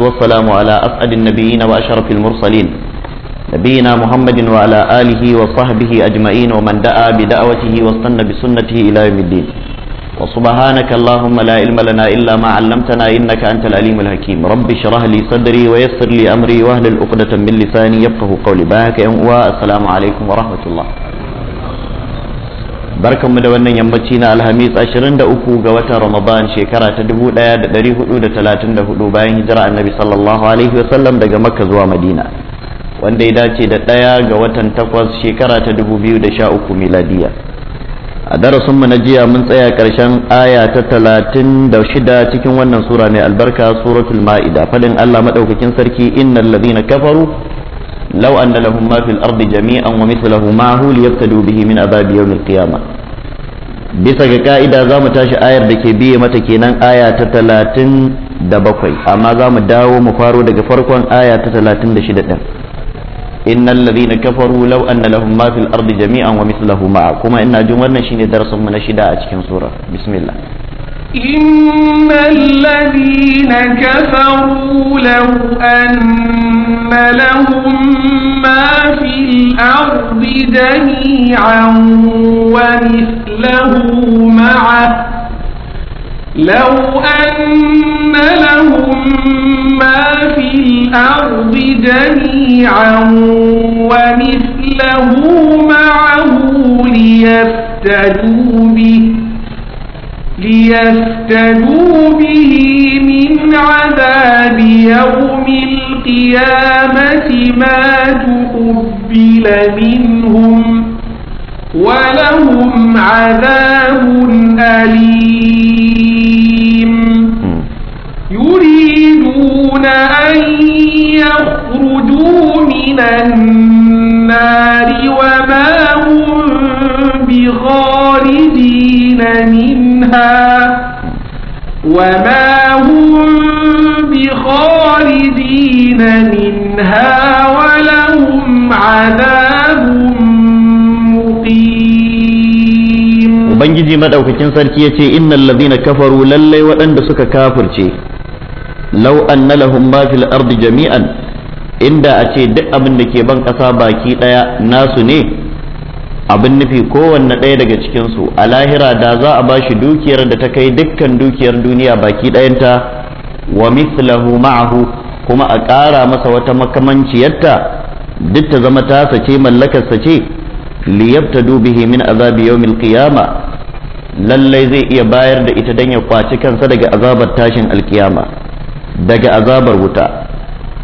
والسلام على أسعد النبيين وأشرف المرسلين نبينا محمد وعلى آله وصحبه أجمعين ومن دعا بدعوته واستنى بسنته إلى يوم الدين وسبحانك اللهم لا علم لنا إلا ما علمتنا إنك أنت العليم الحكيم رب اشرح لي صدري ويسر لي أمري واهل الأقدة من لساني يفقه قولي باك السلام عليكم ورحمة الله barkanmu da wannan yammaci na alhamis 23 ga watan ramadan shekara ta 1434 bayan hijira annabi sallallahu alaihi wasallam daga makka zuwa madina wanda ya dace da ɗaya ga watan takwas shekara ta 2013 miladiya a darasinmu na jiya mun tsaya ƙarshen aya ta 36 cikin wannan sura mai albarka suratul ma'ida fadin allah maɗaukakin sarki innal ladina kafaru لو أن لهم ما في الأرض جميعا ومثله معه ليفتدوا به من عذاب يوم القيامة bisa ga ka'ida za mu tashi ayar da ke biye mata kenan aya ta talatin da bakwai amma za mu dawo mu faro daga farkon aya ta talatin da shida ɗin innal ladhina kafaru law anna lahum ma fil ardi jami'an wa mithluhu ma'a kuma ina jin wannan shine darasin mu na shida a cikin sura bismillah إن الذين كفروا لو أن لهم ما في الأرض جميعا ومثله معه لو أن لهم ما في الأرض جميعا ومثله معه ليفتدوا به ليفتدوا به من عذاب يوم القيامة ما تقبل منهم ولهم عذاب أليم يريدون أن يخرجوا من النار وما هم بخارجين منها وما هم بخالدين منها ولهم عذاب مقيم Ubangiji madaukakin sarki ya ce innal ladhina kafaru lallai waɗanda suka kafurce lau'an anna lahum ma fil ardi jami'an inda a ce duk abin da ke ban ƙasa baki ɗaya nasu ne abin nufi kowanne ɗaya daga cikinsu a lahira da za a ba shi dukiyar da ta kai dukkan dukiyar duniya baki ɗayanta wa mislahu ma'ahu kuma a ƙara masa wata makamanciyarta duk ta zama tasa ce mallakarsa ce liyabta dubihi min azabi yawmil qiyama lallai zai iya bayar da ita dan ya kwaci kansa daga azabar tashin alkiyama daga azabar wuta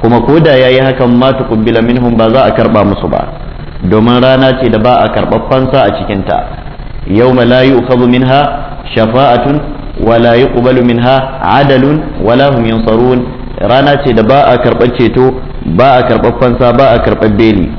kuma ko da yayi hakan ma tuqbila minhum ba za a karba musu ba domin rana ce da ba a karɓar fansa a cikinta yau a tun minha shafa'atun wala yuqbalu minha adalun wala hum yansarun rana ce da ba a karɓar ceto ba a karɓar fansa ba a karɓar beli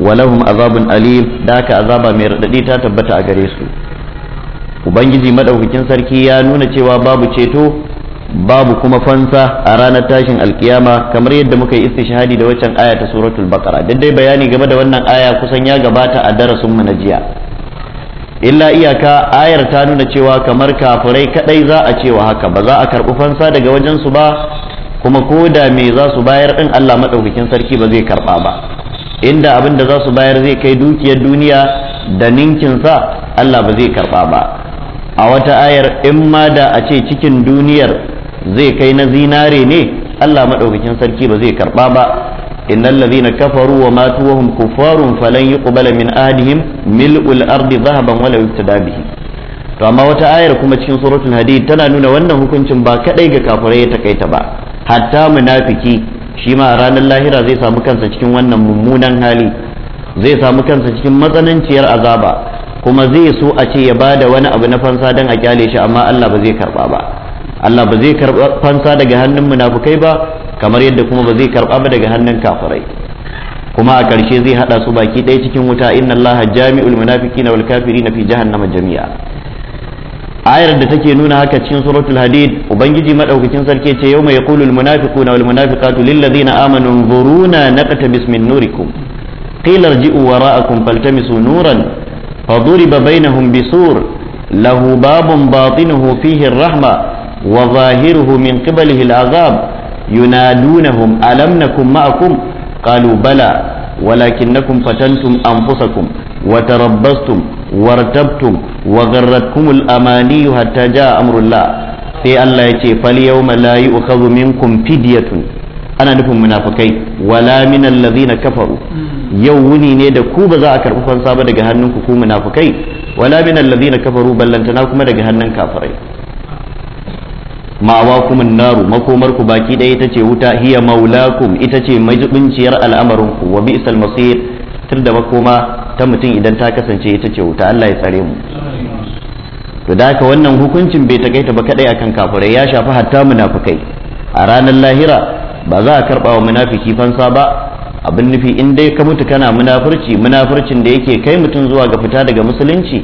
walahum azabun alim da haka azaba mai raɗaɗi ta tabbata a gare su ubangiji madaukakin sarki ya nuna cewa babu ceto babu kuma fansa a ranar tashin alkiyama kamar yadda muka yi istishhadi da waccan aya ta suratul baqara daidai bayani game da wannan aya kusan ya gabata a darasin mu na jiya illa iyaka ayar ta nuna cewa kamar kafirai kadai za a cewa haka ba za a karbi fansa daga wajen su ba kuma ko da me za su bayar din Allah madaukakin sarki ba zai karba ba inda abin da za su bayar zai kai dukiyar duniya da ninkin sa Allah ba zai karba ba a wata ayar in ma da a ce cikin duniyar zai kai na zinare ne Allah madaukakin sarki ba zai karba ba innal ladhina kafaru wa matu wa hum kuffarun falan yuqbala min ahadihim mil'ul ardi zahaban wala yuftada bihi to amma wata ayar kuma cikin suratul hadid tana nuna wannan hukuncin ba kaɗai ga kafirai ya takaita ba hatta munafiki shi ma ranar lahira zai samu kansa cikin wannan mummunan hali zai samu kansa cikin matsananciyar azaba kuma zai so a ce ya ba da wani abu na fansa don a kyale shi amma Allah ba zai karba ba Allah ba zai karɓa fansa daga hannun munafukai ba kamar yadda kuma ba zai karɓa ba daga hannun kafirai kuma a ƙarshe zai haɗa su baki ɗaya cikin wuta inna Allah jami'ul munafiqina wal kafirina fi jahannama jami'a ayar da take nuna haka cikin suratul hadid ubangiji madaukakin sarki ce yau mai yaqulul munafiquna wal munafiqatu lil ladina amanu nzuruna naqtabis bismin nurikum qila irji'u wara'akum faltamisu nuran فضرب bisur lahu babun باب باطنه فيه rahma. wa zahiruhu min qibalihi al'azab yunadunahum alam nakum ma'akum qalu bala ولكنكم فتنتم أنفسكم وتربصتم وارتبتم وغرتكم الأماني حتى جاء أمر الله sai Allah ya ce fal yawma la yu'khadhu minkum fidyatun ana nufin munafikai wala min na kafaru yau wuni ne da ku ba za a karɓi fansa ba daga hannun ku munafikai wala min na kafaru ballantana kuma daga hannun kafirai ma'awakum naru makomarku baki ɗaya ita ce wuta hiya maulakum ita ce majibinciyar al'amarinku wa bi'sal masir tun da makoma ta mutum idan ta kasance ita ce wuta Allah ya tsare mu to da haka wannan hukuncin bai takaita ba kadai akan kafirai ya shafi hatta munafikai a ranar lahira ba za a karba wa munafiki fansa ba abin nufi in dai ka mutu kana munafurci munafurcin da yake kai mutum zuwa ga fita daga musulunci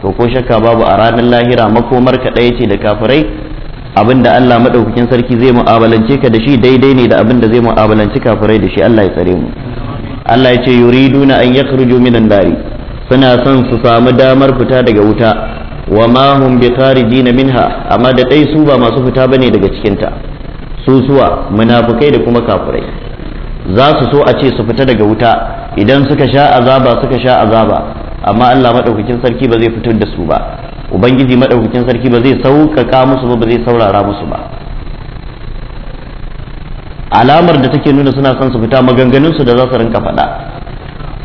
to ko shakka babu a ranar lahira makomar ka ɗaya ce da kafirai abin da Allah maɗaukakin sarki zai mu'amalance ka da shi daidai ne da abin da zai mu'amalanci kafirai da shi Allah ya tsare mu Allah ya ce yuridu na an yakhruju minan dari suna son su samu damar fita daga wuta wa ma hum bikharijina minha amma da dai su ba masu fita bane daga cikin ta su suwa munafikai da kuma kafirai za su so a ce su fita daga wuta idan suka sha azaba suka sha azaba amma Allah madaukakin sarki ba zai fitar da su ba ubangiji madaukakin sarki ba zai sauƙaƙa musu ba ba zai saurara musu ba alamar da take nuna suna son su fita maganganun su da za su rinka faɗa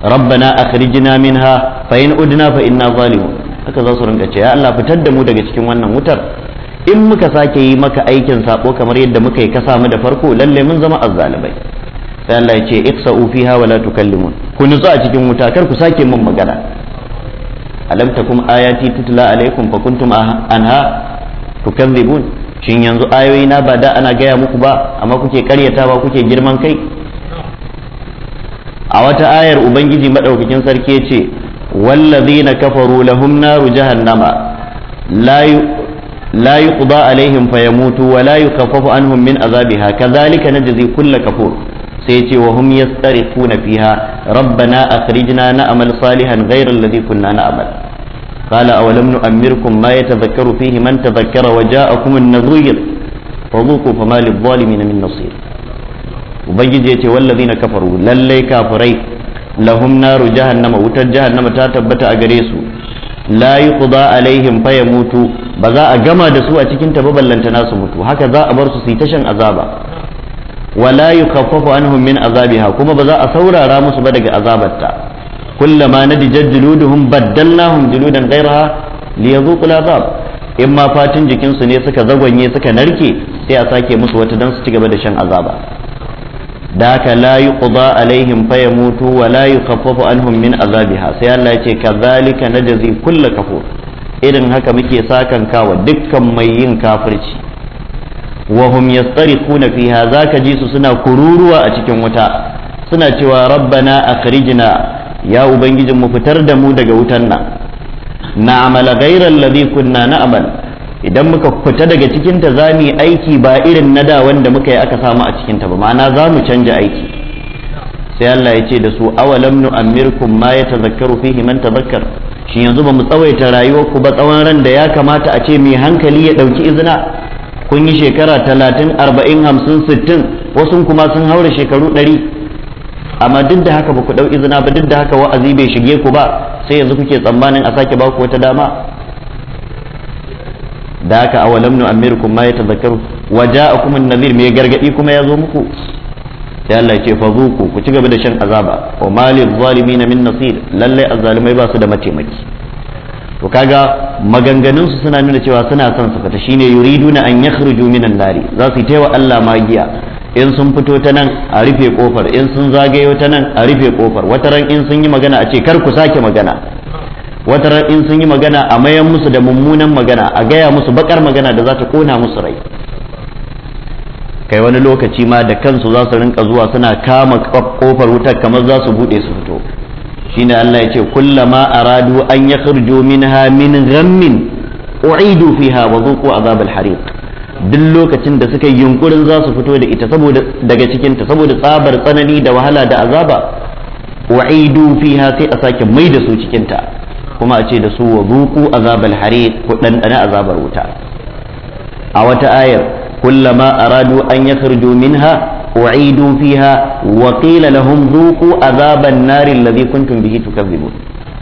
rabbana akhrijna minha fa in udna fa inna zalimun haka za su rinka ce ya Allah fitar da mu daga cikin wannan wutar in muka sake yi maka aikin sako kamar yadda muka yi ka samu da farko lalle mun zama azzalibai sai Allah ya ce iksa fiha wala tukallimun ku nutsu a cikin wuta kar ku sake mun magana alam takum ayati tutla alaikum fa kuntum ah- anha tukadhibun shin yanzu ayoyi na ba da ana gaya muku ba amma kuke karyata ba kuke girman kai a wata ayar ubangiji madaukakin sarki yace wallazina kafaru lahum naru jahannama la لا يقضى عليهم فيموتوا ولا يخفف عنهم من عذابها كذلك نجزي kulle كفور sai ce wa hum yastariquna fiha rabbana akhrijna na'mal salihan ghayra alladhi kunna na'mal qala aw lam nu'ammirkum ma yatadhakkaru fihi man tadhakkara wa ja'akum an-nadhir fadhuku fama lidh-dhalimin min nasir ubangiji ce wallazina kafaru lallai kafirai lahum naru jahannama wutar jahannama ta tabbata a gare su la yuqda alaihim fa yamutu ba za a gama da su a cikin ta ballanta nasu mutu haka za a bar su su yi tashan azaba wala yukaffafu anhum min azabiha kuma ba za a saurara musu ba daga azabarta kullama nadijat juluduhum baddalnahum juludan ghayraha liyadhuqu al'azab in ma fatin jikinsu ne suka zagwanye suka narke sai a sake musu wata dan su ci gaba da shan azaba da haka la yuqda alaihim fayamutu wa la yukaffafu anhum min azabiha sai Allah ya ce kadhalika najzi kulle kafur irin haka muke sakan kawa dukkan mai yin kafirci wa hum yastarikuna fiha zaka ji su suna kururuwa a cikin wuta suna cewa rabbana akhrijna ya ubangijin mu fitar da mu daga wutan nan na'amala ghayra idan muka fita daga za mu yi aiki ba irin na da wanda muka yi aka samu a cikinta ba ma'ana zamu canja aiki sai Allah ya ce da su awalam nu'ammirkum ma yatazakkaru fihi man tazakkar shi yanzu ba mu tsawaita rayuwarku ba tsawon ran da ya kamata a ce mai hankali ya ɗauki izina kun yi shekara talatin arba'in hamsin sittin wasu kuma sun haura shekaru ɗari amma duk da haka ba ku ɗau izina ba duk da haka wa'azi bai shige ku ba sai yanzu kuke tsammanin a sake baku wata dama da haka walam nu amirkum ma yatazakkaru wa ja'akum an-nadhir me gargadi kuma ya zo muku sai Allah ya ce fa ku ci gaba da shan azaba wa zalumi na min nasir lalle azzalimai ba su da mataimaki to kaga maganganun su suna nuna cewa suna son su fita shine na an yakhruju minan nari za su yi wa Allah magiya in sun fito ta nan a rufe kofar in sun zagayo ta nan a rufe kofar wata ran in sun yi magana a ce kar ku sake magana Wata ran in sun yi magana a mayan musu da mummunan magana a gaya musu bakar magana da za ta kona musu rai kai wani lokaci ma da kansu za su rinka zuwa suna kama kofar wutar kamar za su buɗe su fito shine Allah ya ce kullama aradu an yakhruju minha min ghammin u'idu fiha wa zuqu azab al-hariq duk lokacin da suka yi yunkurin za su fito da ita saboda daga cikin ta saboda tsabar tsanani da wahala da azaba u'idu fiha sai a sake mai da su cikin ta kuma a ce da su wa zuqu azab al-hariq ku dan azabar wuta a wata ayar kullama aradu an yakhruju minha أعيدوا فيها وقيل لهم ذوقوا عذاب النار الذي كنتم به تكذبون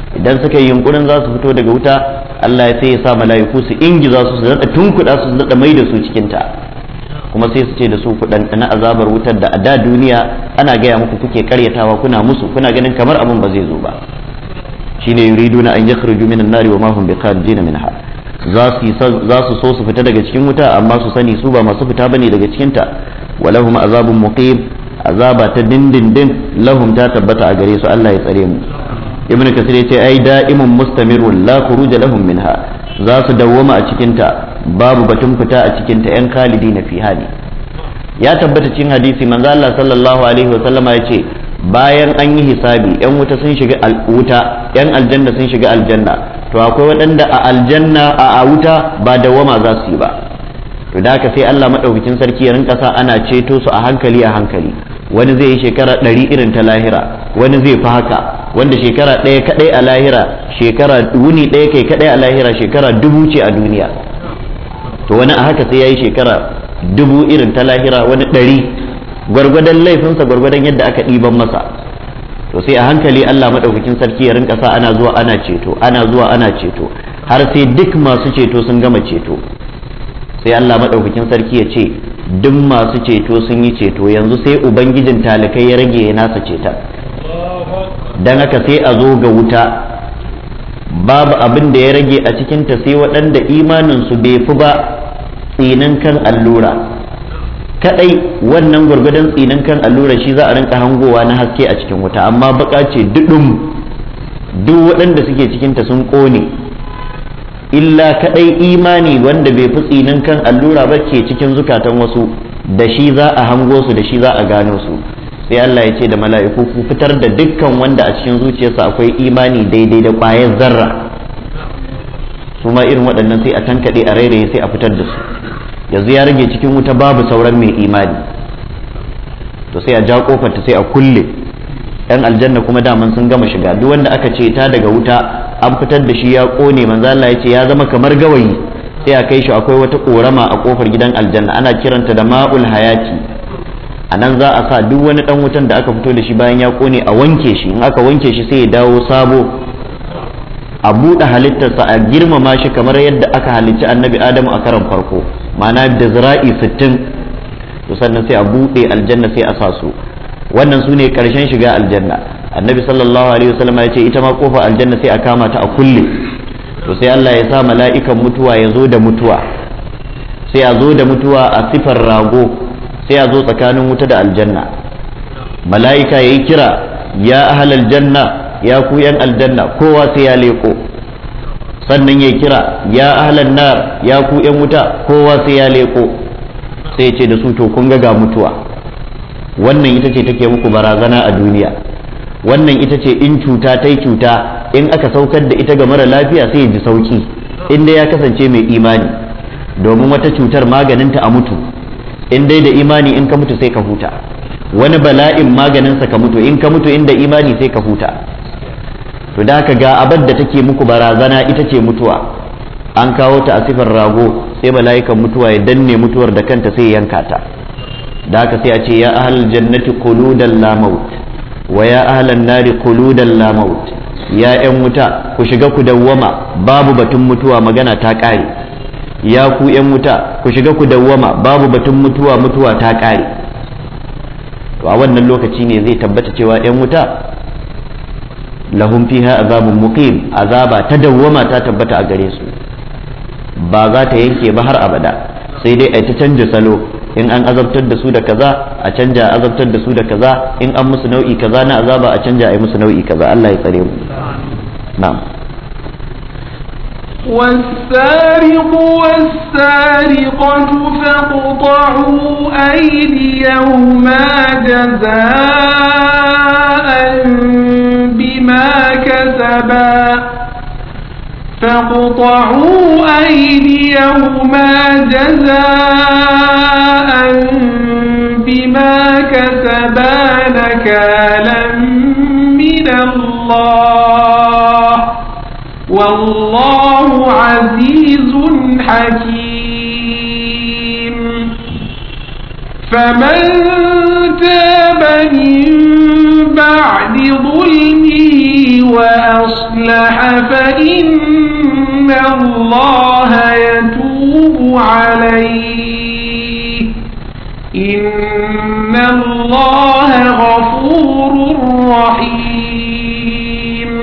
idan suka yi yunkurin za su fito daga wuta Allah ya sai ya sa mala'iku su ingiza su su daɗa tunkuɗa su daɗa mai da su cikin ta kuma sai su ce da su ku ɗanɗana azabar wutar da a da duniya ana gaya muku kuke karyatawa kuna musu kuna ganin kamar abin ba zai zo ba shine yuriduna an yakhruju minan nari wa ma hum bikharijin minha za su so su fita daga cikin wuta amma su sani su ba masu fita bane daga cikin ta walahum azabun muqim azaba ta dindindin lahum ta tabbata a gare su Allah ya tsare mu ibn kasir ya ce ai da'imun mustamirun la khuruja lahum minha za su dawwama a cikinta babu batun fita a cikinta yan kalidi na fi hali ya tabbata cikin hadisi manzo Allah sallallahu alaihi wa sallama ya ce bayan an yi hisabi yan wuta sun shiga wuta yan aljanna sun shiga aljanna to akwai waɗanda a aljanna a wuta ba dawwama za su yi ba to da aka sai Allah madaukakin sarki ya rinka sa ana ceto su a hankali a hankali wani zai yi shekara ɗari irin ta lahira wani zai fi haka wanda shekara ɗaya kaɗai a lahira shekara wuni ɗaya kai kaɗai a lahira shekara dubu ce a duniya to wani a haka sai ya yi shekara dubu irin ta lahira wani ɗari gwargwadon laifinsa gwargwadon yadda aka ɗiban masa to sai a hankali Allah maɗaukakin sarki ya rinka sa ana zuwa ana ceto ana zuwa ana ceto har sai duk masu ceto sun gama ceto sai Allah maɗaukakin sarki ya ce duk masu ceto sun yi ceto yanzu sai ubangijin talikai ya rage ya nasa ceta don haka sai a zo ga wuta babu abin da ya rage a cikinta sai waɗanda imaninsu bai fi ba tsinin kan allura kadai wannan gwargwadon tsinin kan allura shi za a rinka hangowa na haske a cikin wuta amma baka ce duk waɗanda suke cikinta sun ƙone illa kadai imani wanda bai fi tsinin kan allura ba ke cikin zukatan wasu da shi za a hango su da shi za a gano su sai Allah ya ce da mala'iku ku fitar da dukkan wanda a cikin zuciyarsa akwai imani daidai da ƙwayar zarra su ma irin waɗannan sai a tankaɗe a rairaye sai a fitar da su yanzu ya rage cikin wuta babu sauran mai imani to sai a ja kofar ta sai a kulle yan aljanna kuma daman sun gama shiga duk wanda aka ce ta daga wuta an fitar da shi ya kone manzo Allah ya ce ya zama kamar gawayi sai a kai shi akwai wata korama a kofar gidan aljanna ana kiranta da ma'ul hayati anan za a sa duk wani dan wutan da aka fito da shi bayan ya kone a wanke shi in aka wanke shi sai ya dawo sabo a buɗe halittarsa a girmama shi kamar yadda aka halicci annabi adamu a karan farko ma'ana da zira'i sittin to sannan sai a buɗe aljanna sai a sa su wannan su ne ƙarshen shiga aljanna annabi sallallahu alaihi wasallam ya ce ita ma kofar aljanna sai a kama ta a kulle to sai Allah ya sa mala'ikan mutuwa ya zo da mutuwa sai a zo da mutuwa a sifar rago sai a zo tsakanin wuta da aljanna mala'ika ya yi kira ya ahal aljanna ya ku yan aljanna kowa sai ya leko sannan ya kira ya ahal nar ya ku yan wuta kowa sai ya leko sai ce da su to kun ga ga mutuwa wannan ita ce take muku barazana a duniya wannan ita ce in cuta ta cuta in aka saukar da ita ga mara lafiya sai ya ji sauki in dai ya kasance mai imani domin wata cutar maganinta a mutu in dai da imani in ka mutu sai ka huta wani bala'in maganinsa ka mutu in ka mutu inda imani sai ka huta to da ka ga abar da take muku barazana ita ce mutuwa an kawo ta a sifar rago sai mala'ikan mutuwa ya danne mutuwar da kanta sai yanka ta da haka sai a ce ya ahal jannati kulu la maut wa ya ahlan nari kuludan la maut ya ƴan wuta ku shiga ku dawwama babu batun mutuwa magana ta ƙare. ya ku ƴan wuta ku shiga ku dawwama babu batun mutuwa mutuwa ta ƙare. to a wannan lokaci ne zai tabbata cewa ƴan wuta lahum fiha azabun muqim azaba ta dawwama ta tabbata a gare su ba za ta yanke ba har abada sai dai ai ta canja salo in an azabtar da su da kaza a canja azabtar da su da kaza in an musu nau'i kaza na azaba a canja a yi musu nau'i kaza Allah ya tsare mu na'am والسارق والسارقة فاقطعوا أيديهما جزاء بما كسبا فاقطعوا أيديهما جزاء بما كسبا نكالا من الله والله عزيز حكيم فمن تاب من بعد ظلمه وأصلح فإن الله يتوب عليه إن الله غفور رحيم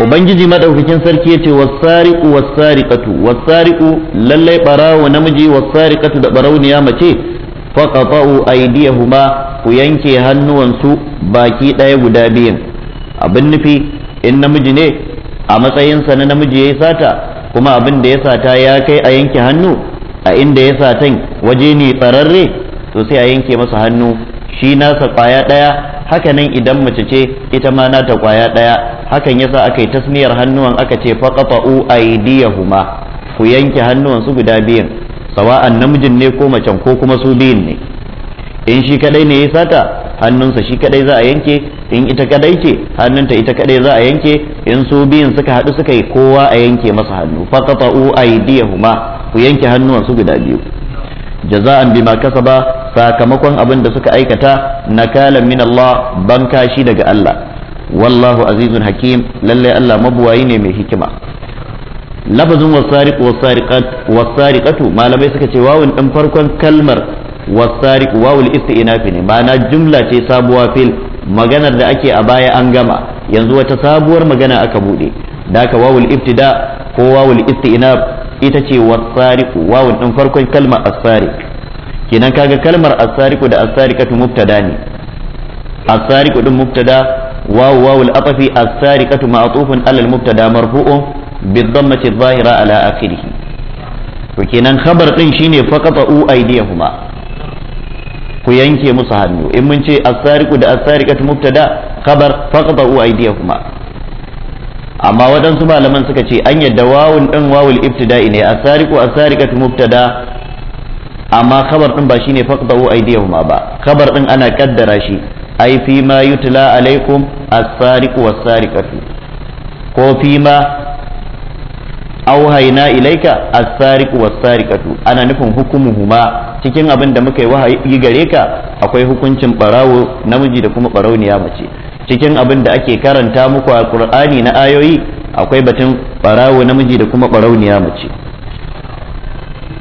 وبنجي مدوكين سركية والسارق والسارقة والسارق للي براو نمجي والسارقة دبرو نيامتي فقطعوا أيديهما وينكي هنوانسو باكي لا يغدا بين abin nufi in namiji ne a matsayinsa na namiji ya yi sata kuma abin da ya sata ya kai a yanke hannu a inda ya satan waje ne tsararre to sai a yanke masa hannu shi nasa kwaya ɗaya haka nan idan mace ce ita ma nata kwaya ɗaya hakan yasa aka yi tasniyar hannuwan aka ce faqata'u huma ku yanke hannuwan su guda biyan sawa'an namijin ne ko macen ko kuma su biyun ne in shi kaɗai ne ya sata hannunsa shi kadai za a yanke in ita kadai ce hannunta ita kadai za a yanke in su biyun suka haɗu suka yi kowa a yanke masa hannu faqata'u aydiyahuma ku yanke su guda biyu jaza'an bima kasaba sakamakon abin da suka aikata nakalan min Allah banka shi daga Allah wallahu azizun hakim lalle Allah mabuwayi ne mai hikima lafazin wasariq wasariqat wasariqatu malamai suka ce wawun din farkon kalmar wasariq wawul istinafi ne ma'ana jumla ce sabuwa fil maganar da ake a baya an gama yanzu wata sabuwar magana aka bude da haka wawul ibtida ko wawul istinaf ita ce wasariq wawul din farkon kalmar asariq kenan kaga kalmar asariq da asarikatu mubtada ne asariq din mubtada واو واو الأطف السارقة معطوف على المبتدا مرفوع بالضمة الظاهرة على آخره وكنان خبر din shine فقط أو أيديهما ku yanke musu hannu in mun ce asariku da as mubtada khabar faqta'u aydiyakuma amma waɗansu malaman suka ce an yadda wawun din wawul ibtida'i ne asariku sariqu mubtada amma khabar din ba shine faqta'u aydiyahuma ba khabar din ana kaddara shi ai fi ma yutla alaikum asariku wasarikatu ko fi ma auhaina ilaika as sariq was-sariqatu ana nufin hukumuhuma cikin abin da muka yi wahayi gare ka akwai hukuncin barawo namiji da kuma barauniya mace cikin abin da ake karanta muku a Qur'ani na ayoyi akwai batun barawo namiji da kuma barauniya mace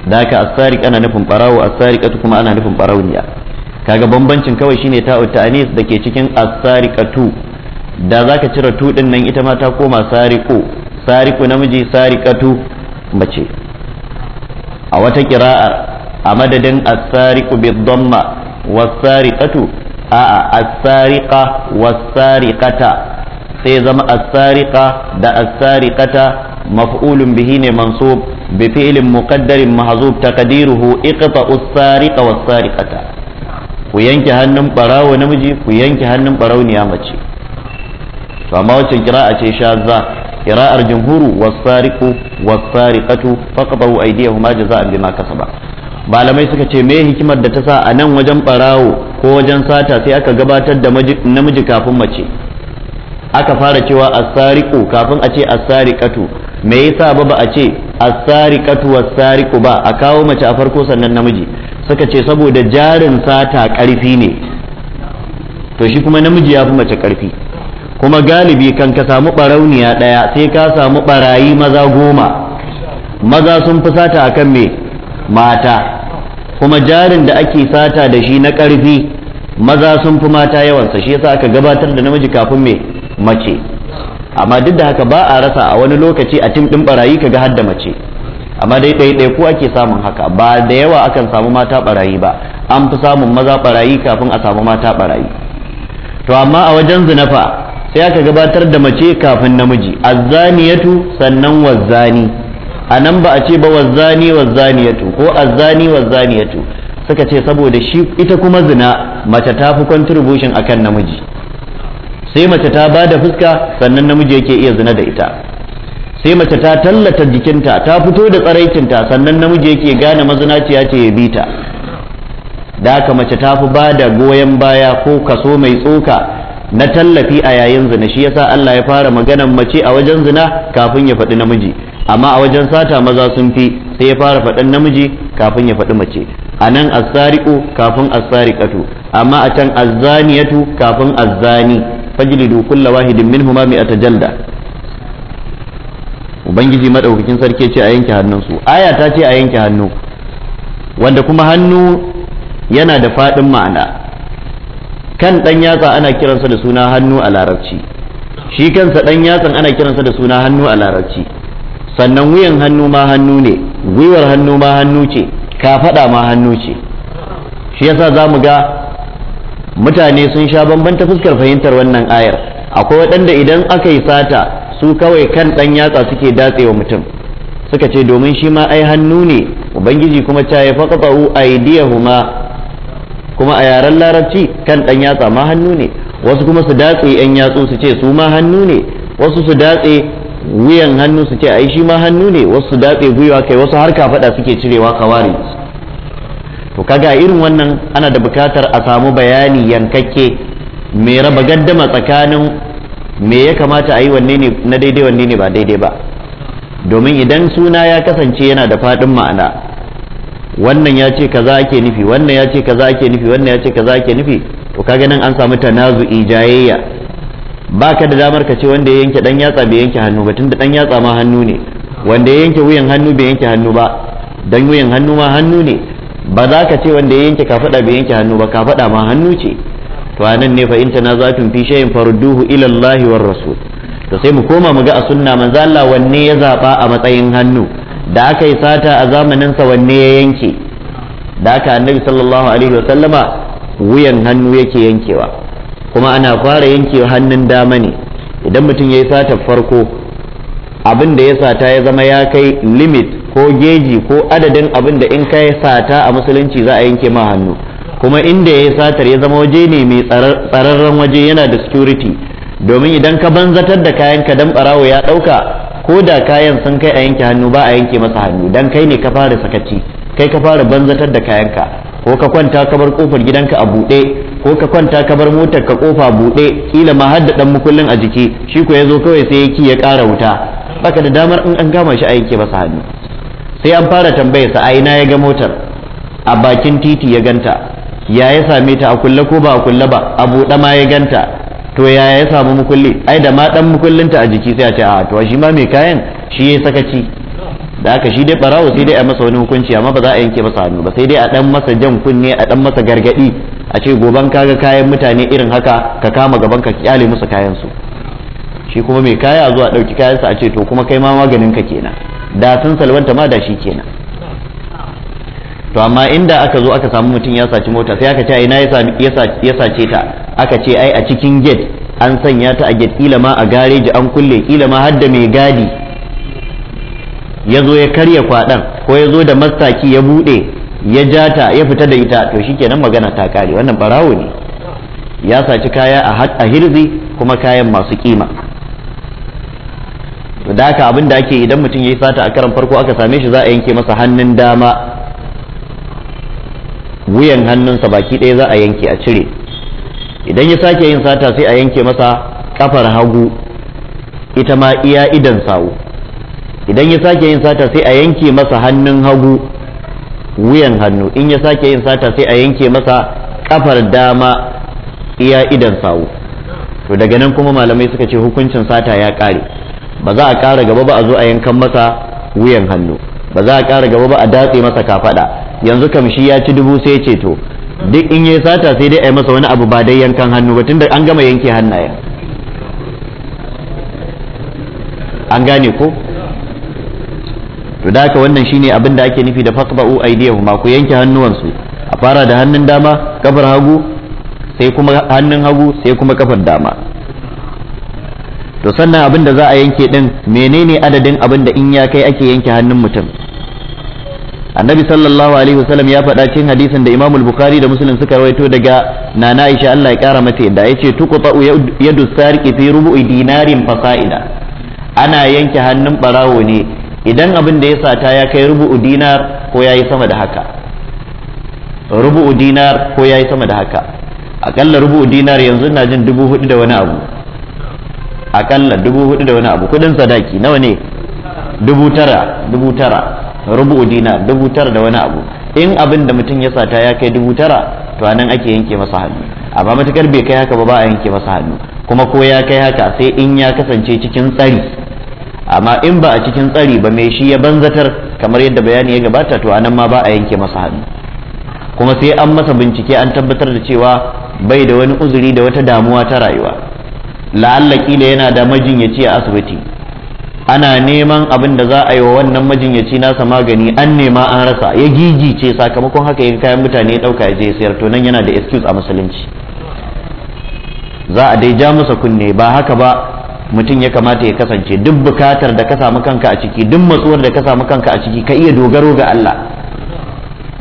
da aka as-sariq ana nufin barawo as-sariqatu kuma ana nufin barauniya kaga bambancin kawai shine ta'u da dake cikin as-sariqatu da zaka cire tu din nan ita ma ta koma sariqu sariku namiji sarikatu mace a wata kira'a a madadin as-sariqu bid-dhamma was-sariqatu a as-sariqa was-sariqata sai zama as-sariqa da as-sariqata maf'ulun bihi ne mansub bi fi'lin muqaddarin mahzub taqdiruhu iqta as-sariqa was-sariqata ku yanke hannun barawo namiji ku yanke hannun barauniya mace to amma wacce kira'a ce shazza qira'ar jumhuru was-sariqu was-sariqatu faqadu aydiyahuma jaza'an bima kasaba malamai suka ce me hikimar da ta sa a nan wajen barawo ko wajen sata sai aka gabatar da namiji kafin mace aka fara cewa as kafin a ce as-sariqatu me yasa ba ba a ce as-sariqatu was ba a kawo mace a farko sannan namiji suka ce saboda jarin sata karfi ne to shi kuma namiji ya fi mace karfi kuma galibi kan ka samu barauniya ɗaya sai ka samu barayi maza goma maza sun fi sata akan me mata kuma jarin da ake sata da shi na ƙarfi maza sun fi mata yawansa shi yasa aka gabatar da namiji kafin me mace amma duk da haka ba a rasa a wani lokaci a tim din barayi kaga har da mace amma dai ɗaiɗai ko ake samun haka ba da yawa akan samu mata barayi ba an fi samun maza barayi kafin a samu mata barayi to amma a wajen zinafa sai aka gabatar da mace kafin namiji azzaniyatu sannan wazzani a nan ba a ce ba wazzani wazzaniyatu ko azzani wazzaniyatu suka ce saboda shi ita kuma zina mace ta fi contribution akan namiji sai mace ta ba da fuska sannan namiji yake iya zina da ita sai mace ta tallata jikinta ta fito da tsaraicinta sannan namiji yake gane mazinaciya ce ya bita ta da haka mace ta fi ba da goyon baya ko kaso mai tsoka na tallafi a yayin zina shi yasa Allah ya fara maganan mace a wajen zina kafin ya faɗi namiji amma a wajen sata maza sun fi sai ya fara faɗin namiji kafin ya faɗi mace a nan assariku kafin assariqatu amma a can azzaniyatu kafin azzani fajlidu kulla wahidin minhuma mi'ata jalda ubangiji madaukakin sarki ce a yanke hannunsu aya ta ce a yanke hannu wanda kuma hannu yana da faɗin ma'ana kan ɗan yatsa ana kiransa da suna hannu a larabci shi kansa ɗan yatsan ana kiransa da suna hannu a larabci sannan wuyan hannu ma hannu ne gwiwar hannu ma hannu ce kafaɗa ma hannu ce shi yasa za mu ga mutane sun sha bambanta fuskar fahimtar wannan ayar akwai waɗanda idan aka yi sata su kawai kan ɗan yatsa suke datsewa mutum suka ce domin shi ma ai hannu ne ubangiji kuma ta ya faƙaɓa'u aidiyahuma kuma a yaren larabci kan ɗan yatsa ma hannu ne wasu kuma su datse yan yatsu su ce su ma hannu ne wasu su datse wuyan hannu su ce ai shi ma hannu ne wasu su datse gwiwa kai wasu har kafaɗa suke cirewa kawari to kaga irin wannan ana da bukatar a samu bayani yankakke me raba gaddama tsakanin me ya kamata a yi wanne ne na daidai wanne ne ba daidai ba domin idan suna ya kasance yana da faɗin ma'ana wannan ya ce kaza ake nufi wannan ya ce kaza ake nufi wannan ya ce kaza ake nufi to kaga nan an samu ijayayya ba ka da damar ka ce wanda ya yanke dan yatsa bai yanke hannu ba tunda dan yatsa ma hannu ne wanda ya yanke wuyan hannu bai yanke hannu ba dan wuyan hannu ma hannu ne ba za ka ce wanda ya yanke kafada bai yanke hannu ba kafada ma hannu ce to anan ne fa in tanazatun fi shay'in farduhu ila Allah war rasul to sai mu koma mu ga a sunna manzo Allah wanne ya zaba a matsayin hannu da aka yi sata a zamaninsa wanne ya yanke da aka annabi sallallahu alaihi wasallama wuyan hannu yake yankewa kuma ana fara yankewa hannun dama ne idan mutum ya yi sata farko abin da ya sata ya zama ya kai limit ko geji ko adadin abin da in ka sata a musulunci za a yanke ma hannu kuma inda ya yi satar ya zama waje ne mai tsararren waje yana da security domin idan ka banzatar da kayan ka dan barawo ya ɗauka ko da kayan sun kai a yanke hannu ba a yanke masa hannu dan kai ne ka fara sakaci kai ka fara banzatar da kayanka ko ka kwanta ka bar kofar gidanka a buɗe ko ka kwanta ka bar motar ka kofa buɗe kila ma har da dan mukullin a jiki shi ko yazo kawai sai ya ki ya ƙara wuta baka da damar in an gama shi a yanke masa hannu sai an fara tambayar sa a ina ya ga motar a bakin titi ya ganta ya ya same ta a kulle ko ba a kulle ba a buɗe ma ya ganta to ya ya samu mukulli ai da ma dan ta a jiki sai a ce a to shi ma mai kayan shi ya sakaci da aka shi dai barawo sai dai a masa wani hukunci amma ba za a yanke masa hannu ba sai dai a dan masa jan kunne a dan masa gargadi a ce goban kaga kayan mutane irin haka ka kama gaban ka kyale musu kayan su shi kuma mai kaya zuwa dauki kayan sa a ce to kuma kai ma maganin ka kenan da sun salwanta ma da shi kenan to amma inda aka zo aka samu mutum ya saci mota sai aka ce a ina ya sace ta aka ce ai a cikin gate an sanya ta a gate kila ma a gareji an kulle kila ma har mai gadi ya zo ya karya kwaɗan ko ya zo da mastaki ya buɗe ya ja ta ya fita da ita to shikenan magana ta kare wannan barawo ne ya saci kaya a hirzi kuma kayan masu kima da haka abin da ake idan mutum ya yi sata a karan farko aka same shi za a yanke masa hannun dama wuyan hannunsa baki ɗaya za a yanke a cire idan ya sake yin sata sai a yanke masa kafar hagu ita ma iya idan sawu idan ya sake yin sata sai a yanke masa hannun hagu wuyan hannu in ya sake yin sata sai a yanke masa kafar dama iya idan sawu to daga nan kuma malamai suka ce hukuncin sata ya ƙare ba za a ƙara gaba ba a zo a yankan masa wuyan hannu ba za a ƙara gaba ba a datse masa kafaɗa yanzu kam shi ya ci dubu sai ya ce to duk in yayi sata sai dai a yi masa wani abu ba dai yankan hannu ba tunda an gama yanke hannayen an gane ko to da haka wannan shine abin da ake nufi da faqba'u aydiyahuma ku yanke hannuwansu a fara da hannun dama kafar hagu sai kuma hannun hagu sai kuma kafar dama to sannan abin da za a yanke din menene adadin abin da in ya kai ake yanke hannun mutum annabi sallallahu alaihi wasallam ya faɗa cikin hadisin da imamul bukhari da muslim suka rawaito daga nana aisha Allah ya kara mata yadda yace tuqta yadu sariqi fi rubu'i dinarin fasaida ana yanke hannun barawo ne idan abin da ya sata ya kai rubu'u dinar ko yayi sama da haka rubu'u dinar ko yayi sama da haka akalla rubu'u dinar yanzu na jin dubu hudu da wani abu akalla dubu hudu da wani abu kudin sadaki nawa ne dubu tara dubu tara rubu dina dubu tara da wani abu in abin da mutum ya sata ya kai dubu tara to anan ake yanke masa hannu amma matukar bai kai haka ba ba a yanke masa hannu kuma ko ya kai haka sai in ya kasance cikin tsari amma in ba a cikin tsari ba mai shi ya banzatar kamar yadda bayani ya gabata to anan ma ba a yanke masa hannu kuma sai an masa bincike an tabbatar da cewa bai da wani uzuri da wata damuwa ta rayuwa la'alla kila yana da majinyaci a asibiti ana neman abin da za a yi wa wannan majinyaci nasa magani an nema an rasa ya gigice sakamakon haka ya kayan mutane ya ɗauka ya je sayar to nan yana da excuse a musulunci za a dai ja masa kunne ba haka ba mutum ya kamata ya kasance duk bukatar da ka samu kanka a ciki duk matsuwar da ka samu kanka a ciki ka iya dogaro ga Allah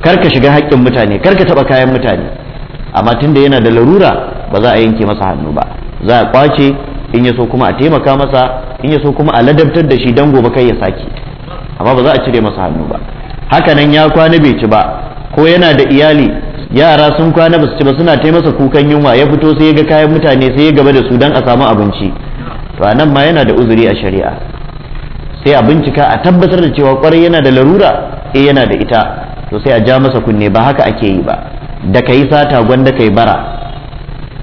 kar ka shiga haƙƙin mutane kar ka taɓa kayan mutane amma tunda yana da larura ba za a yanke masa hannu ba za a kwace in ya so kuma a taimaka masa in ya so kuma a ladabtar da shi dan gobe kai ya sake amma ba za a cire masa hannu ba haka nan ya kwana bai ci ba ko yana da iyali yara sun kwana ba su ci ba suna ta masa kukan yunwa ya fito sai ya ga kayan mutane sai ya gaba da su dan a samu abinci to a nan ma yana da uzuri a shari'a sai a bincika a tabbatar da cewa kwarai yana da larura eh yana da ita to sai a ja masa kunne ba haka ake yi ba da kai sata gwanda kai bara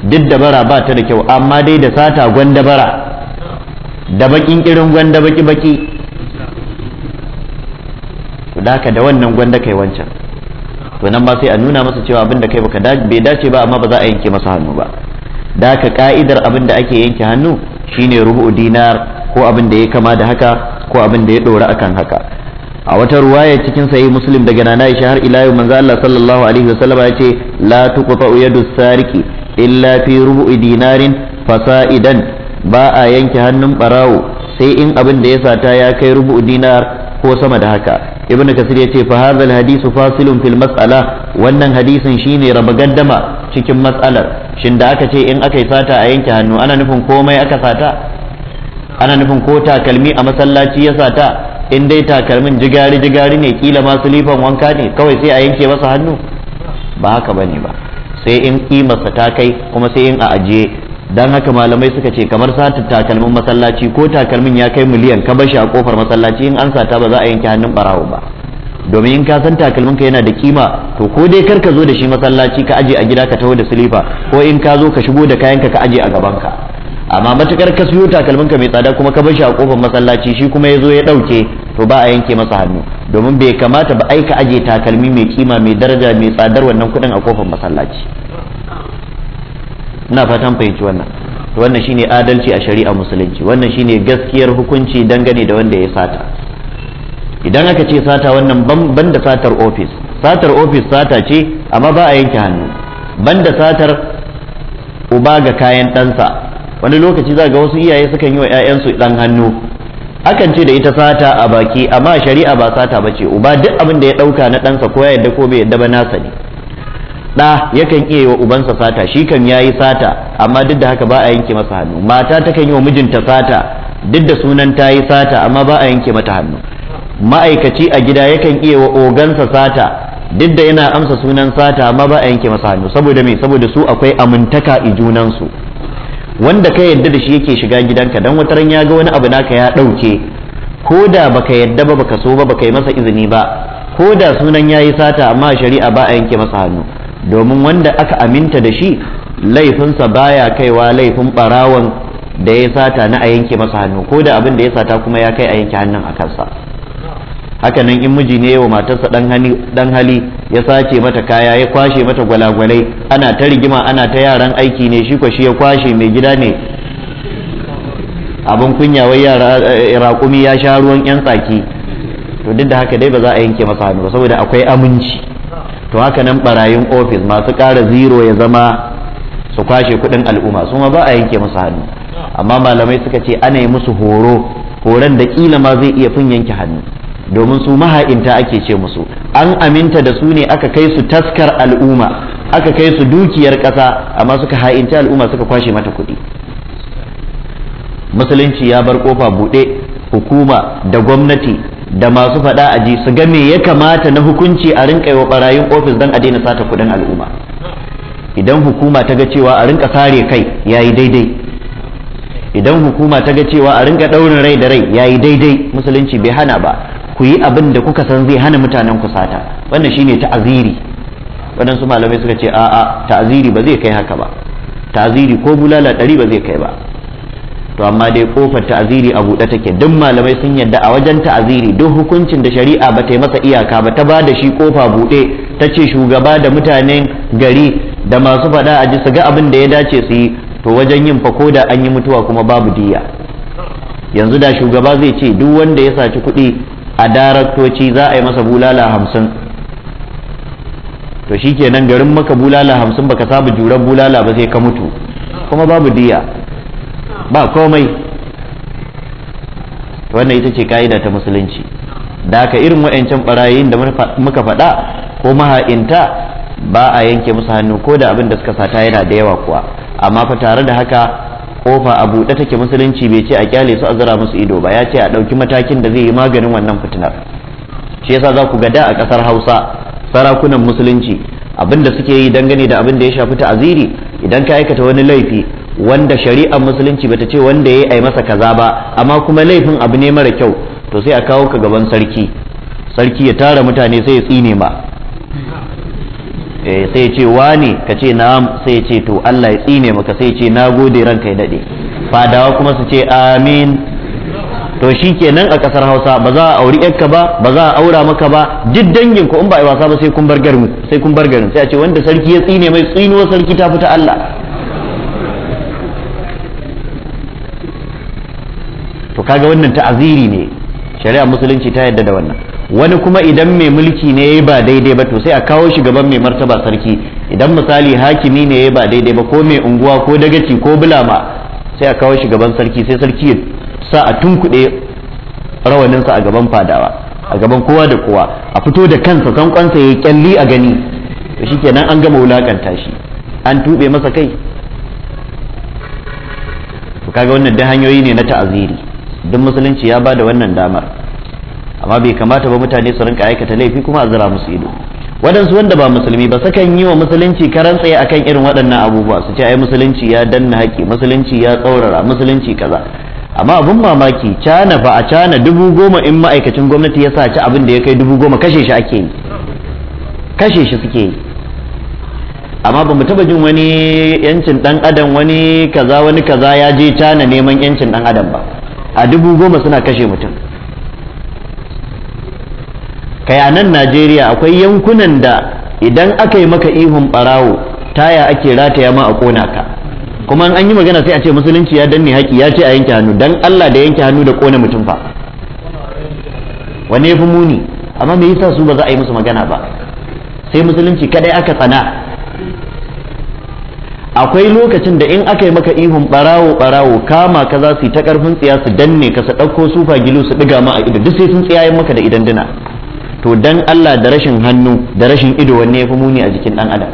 duk dabara ba ta da kyau amma dai da sata gwanda bara da bakin irin gwanda baki baki to da da wannan gwanda kai wancan to nan ba sai a nuna masa cewa abin da kai baka bai dace ba amma ba za a yanke masa hannu ba da ka ka'idar abin da ake yanke hannu shine rubu dinar ko abin da ya kama da haka ko abin da ya dora akan haka a wata ruwaya cikin sahih muslim daga nana Aisha har ila yau manzo Allah sallallahu alaihi wasallam ya ce la tuqta yadu sariki illa fi rubu'i dinarin fasa'idan ba a yanke hannun barawo sai in abin da ya sata ya kai rubu'u dinar ko sama da haka ibn kasir ya ce fa hadha hadisu fasilun fil mas'ala wannan hadisin shine raba gaddama cikin mas'alar shin da aka ce in aka yi sata a yanke hannu ana nufin komai aka sata ana nufin ko takalmi a masallaci ya sata in dai takalmin jigari jigari ne kila ma silifan wanka ne kawai sai a yanke masa hannu ba haka bane ba sai in kimarsa ta kai kuma sai in a ajiye don haka malamai suka ce kamar sata takalmin masallaci ko takalmin ya kai miliyan ka bashi a kofar masallaci in an sata ba za a yanke hannun barawo ba domin in ka san takalmin ka yana da kima to ko dai kar ka zo da shi masallaci ka aje a gida ka taho da silifa ko in ka zo ka shigo da kayanka ka aje a gaban ka amma matukar ka siyo takalmin ka mai tsada kuma ka bashi a kofar masallaci shi kuma ya zo ya dauke to ba a yanke masa hannu domin bai kamata ba aika aje takalmi mai kima mai daraja mai tsadar wannan kudin a kofar masallaci ina fatan fahimci wannan wannan shine adalci a shari'a musulunci wannan shine gaskiyar hukunci dangane da wanda ya sata idan aka ce sata wannan banda satar ofis satar ofis sata ce amma ba a yanke hannu banda satar uba ga kayan ɗansa wani lokaci za ga wasu iyaye sukan yi wa 'ya'yansu dan hannu akan ce da ita sata a baki amma shari'a ba sata ba ce uba duk abin da ya ɗauka na dansa ko ya yadda ko bai yadda ba nasa ne ɗa yakan iya yi wa ubansa sata shi kan ya yi sata amma duk da haka ba a yanke masa hannu mata takan yi wa mijinta sata duk da sunan ta yi sata amma ba a yanke mata hannu ma'aikaci a gida yakan iya wa ogansa sata duk da yana amsa sunan sata amma ba a yanke masa hannu saboda me saboda su akwai amintaka i junansu wanda ka yadda da shi yake shiga gidanka dan wataran ya ga wani abu naka ya ɗauke ko da baka yadda ba baka so ba baka yi masa izini ba ko da sunan ya yi sata amma shari'a ba a yanke masa hannu domin wanda aka aminta da shi laifinsa baya kaiwa laifin ɓarawon da ya sata na a yanke masa hannu ko da abin da ya sata kuma ya kai a yanke hannun a kansa hakanan in miji ne wa matarsa dan hali ya sace mata kaya ya kwashe mata gwalagwalai ana ta rigima ana ta yaran aiki ne shi shi ya kwashe mai gida ne abin kunya wai yara eh, raƙumi ya sha ruwan yan tsaki to duk da haka dai ba za a yanke masa hannu ba saboda akwai aminci to haka nan barayin ofis masu ƙara ziro ya zama su kwashe kuɗin al'umma su ma ba a yanke musu hannu amma malamai suka ce ana yi musu horo horon da ƙila ma zai iya fin yanke hannu domin su maha'inta ake ce musu an aminta da su ne aka kai su taskar al'umma aka kai su dukiyar ƙasa amma suka ha'inta al'umma suka kwashe mata kuɗi musulunci ya bar kofa buɗe hukuma da gwamnati da masu faɗa a ji su ga me ya kamata na hukunci a rinka wa barayin ofis don a daina sata kuɗin al'umma idan hukuma ta ga cewa a rinka sare kai yayi daidai idan hukuma ta ga cewa a rinka ɗaurin rai da rai yayi daidai musulunci bai hana ba ku yi abin da kuka san zai hana mutanen ku sata wannan shine ta'aziri waɗansu malamai suka ce a'a ta'aziri ba zai kai haka ba ta'aziri ko bulala ɗari ba zai kai ba to amma dai kofar ta'aziri a buɗe take duk malamai sun yadda a wajen ta'aziri duk hukuncin da shari'a ba ta yi masa iyaka ba ta ba da shi kofa buɗe ta ce shugaba da mutanen gari da masu faɗa a ji su ga abin da ya dace su yi to wajen yin fako da an yi mutuwa kuma babu diya yanzu da shugaba zai ce duk wanda ya saci kuɗi a daraktoci za a yi masa bulala hamsin to shi kenan garin maka bulala hamsin baka saba juran bulala ba sai ka mutu kuma babu diya ba komai wannan ita ce ka'ida ta musulunci da ka irin wa'ancan barayin da muka faɗa ko maha'inta ba a yanke musu hannu ko da abin da suka sata yana da yawa kuwa amma fa tare da haka kofa a buɗe take musulunci bai ce a kyale su a zira musu ido ba ya ce a ɗauki matakin da zai yi maganin wannan fitinar shi yasa za ku ga da a ƙasar hausa sarakunan musulunci abin da suke yi dangane da abin da ya shafi ta'aziri idan ka aikata wani laifi wanda shari'ar musulunci bata ce wanda ya yi masa kaza ba amma kuma laifin abu ne mara kyau to sai a kawo ka gaban sarki sarki ya tara mutane sai ya tsine ma Eh, sai ce wani ka ce na'am sai ce to Allah ya tsine maka sai ce na gode ranka ya dade fadawa kuma su ce amin to shi kenan a kasar Hausa ba za a auri yanka ba ba za a aura maka ba duk dangin ku in ba a wasa ba sai kun bar garin sai a ce wanda sarki ya tsine mai tsinuwar sarki ta fita Allah to kaga wannan ta'aziri ne shari'ar musulunci ta yadda da wannan wani kuma idan mai mulki ne ya yi ba daidai ba to sai a kawo shi gaban mai martaba sarki idan misali hakimi ne ya yi ba daidai ba ko mai unguwa ko dagaci ko bulama sai a kawo shi gaban sarki sai sarki ya sa a tunkuɗe rawaninsa a gaban fadawa a gaban kowa da kowa a fito da kansa san kwansa ya yi kyalli a gani to shi kenan an gama wulakanta shi an tuɓe masa kai to kaga wannan da hanyoyi ne na ta'aziri duk musulunci ya ba da wannan damar amma bai kamata ba mutane su rinka aikata laifi kuma a zira musu ido waɗansu wanda ba musulmi ba sakan yi wa musulunci karan tsaye akan irin waɗannan abubuwa su ce ai musulunci ya danna haƙƙi musulunci ya tsaurara musulunci kaza amma abin mamaki cana ba a cana dubu goma in ma'aikacin gwamnati ya saci abin da ya kai dubu goma kashe shi ake yi kashe shi suke yi amma ba mu taba jin wani yancin dan adam wani kaza wani kaza ya je cana neman yancin dan adam ba a dubu goma suna kashe mutum kai a nan najeriya akwai yankunan da idan aka yi maka ihun barawo taya ake rataya ma a kona ka kuma an yi magana sai a ce musulunci ya danne haƙi ya ce a yanke hannu dan allah da yanke hannu da kona mutum fa wane fi muni amma me yasa su ba za a yi musu magana ba sai musulunci kadai aka tsana akwai lokacin da in aka yi maka ihun barawo barawo kama ka za su yi ta karfin tsiya su danne ka su ɗauko sufa gilo su ɗiga ma a ido duk sai sun tsiyayen maka da idan dina to dan Allah da rashin hannu da rashin ido wanne ya fi muni a jikin dan adam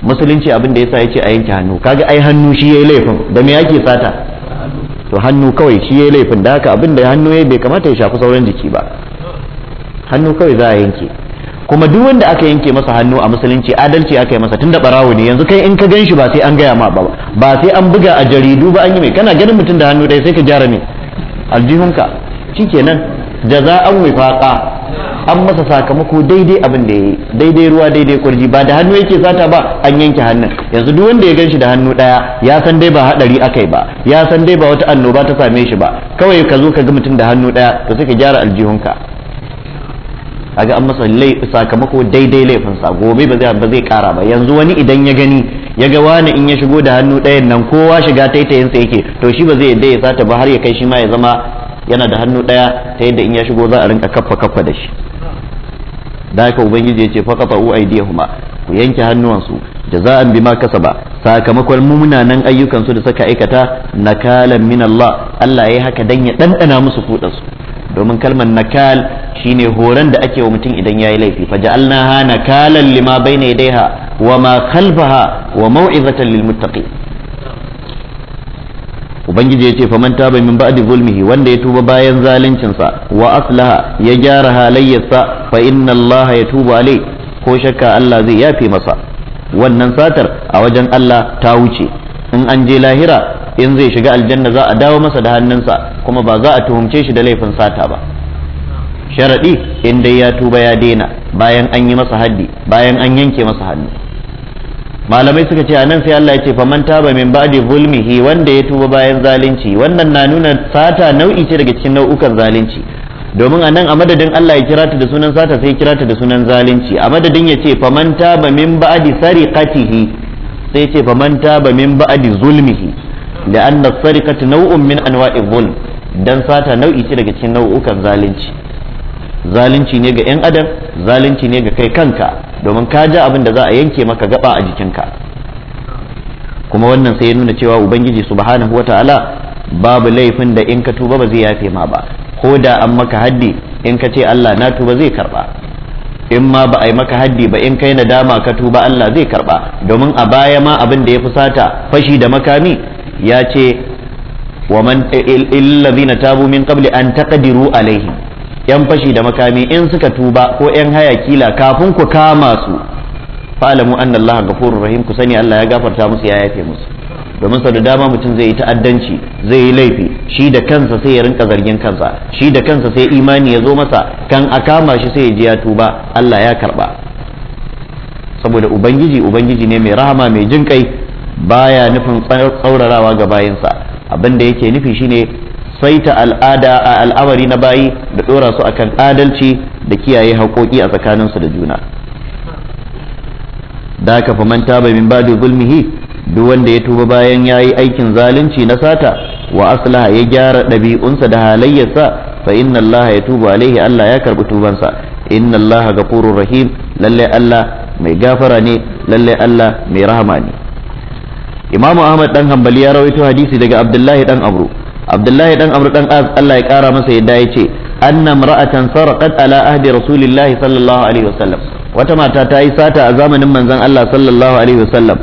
musulunci abin da yasa ya ce a yanke hannu kaga ai hannu shi yayi laifin da me yake sata to hannu kawai shi yayi laifin da haka abin da hannu yayi bai kamata ya shafi sauran jiki ba hannu kawai za a yanke kuma duk wanda aka yanke masa hannu a musulunci adalci aka yi masa tunda barawo ne yanzu kai in ka gan shi ba sai an gaya ma ba ba sai an buga a jaridu ba an yi mai kana ganin mutum da hannu ɗaya sai ka jara ne aljihunka shikenan jaza'an wifaqa an masa sakamako daidai abin da yayi daidai ruwa daidai kurji ba da hannu yake sata ba an yanke hannun yanzu duk wanda ya ganshi da hannu daya ya san dai ba hadari akai ba ya san dai ba wata annoba ta same shi ba kawai ka zo ka ga mutum da hannu daya to sai ka gyara aljihunka kaga an masa sakamako daidai laifinsa gobe ba zai kara ba yanzu wani idan ya gani ya ga wani in ya shigo da hannu ɗayan nan kowa shiga taitayin sa yake to shi ba zai yadda ya sata ba har ya kai shi ma ya zama yana da hannu ɗaya ta yadda in ya shigo za a rinka kaffa kaffa da shi da haka ubangiji ya ce fa qata ku yanke hannuwansu jaza'an bima kasaba sakamakon munanan ayyukan su da suka aikata nakalan min Allah Allah yayi haka dan ya dandana musu kudin su domin kalmar nakal shine horon da ake wa mutum idan yayi laifi fa ha nakalan lima bayna yadayha wa ma khalfaha wa mau'izatan lil muttaqin ubangiji ya ce faman taba min ba'di zulmihi wanda ya tuba bayan zaluncinsa wa aslaha ya gyara halayyarsa fa inna ya tuba alai ko shakka Allah zai yafe masa wannan satar a wajen Allah ta wuce in an je lahira in zai shiga aljanna za a dawo masa da hannunsa kuma ba za a tuhumce shi da laifin sata ba sharadi in dai ya tuba ya daina bayan an yi masa haddi bayan an yanke masa hannu malamai suka ce anan sai Allah ya ce faman taba min ba'di zulmihi wanda ya tuba bayan zalunci wannan na nuna sata nau'i ce daga cikin nau'ukan zalunci domin anan a madadin Allah ya kira ta da sunan sata sai kira ta da sunan zalunci a madadin ya ce faman taba min ba'di sariqatihi sai ce faman taba min ba'di zulmihi da anna sariqatu nau'un min anwa'i zulm dan sata nau'i ce daga cikin nau'ukan zalunci zalunci ne ga 'yan adam zalunci ne ga kai kanka domin ka ji abin da za a yanke maka gaba a jikinka kuma wannan sai ya nuna cewa ubangiji subhanahu wata'ala babu laifin da in ka tuba ba zai yafe ma ba ko da an maka haddi in ka ce Allah na tuba zai karba in ma ba a yi maka haddi ba in kai nadama ka tuba Allah zai karba domin a baya ma abin da ya fusata fashi da makami ya ce wa man illazina tabu min qabli an taqdiru alaihim yan fashi da makami in suka tuba ko yan haya kila kafin ku kama su fa'lamu anna Allah ghafurur rahim ku sani Allah ya gafarta musu ya yafe musu domin sau da dama mutum zai yi ta'addanci zai yi laifi shi da kansa sai ya rinka zargin kansa shi da kansa sai imani ya zo masa kan a kama shi sai ya ji ya tuba Allah ya karba saboda ubangiji ubangiji ne mai rahama mai jin baya nufin tsaurarawa ga bayinsa abinda yake nufi shine saita al'ada a al'amari na bayi da ɗora su akan adalci da kiyaye haƙoƙi a tsakaninsu da juna da haka fa man taba min ba'di zulmihi duk wanda ya tuba bayan yayi aikin zalunci na sata wa aslaha ya gyara ɗabi'unsa da halayyarsa fa inna Allah ya tuba alaihi Allah ya karbi tubansa inna Allah gafurur rahim lallai Allah mai gafara ne lallai Allah mai rahama ne Imam Ahmad dan hambali ya rawaito hadisi daga Abdullahi dan abru. abdullahi dan amr dan az Allah ya kara masa yadda ya ce anna mar'atan sarqat ala ahdi rasulillahi sallallahu alaihi wasallam wata mata ta yi sata a zamanin manzon Allah sallallahu alaihi wasallam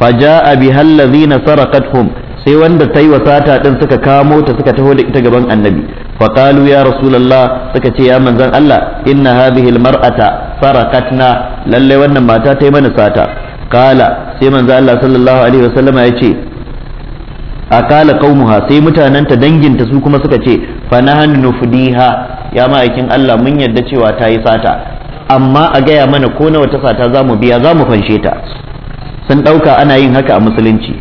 faja'a biha allazina sarqathum sai wanda ta yi wasata din suka kamo ta suka taho da ita gaban annabi faqalu ya rasulullah suka ce ya manzon Allah inna hadhihi almar'ata sarqatna lalle wannan mata ta yi mana sata kala sai manzon Allah sallallahu alaihi wasallam ya ce a akala qaumuha sai mutananta danginta su kuma suka ce fa nahnu nufdiha ya ma'aikin Allah mun yarda cewa ta yi sata amma a gaya mana ko nawa ta sata za biya za fanshe ta sun ɗauka ana yin haka a musulunci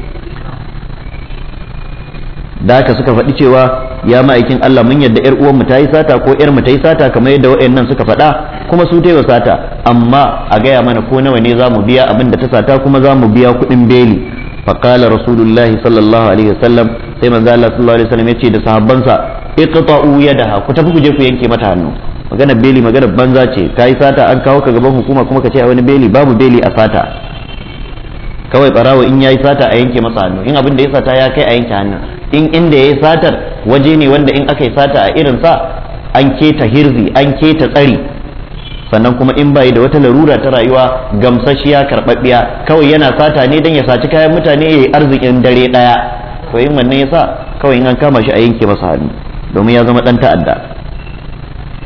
da haka suka faɗi cewa ya ma'aikin Allah mun yarda ƴar uwanmu ta yi sata ko ƴar mu ta yi sata kamar yadda waɗannan suka faɗa kuma su ta yi sata amma a gaya mana ko nawa ne zamu biya abinda da ta sata kuma zamu biya kuɗin beli فقال رسول الله صلى الله عليه وسلم سيما قال الله صلى الله عليه وسلم يتشي دسهبانسا اقطعوا يدها كتبك جيكو ينكي متعنو عنه magana beli magana banza ce ka yi sata an kawo ka gaban hukuma kuma ka ce a wani beli babu beli a sata kawai barawo in ya yi sata a yanke masa hannu in abin da ya sata ya kai a yanke hannu in inda ya yi satar waje ne wanda in aka yi sata a irinsa an keta hirzi an keta tsari sannan kuma in bai da wata larura ta rayuwa gamsashiya karɓaɓɓiya kawai yana sata ne don ya saci kayan mutane ya arzikin dare daya to in wannan ya kawai in an kama shi a yanke masa hannu domin ya zama ɗan ta'adda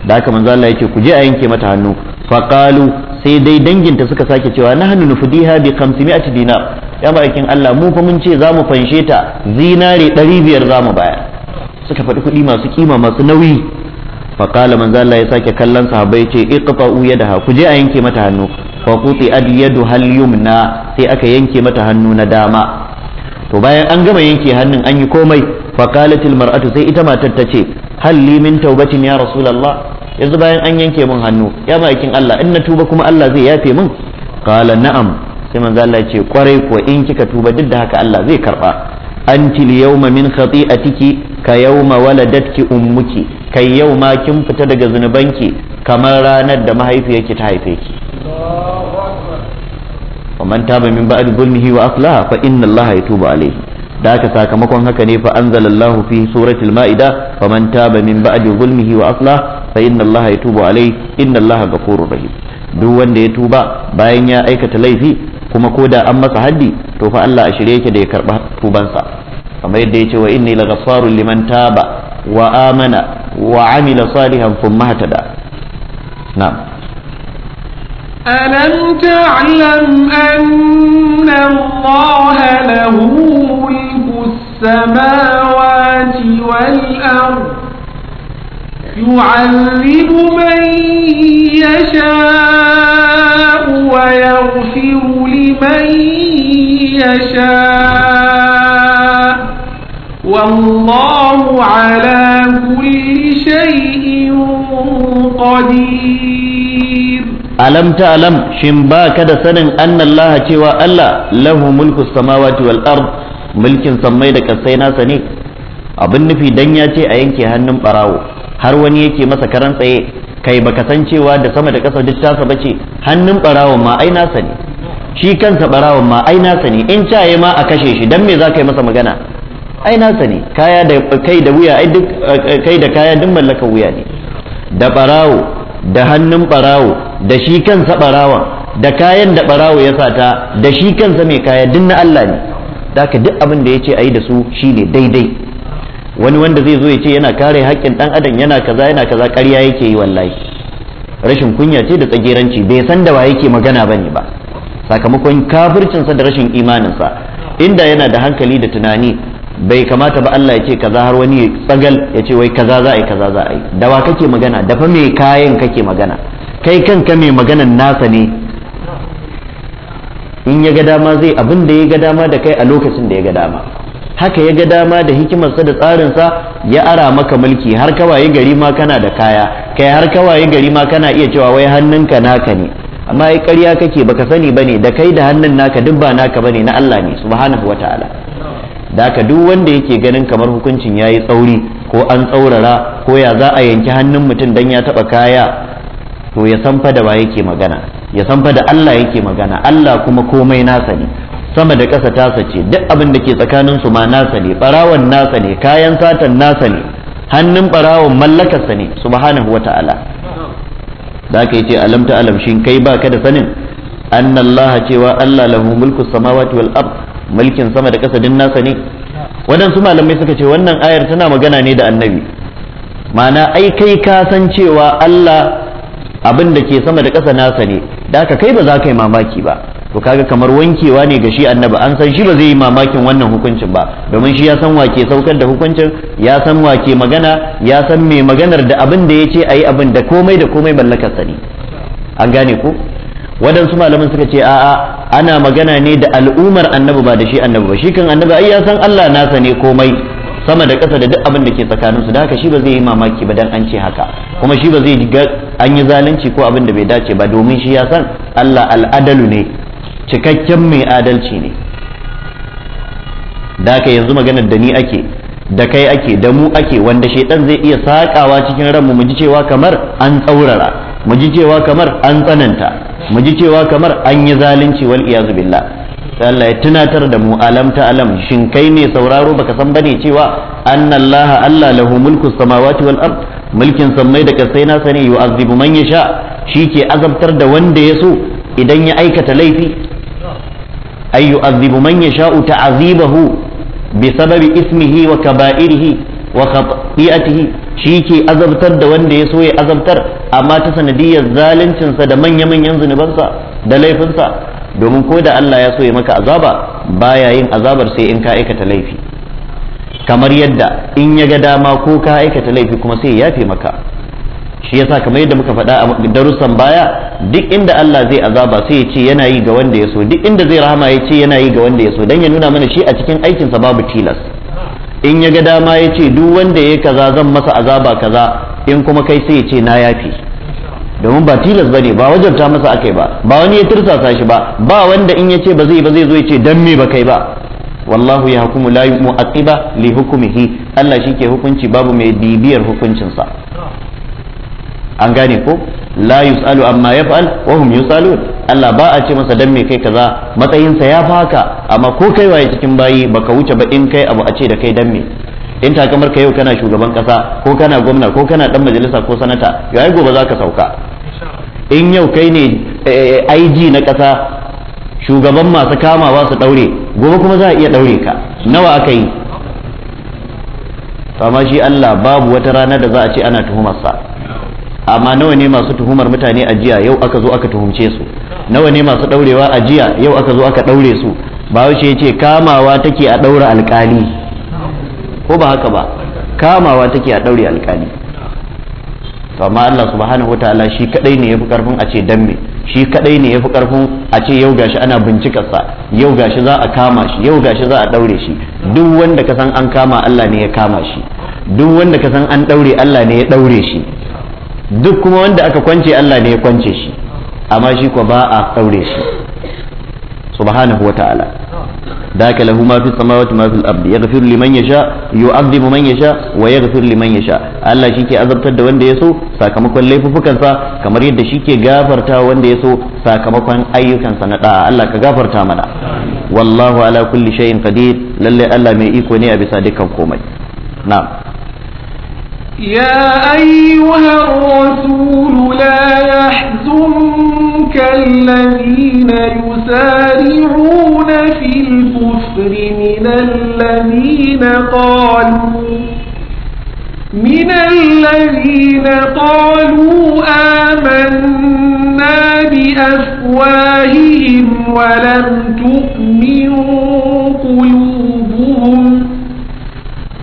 da haka manzo Allah yake ku je a yanke mata hannu qalu sai dai danginta suka sake cewa nahnu nufdiha bi 500 dinar ya ma'aikin Allah mu fa mun ce za mu fanshe ta zinare 500 za mu baya. suka faɗi kuɗi masu kima masu nauyi faƙala manzo ya sake kallon sahabbai ce iqta'u da ku je a yanke mata hannu fa quti ad yadu hal yumna sai aka yanke mata hannu na dama to bayan an gama yanke hannun an yi komai faqalat al mar'atu sai ita matar ta ce hal li min tawbatin ya rasulullah yanzu bayan an yanke min hannu ya bakin Allah in na tuba kuma Allah zai yafe min qala na'am sai manzo ya ce kwarai ko in kika tuba duk da haka Allah zai karba anti al yawma min khati'atiki ka yawma waladatki ummuki kai yau ma kin fita daga zunubanki kamar ranar da mahaifiyarki ta haife ki wa man taba min ba'd zulmihi wa aslaha fa inna Allah yatubu alayhi da haka sakamakon haka ne fa anzalallahu fi suratul ma'ida fa man taba min ba'd zulmihi wa aslaha fa inna Allah yatubu alayhi inna Allah ghafurur rahim duk wanda ya tuba bayan ya aikata laifi kuma ko da an masa haddi to fa Allah a shirye yake da ya karba tubansa kamar yadda ya ce wa inni laghaffarul liman taba وآمن وعمل صالحا ثم اهتدى نعم ألم تعلم أن الله له ملك السماوات والأرض يعذب من يشاء ويغفر لمن يشاء والله على كل شيء قدير ألم تعلم شنباك دسن أن الله تيوى ألا له ملك السماوات والأرض ملك سميدك السيناس ne abin nufi dan ya ce a yanke hannun barawo har wani yake masa karan tsaye kai baka san cewa da sama da ƙasa duk tasa bace hannun barawon ma ai nasa ne shi kansa barawon ma ai nasa ne in caye ma a kashe shi dan me za ka yi masa magana ai nasa ne kaya da kai da wuya ai duk eh, kai da kaya duk mallakar wuya ne da barawo da hannun barawo da shi kansa barawa da kayan da barawo ya sata da shi kansa mai kaya duk na Allah ne daka duk abin da ya ce a da su shine daidai wani wanda zai zo ya ce yana kare haƙƙin ɗan adam yana kaza yana kaza ƙarya yake yi wallahi rashin kunya ce da tsageranci bai san da wa yake magana bane ba sakamakon kafircinsa da rashin imaninsa inda yana da hankali da tunani bai kamata ba Allah ya ce kaza har wani ya tsagal ya ce wai kaza za a yi kaza za a yi da wa kake magana da mai kayan kake magana kai kanka mai maganan nasa ne in ya ga dama zai abin da ya ga dama da kai a lokacin da ya ga dama haka ya ga dama da hikimarsa da tsarinsa ya ara maka mulki har kawaye gari ma kana da kaya kai har kawaye gari ma kana iya cewa wai hannunka naka ne amma ai ƙarya kake baka sani bane da kai da hannun naka duk ba naka bane na Allah ne subhanahu wataala da haka duk wanda yake ganin kamar hukuncin ya yi tsauri ko an tsaurara ko ya za a yanki hannun mutum don ya taba kaya to ya san da yake magana ya san da Allah yake magana Allah kuma komai nasa ne sama da ƙasa tasa ce duk abin da ke tsakanin su ma nasa ne barawan nasa ne kayan satan nasa ne hannun barawan mallakarsa ne subhanahu wata'ala da ka yi ce alam ta alam ba kai baka da sanin annallaha cewa Allah lahu mulku samawati wal ard mulkin sama da ƙasa din nasa ne waɗansu malamai suka ce wannan ayar tana magana ne da annabi ma'ana ai kai ka san cewa Allah abin da ke sama da ƙasa nasa ne da haka kai ba za ka yi mamaki ba to kaga kamar wankewa ne ga shi annabi an san shi ba zai yi mamakin wannan hukuncin ba domin shi ya san wake saukar da hukuncin ya san wake magana ya san mai maganar da abin da ya ce a yi abin da komai da komai mallakar sani an gane ko waɗansu malaman suka ce a'a ana magana ne da al'umar annabi ba da shi annabi ba shi kan annabi ai ya san Allah nasa ne komai sama da ƙasa da duk abin da ke tsakanin su da haka shi ba zai yi mamaki ba dan an ce haka kuma shi ba zai ga an yi zalunci ko abin da bai dace ba domin shi ya san Allah al'adalu ne cikakken mai adalci ne da haka yanzu maganar da ni ake da kai ake da mu ake wanda shaidan zai iya sakawa cikin ranmu mu ji cewa kamar an tsaurara mu ji cewa kamar an tsananta mu ji cewa kamar an yi zalunci wal iyazu billah sai Allah ya tunatar da mu alam ta alam shin kai ne sauraro baka san bane cewa annallaha Allah lahu mulku samawati wal ard mulkin sammai da kasai na sani yu'azzibu man yasha ke azabtar da wanda ya so idan ya aikata laifi ay yu'azzibu man yasha'u ta'azibahu bisababi ismihi wa kaba'irihi wa khati'atihi shi ke azabtar da wanda ya so ya azabtar amma ta sanadiyar zaluncinsa da manya-manyan zunubansa da laifinsa domin ko da Allah ya so ya maka azaba baya yin azabar sai in ka aikata laifi kamar yadda in ya ga dama ko ka aikata laifi kuma sai ya yafe maka shi yasa kamar yadda muka faɗa a darussan baya duk inda Allah zai azaba sai ya ce yana yi ga wanda ya so duk inda zai rahama ya ce yana yi ga wanda ya so dan ya nuna mana shi a cikin aikinsa babu tilas in ya ga dama ya ce duk wanda ya kaza zan masa azaba kaza in kuma kai sai ya ce na yafi domin ba tilas ba ne ba wajabta masa akai ba ba wani ya tirsasa shi ba ba wanda in ya ce ba zai ba zai zo ya ce dan me ba kai ba wallahu ya hukumu la yu'aqiba li hukmihi Allah shi ke hukunci babu mai bibiyar hukuncinsa an gane ko la yus'alu amma yaf'al wa hum yus'alun Allah ba a ce masa dan me kai kaza matsayinsa ya faka amma ko kai waye cikin bayi baka wuce ba in kai abu a ce da kai dan me in kamar kai yau kana shugaban kasa ko kana gwamna ko kana dan majalisa ko sanata yayi gobe za ka sauka in yau kai ne eh, IG na kasa shugaban masu kamawa su daure gobe kuma za a iya daure ka nawa aka yi amma shi Allah babu wata rana da za a ce ana tuhumarsa amma nawa ne masu tuhumar mutane a jiya yau aka zo aka tuhumce su nawa ne masu daurewa a jiya yau aka zo aka daure su bahaushe ya ce kamawa take a daura alkali ko ba haka ba kamawa take a daure alkali to amma Allah subhanahu wataala shi kadai ne yafi karfin a ce dan me shi kadai ne yafi karfin a ce yau gashi ana bincikar sa yau gashi za a kama shi yau gashi za a daure shi duk wanda ka san an kama Allah ne ya kama shi duk wanda ka san an daure Allah ne ya daure shi duk kuma wanda aka kwance Allah ne ya kwance shi amma shi ko ba a kaure shi subhanahu wa ta'ala ذاك له ما في السماوات ما في الأرض يغفر لمن يشاء يعذب من يشاء ويغفر لمن يشاء الله shike azabtar da wanda yaso sakamakon sa kamar yadda shike gafarta wanda yaso sakamakon ayyukan na da'a Allah ka gafarta mana wallahu ala kulli shay'in qadir lalle Allah mai iko ne a bisa dukkan komai na'am يا أيها الرسول لا يحزنك الذين يسارعون في الكفر من الذين قالوا من الذين قالوا آمنا بأفواههم ولم تؤمن قلوبهم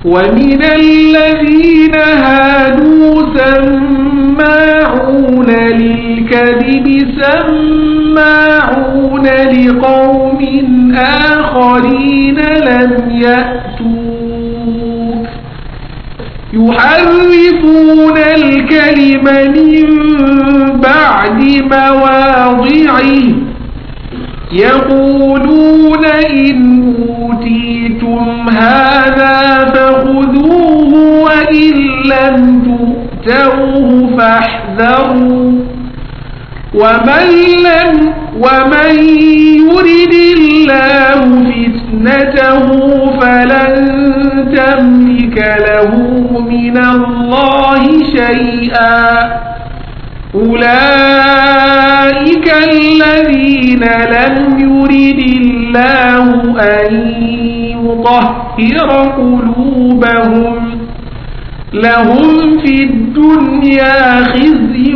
ومن الذين هادوا سماعون للكذب سماعون لقوم آخرين لم يأتوا يحرفون الكلم من بعد مواضعه يقولون إن أوتيتم هذا فخذوه وإن لم تؤتوه فاحذروا ومن, لم ومن يرد الله فتنته فلن تملك له من الله شيئا أولئك الذين لم يرد الله أن يطهر قلوبهم لهم في الدنيا خزي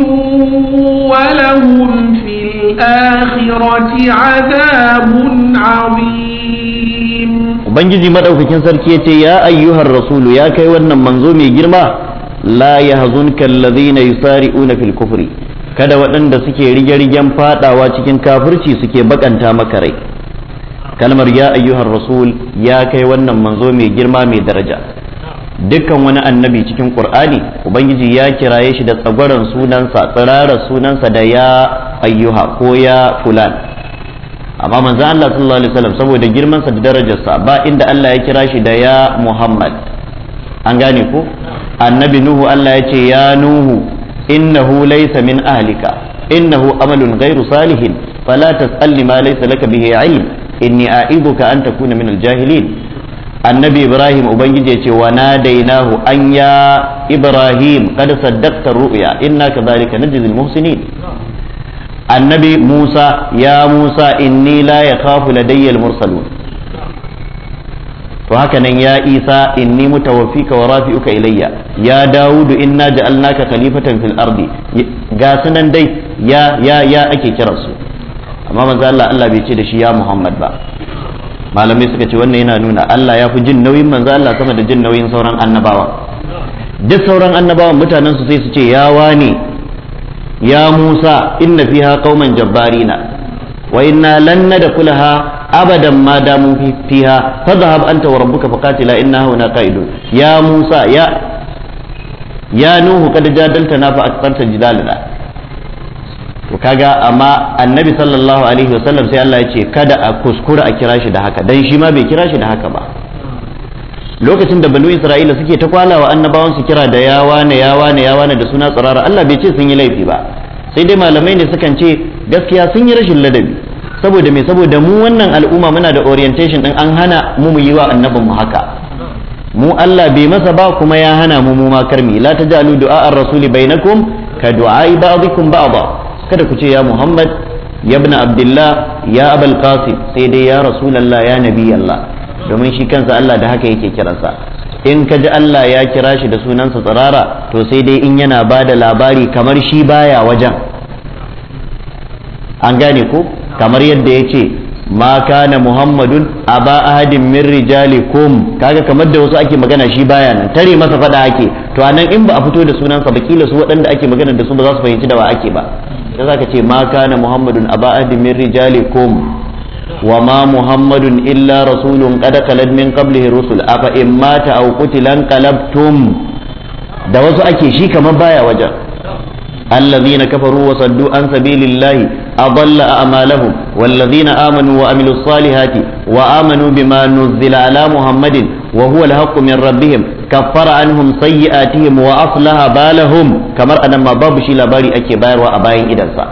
ولهم في الآخرة عذاب عظيم وبنجي في كنسر كيتي يا أيها الرسول يا كيوانا منظومي جرمه la yahzunka alladhina yusari'una fil kufri kada waɗanda suke rige-rigen fadawa cikin kafirci suke bakanta maka rai kalmar ya ayyuhar rasul ya kai wannan manzo mai girma mai daraja dukkan wani annabi cikin qur'ani ubangiji ya kiraye shi da tsagwaron sunansa tsirarar sunansa da ya ayyuha ko ya fulan amma manzo Allah sallallahu alaihi wasallam saboda girmansa da darajarsa ba inda Allah ya kira shi da ya Muhammad an gane ko annabi nuhu Allah ya ce ya nuhu innahu laysa min ahlika innahu amalun ghairu salihin fala tasalli ma laysa laka bihi ilm inni a'iduka an takuna min aljahilin annabi ibrahim ubangiji ya ce wa nadainahu an ya ibrahim kad saddaqta ru'ya inna kadhalika najzi almuhsinin annabi musa ya musa inni la yakhafu ladayya almursalun to haka nan ya isa inni mutawaffika wa rafi'uka ilayya ya dawo dawudu inna ja'alnaka khalifatan fil ardi ga sunan dai ya ya ya ake kiran su amma manzo Allah Allah bai ce da shi ya Muhammad ba malamai suka ce wannan yana nuna Allah ya fi jin nauyin manzo Allah sama da jin nauyin sauran annabawan duk sauran annabawan mutanen su sai su ce ya wane ya Musa inna fiha qauman jabbarina wa inna lan nadkhulaha abadan ma damu fiha fadhhab anta wa rabbuka na inna hauna qa'idun ya musa ya ya nuhu kada jadalta na fa to kaga amma annabi sallallahu alaihi wasallam sai Allah ya ce kada a kuskura a kira shi da haka dan shi ma bai kira shi da haka ba lokacin da banu isra'ila suke ta kwalawa annabawan su kira da yawa ne yawa ne yawa ne da suna tsirara Allah bai ce sun yi laifi ba sai dai malamai ne sukan ce gaskiya sun yi rashin ladabi saboda me saboda mu wannan al'umma muna da orientation din an hana mu mu yi wa annabin mu haka mu Allah bai masa ba kuma ya hana mu mu ma karmi la tajalu du'a ar-rasuli bainakum ka du'ai ba'dikum ba'da kada ku ce ya Muhammad ya ibn Abdullah ya Abul Qasim sai dai ya Rasulullah ya Nabi Allah domin shi kansa Allah da haka yake kiransa in ka ji Allah ya kira shi da sunansa tsirara to sai dai in yana ba da labari kamar shi baya wajen an gane ko kamar yadda ya ce ma kana muhammadun aba ahadin min rijalikum kaga kamar da wasu ake magana shi baya nan tare masa fada ake to anan in ba a fito da sunansa ba kila su waɗanda ake magana da su ba za su fahimci da ake ba sai zaka ce ma kana muhammadun aba ahadin min rijalikum illa rasulun kada رسول قد خلت من a الرسل أفإن مات أو قتل انقلبتم da wasu ake shi kamar baya wajen الذين كفروا وصدوا عن سبيل الله أضل أعمالهم والذين آمنوا وعملوا الصالحات وآمنوا بما نزل على محمد وهو الحق من ربهم كفر عنهم سيئاتهم وأصلح بالهم كما أن ما باب شي لباري أكي باير وأباين إدنسا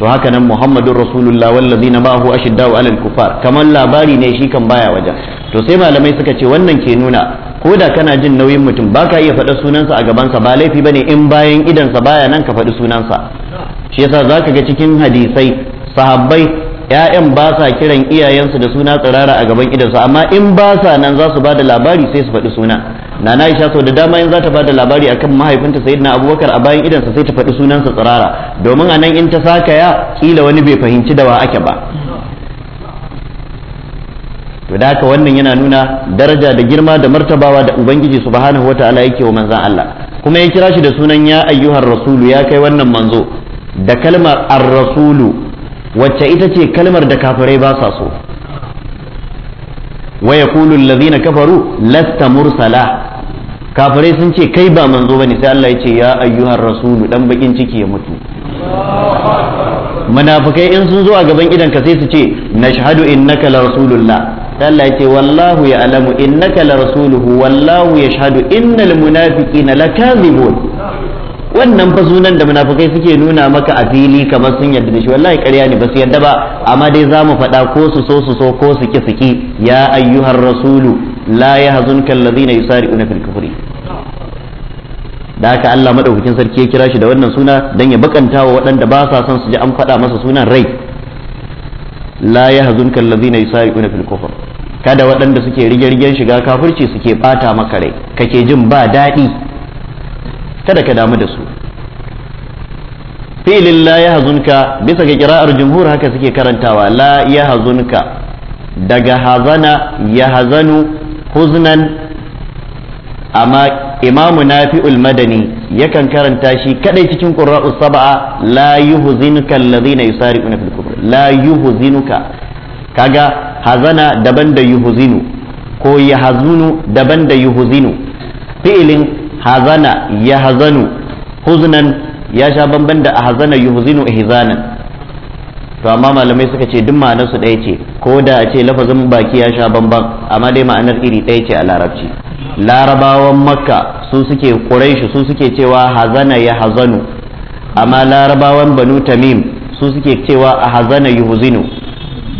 to haka nan muhammadun rasulullah wallazi na ma'ahu ashidda wa alal kufar kamar labari ne shi kan baya wajen to sai malamai suka ce wannan ke nuna ko da kana jin nauyin mutum ba ka iya faɗa sunansa a gabansa ba laifi bane in bayan idansa baya nan ka faɗi sunansa shi yasa za ka ga cikin hadisai sahabbai ‘ya'yan ba sa kiran iyayensu da suna tsirara a gaban idansu amma in ba sa nan za su ba da labari sai su faɗi suna nana Aisha sau da dama in za ta bada labari akan mahaifinta na Abubakar a bayan idansa sai ta faɗi sunansa tsirara domin a nan in ta saka ya kila wani bai fahimci da wa ake ba to da haka wannan yana nuna daraja da girma da martabawa da ubangiji subhanahu wataala yake wa manzan Allah kuma ya kira shi da sunan ya ayyuhar rasulu ya kai wannan manzo da kalmar ar-rasulu wacce ita ce kalmar da kafirai ba sa so wa yaqulu allazina kafaru lasta mursala kafarai sun ce kai ba manzo bane sai Allah ya ce ya ayyuhar rasulu dan bakin ciki ya mutu munafukai in sun zo a gaban idan ka sai su ce nashhadu innaka la rasulullah sai Allah ya ce wallahu ya'lamu innaka la rasuluhu wallahu yashhadu innal munafiqina lakazibun wannan fa sunan da munafikai suke nuna maka a fili kamar sun yarda da shi wallahi ƙarya ne ba su yarda ba amma dai za mu faɗa ko su so su so ko su ki ki ya ayyuhar rasulu la yahzunka allazina yusari'una fil kufri da haka Allah madaukakin sarki ya kira shi da wannan suna dan ya bakanta wa waɗanda ba sa son su ji an faɗa masa sunan rai la yahzunka allazina yusari'una fil kufr kada waɗanda suke rige-rigen shiga kafirci suke bata maka rai kake jin ba daɗi kada ka damu da su filin la ya hazunka bisa ga kira'ar jumhur haka suke karantawa la ya hazunka daga hazana ya hazanu huznan amma imamu nafi'ul madani yakan karanta shi kadai cikin qurra'us saba'a la yuhzinka allazina yusari'una fil kufr la huzinuka kaga hazana daban da huzinu ko hazunu daban da huzinu fi'ilin hazana ya hazanu huznan ya sha bamban da hazana ahzana yuhzinu ihzanan to amma malamai suka ce duk ma'anar su ɗaya ce ko da a ce lafazin baki ya sha bamban amma dai ma'anar iri ɗaya ce a larabci larabawan makka su suke shi su suke cewa hazana ya hazanu amma larabawan banu tamim su suke cewa a hazana huzinu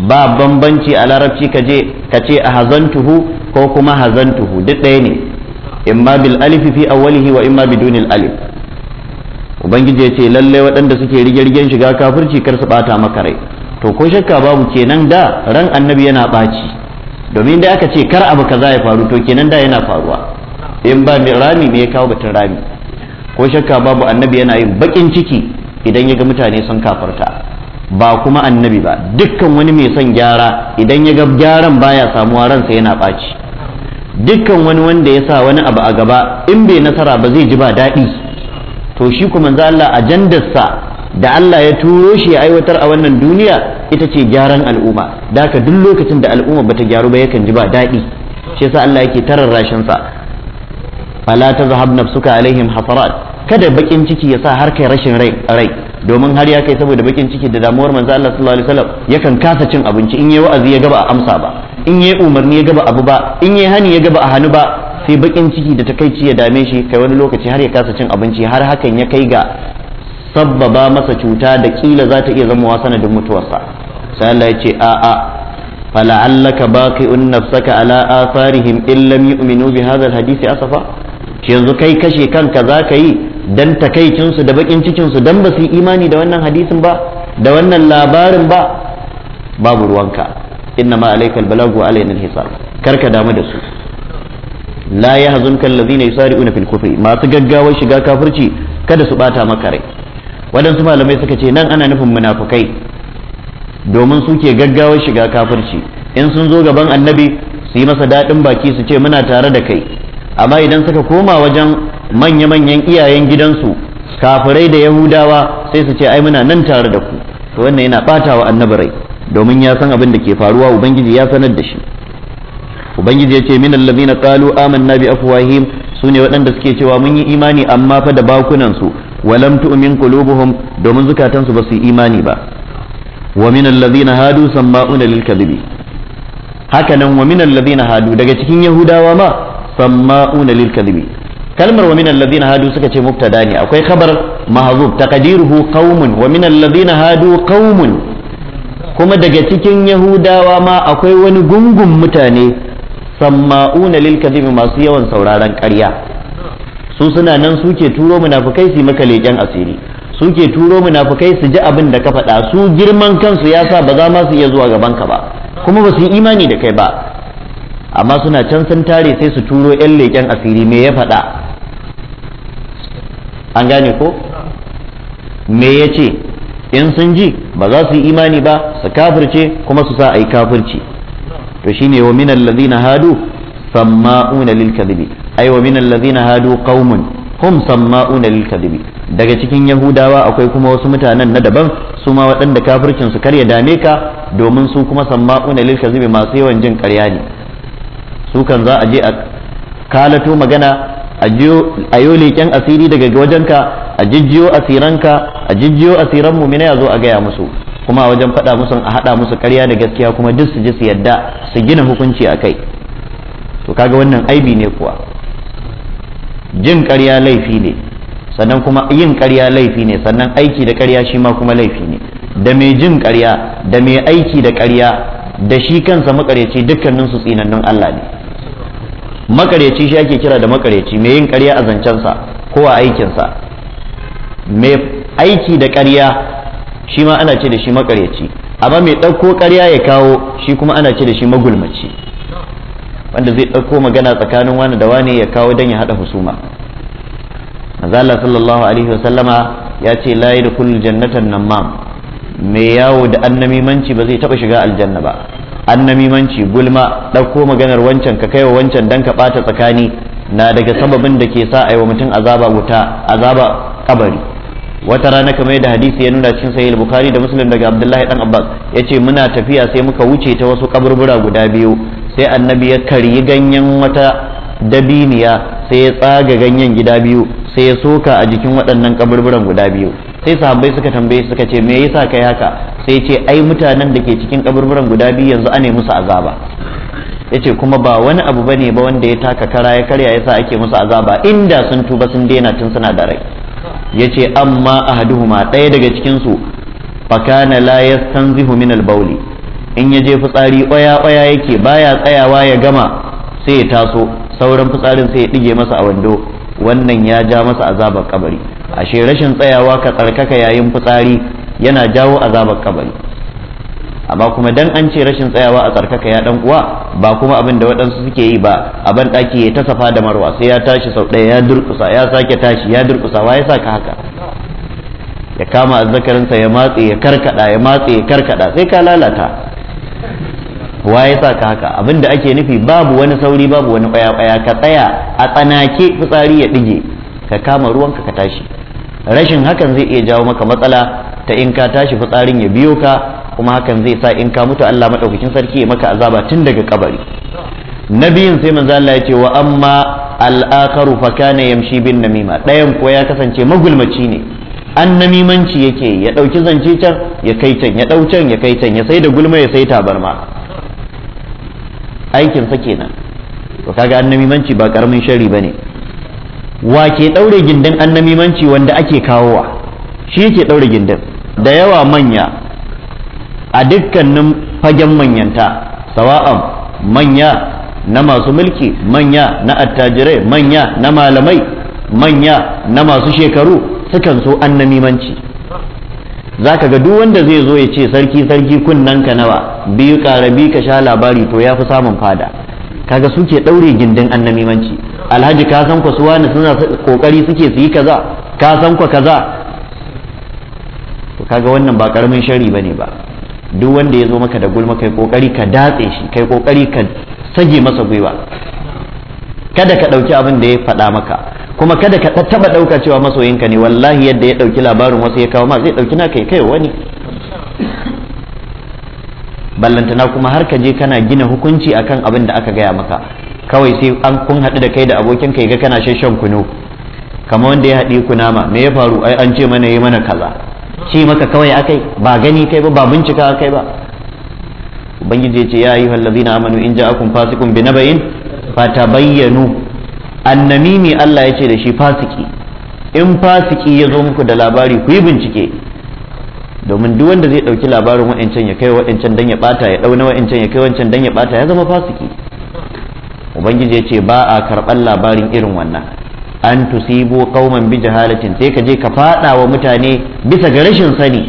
ba bambanci a larabci ka je ka ce a hazantuhu ko kuma hazantuhu duk ɗaya ne imma bil alif fi awwalihi wa imma bidunil alif ubangiji ya ce lalle waɗanda suke rige-rigen shiga kafirci kar su bata maka rai to ko shakka babu kenan da ran annabi yana baci domin da aka ce kar abu kaza ya faru to kenan da yana faruwa in ba mai rami me ya kawo batun rami ko shakka babu annabi yana yin bakin ciki idan ya ga mutane sun kafarta ba kuma annabi ba dukkan wani mai son gyara idan ya ga gyaran baya samuwa ransa yana baci. dukkan wani wanda ya sa wani abu a gaba in bai nasara ba zai ji ba daɗi to shi kuma za Allah ajandarsa da Allah ya turo shi ya aiwatar a wannan duniya ita ce gyaran al'umma da haka duk lokacin da al'umma bata gyaru ba yakan ji ba daɗi shi yasa Allah yake tararrashin sa fala tazhab nafsuka alaihim hasarat kada bakin ciki ya sa har kai rashin rai rai domin har ya kai saboda bakin ciki da damuwar manzo Allah sallallahu alaihi wasallam yakan kasa cin abinci in yayi wa'azi ya gaba a amsa ba in yayi umarni ya gaba abu ba in yayi hani ya gaba a hannu ba sai bakin ciki da takaici ya dame shi kai wani lokaci har ya kasa cin abinci har hakan ya kai ga sabbaba masa cuta da kila za ta iya zama sanadin mutuwarsa sai Allah ya ce a a fala'allaka baqi'un nafsaka ala atharihim in lam yu'minu bi hadha alhadisi asafa yanzu kai kashe kanka za ka yi dan takaicinsu da bakin cikinsu dan ba su yi imani da wannan hadisin ba da wannan labarin ba babu ruwanka inna ma alaikal balagu alayna alhisab karka damu da su la yahzunka allazina yusari'una fil kufri masu gaggawar shiga kafirci kada su bata maka rai wadansu malamai suka ce nan ana nufin munafukai domin suke gaggawar shiga kafirci in sun zo gaban annabi su yi masa daɗin baki su ce muna tare da kai amma idan suka koma wajen manya-manyan iyayen gidansu kafirai da yahudawa sai su ce ai muna nan tare da ku to wannan yana bata wa annabi domin ya san abin da ke faruwa ubangiji ya sanar da shi ubangiji ya ce min allazina qalu amanna bi afwahim sune waɗanda suke cewa mun yi imani amma fa da bakunan su walam tu'min qulubuhum domin zukatan su ba su yi imani ba wa min allazina hadu samma'una lil kadhibi haka nan wa min allazina hadu daga cikin yahudawa ma samma'una lil kadhibi kalmar wa minal ladina hadu suka ce mubtada ne akwai khabar mahzub taqdiruhu qaumun wa minal ladina hadu qaumun kuma daga cikin yahudawa ma akwai wani gungun mutane samma'una lil kadhibi masu yawan sauraron ƙarya su suna nan suke turo munafikai su maka leƙen asiri suke turo munafikai su ji abin da ka faɗa su girman kansu ya sa ba za ma su iya zuwa gaban ka ba kuma ba su yi imani da kai ba amma suna can sun tare sai su turo 'yan leƙen asiri me ya faɗa an gane ko me ya ce in sun ji ba za su yi imani ba su kafirce kuma su sa a yi kafirci to ne wa minan ladhina hadu samma'una lilka kadhibi wa minan ladhina hadu qaumun hum samma'una lilka daga cikin yahudawa akwai kuma wasu mutanen na daban su ma waɗanda kafircin su karya dame ka domin su kuma samma'una lilka masu yawan jin karya ne su kan za a je a kalato magana a yi leƙen asiri daga wajenka a jijjiyo asiranka a jijjiyo asiran mumina ya zo a gaya musu kuma a wajen faɗa musu a haɗa musu karya da gaskiya kuma duk su ji su yadda su gina hukunci a kai to kaga wannan aibi ne kuwa jin ƙarya laifi ne sannan kuma yin ƙarya laifi ne sannan aiki da karya shi ma kuma laifi ne da mai jin karya da mai aiki da karya da shi kansa makaryaci dukkaninsu tsinannun Allah ne makareci shi ake kira da makareci mai yin karya a zancensa ko a aikinsa mai aiki da karya shi ma ana ce da shi makareci amma mai ɗauko karya ya kawo shi kuma ana ce da shi magulmaci wanda zai ɗauko magana tsakanin wani da wani ya kawo don ya haɗa husuma mazala sallallahu alaihi wasallama ya ce da kullu jannatan nammam mai yawo da annamimanci ba zai taɓa shiga aljanna ba annamimanci gulma ɗauko maganar wancan ka kaiwa wancan dan ka ɓata tsakani na daga sababin da ke sa aiwa mutum azaba wuta azaba kabari wata rana kamar da hadisi ya nuna cikin sahih bukhari da muslim daga abdullahi dan abbas ce muna tafiya sai muka wuce ta wasu kaburbura guda biyu sai annabi ya karyi ganyen wata dabiniya sai ya tsaga ganyen gida biyu sai ya soka a jikin waɗannan kaburburan guda biyu sai sahabbai suka tambaye suka ce me yasa kai haka sai ce ai mutanen da ke cikin kaburburan guda biyu yanzu ane musu azaba ce kuma ba wani abu bane ba wanda ya taka kara ya karya yasa ake musu azaba inda sun tuba sun daina tun suna da rai ce amma ma ɗaya daga cikin su fakana la yastanzihu min albauli in ya je fitsari kwaya kwaya yake baya tsayawa ya gama sai ya taso sauran fitsarin sai ya ɗige masa a wando wannan ya ja masa azabar kabari ashe rashin tsayawa ka tsarkaka yayin fitsari yana jawo azabar kabari amma kuma dan an ce rashin tsayawa a tsarkaka ya dan uwa ba kuma abin da waɗansu suke yi ba a ban ɗaki ya tasafa da marwa sai ya tashi sau ɗaya ya durƙusa ya sake tashi ya durƙusa wa ya sa ka haka ya kama azzakarinsa ya matse ya karkada ya matse ya karkada sai ka lalata wa ya sa ka haka abin da ake nufi babu wani sauri babu wani ƙwaya-ƙwaya ka tsaya a tsanake fitsari ya ɗige ka kama ruwanka ka tashi rashin hakan zai iya jawo maka matsala ta in ka tashi fitsarin ya biyo ka kuma hakan zai sa in ka mutu Allah madaukakin sarki ya maka azaba tun daga kabari na sai manzo Allah ya ce wa amma al-akharu fa kana yamshi bin namima dayan ko ya kasance magulmaci ne an namimanci yake ya ɗauki zance can ya kai can ya ɗau can ya kai can ya sai da gulma ya sai tabarma aikinsa kenan to kaga an namimanci ba karamin shari bane wa ke ɗaure gindin annamimanci wanda ake kawowa shi ke ɗaure gindin da yawa manya a dukkanin fagen manyanta sawa'an manya na masu mulki manya na attajirai manya na malamai manya na masu shekaru sukan so annamimanci za ka ga duk wanda zai zo ya ce sarki sarki kunnen ka nawa biyu ƙara bi ka sha labari to ya fi samun fada kaga suke ɗaure gindin annamimanci alhaji ka san ku suwa ne suna kokari suke su yi kaza ka san ku kaza to kaga wannan ba karamin shari bane ba duk wanda ya zo maka da gulma kai kokari ka datse shi kai kokari ka sage masa gwiwa kada ka ɗauki abin da ya faɗa maka kuma kada ka taɓa ɗauka cewa masoyinka ne wallahi yadda ya ɗauki labarin wasu ya kawo ma zai ɗauki naka ya kai wani ballantana kuma har ka je kana gina hukunci akan abin da aka gaya maka kawai sai an kun haɗu da kai da abokin kai ga kana shan kunu kamar wanda ya haɗi kunama me ya faru ai an ce mana yi mana kaza ce maka kawai akai ba gani kai ba ba bincika akai ba ubangiji ya ce ya ayyuhal ladina amanu in ja'akum fasiqun binaba'in annami annamimi Allah ya ce da shi fasiki in fasiki ya zo muku da labari ku yi bincike domin duk wanda zai ɗauki labarin wa'ancan ya kai wa'ancan dan ya ɓata ya ɗauna wa'ancan ya kai wancan dan ya ɓata ya zama fasiki ubangiji ya ce ba a karɓar labarin irin wannan an tusibo kauman bi jahalatin sai ka je ka faɗa wa mutane bisa ga rashin sani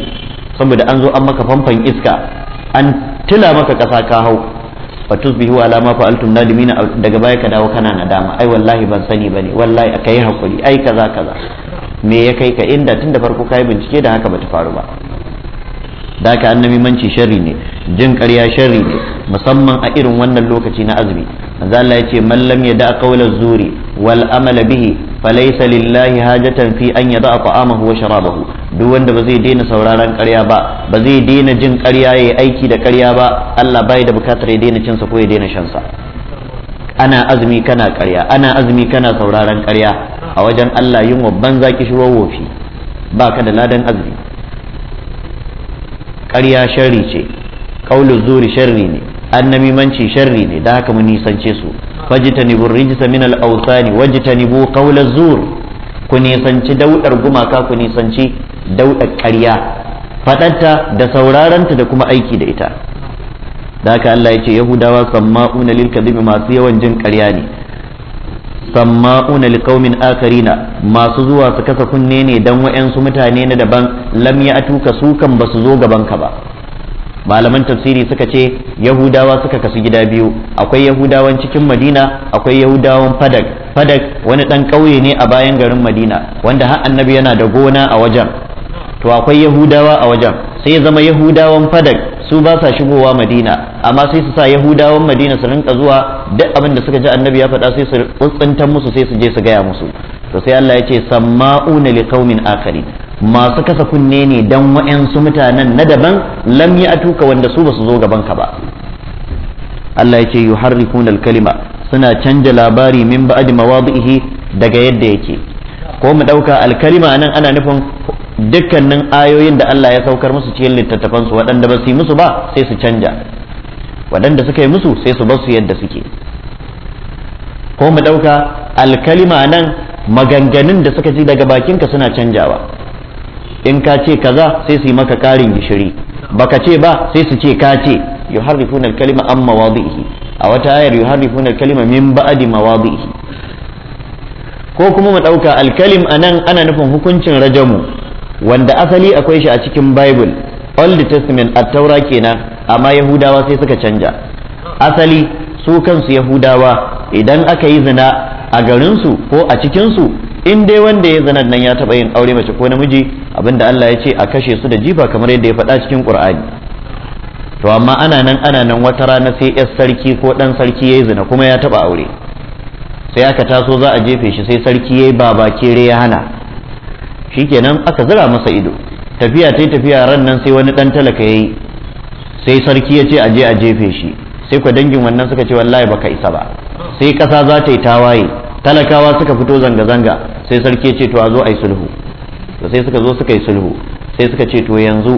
saboda an zo an maka famfan iska an tila maka ƙasa ka hau fa tusbihu ala ma fa'altum nadimina daga baya ka dawo kana nadama ai wallahi ban sani bane wallahi akai hakuri ai kaza kaza me ya kai ka inda tun da farko kai bincike da haka bata faru ba da ka annabi manci sharri ne jin ƙarya sharri ne musamman a irin wannan lokaci na azumi manzo Allah ya ce man lam yada qawla zuri wal amala bihi falaysa lillahi hajatan fi an yada ta'amahu wa sharabahu duk wanda ba zai daina sauraron ƙarya ba ba zai daina jin ƙarya yayi aiki da ƙarya ba Allah bai da bukatar ya daina cin sa ko ya daina shan sa ana azumi kana ƙarya ana azumi kana sauraron ƙarya a wajen Allah yin wa zaki kishiro wofi baka da ladan azumi ƙarya sharri ce kaulu zuri sharri ne annamimanci sharri ne da haka mun nisance su fajtanibu rijsa min al-awthani wajtanibu qawla zur ku nisanci daudar gumaka ku nisanci daudar ƙarya fadanta da sauraranta da kuma aiki da ita da haka Allah ya ce yahudawa samma'una lil kadhibi masu yawan jin ƙarya ne samma'una liqaumin akarina masu zuwa su kasa kunne ne dan wa'ansu mutane na daban lam ya atuka su kan basu zo gaban ka ba malaman tafsiri suka ce yahudawa suka kasu gida biyu akwai yahudawan cikin madina akwai yahudawan fadak fadak wani ɗan ƙauye ne a bayan garin madina wanda har annabi yana da gona a wajen to akwai yahudawa a wajen sai ya zama yahudawan fadak su ba sa shigowa madina amma sai su sa yahudawan madina su rinka zuwa duk abin da suka ji annabi ya faɗa sai su tsuntsuntan musu sai su je su gaya musu to sai Allah ya ce samma'una liqaumin akharin masu kasa kunne ne don wa'yansu mutanen na daban lam a tuka wanda su ba su zo gaban ka ba Allah ya ce yuharrifuna al-kalima suna canja labari min ba'di mawadihi daga yadda yake ko mu ɗauka alkalima nan ana nufin dukkanin ayoyin da Allah ya saukar musu cikin littattafansu su waɗanda ba su yi musu ba sai su canja waɗanda suka yi musu sai su su yadda suke ko mu ɗauka alkalima nan maganganun da suka ji daga bakinka suna canjawa in ka ce kaza sai su yi maka karin gishiri baka ce ba sai su ce ka ce yuharrifuna al-kalima an mawadihi a wata ayar yuharrifuna al-kalima min ba'di mawadihi ko kuma mu dauka alkalim a nan ana nufin hukuncin rajamu wanda asali akwai shi a cikin bible old testament at-taura kenan amma yahudawa sai suka canja asali su kansu yahudawa idan aka yi zina a garinsu ko a cikinsu in dai wanda ya zanan nan ya taɓa yin aure mace ko namiji abinda Allah ya ce a kashe su da jifa kamar yadda ya faɗa cikin ƙur'ani to amma ana nan ana nan wata rana sai yar sarki ko dan sarki ya yi zina kuma ya taɓa aure sai aka taso za a jefe shi sai sarki ya yi baba kere ya hana shikenan aka zira masa ido tafiya ta tafiya ran nan sai wani ɗan talaka ya yi sai sarki ya ce a je a jefe shi sai ku dangin wannan suka ce wallahi baka isa ba sai ƙasa za ta yi tawaye talakawa suka fito zanga-zanga sai sarki ce to a zo a yi sulhu to sai suka zo suka yi sulhu sai suka ce to yanzu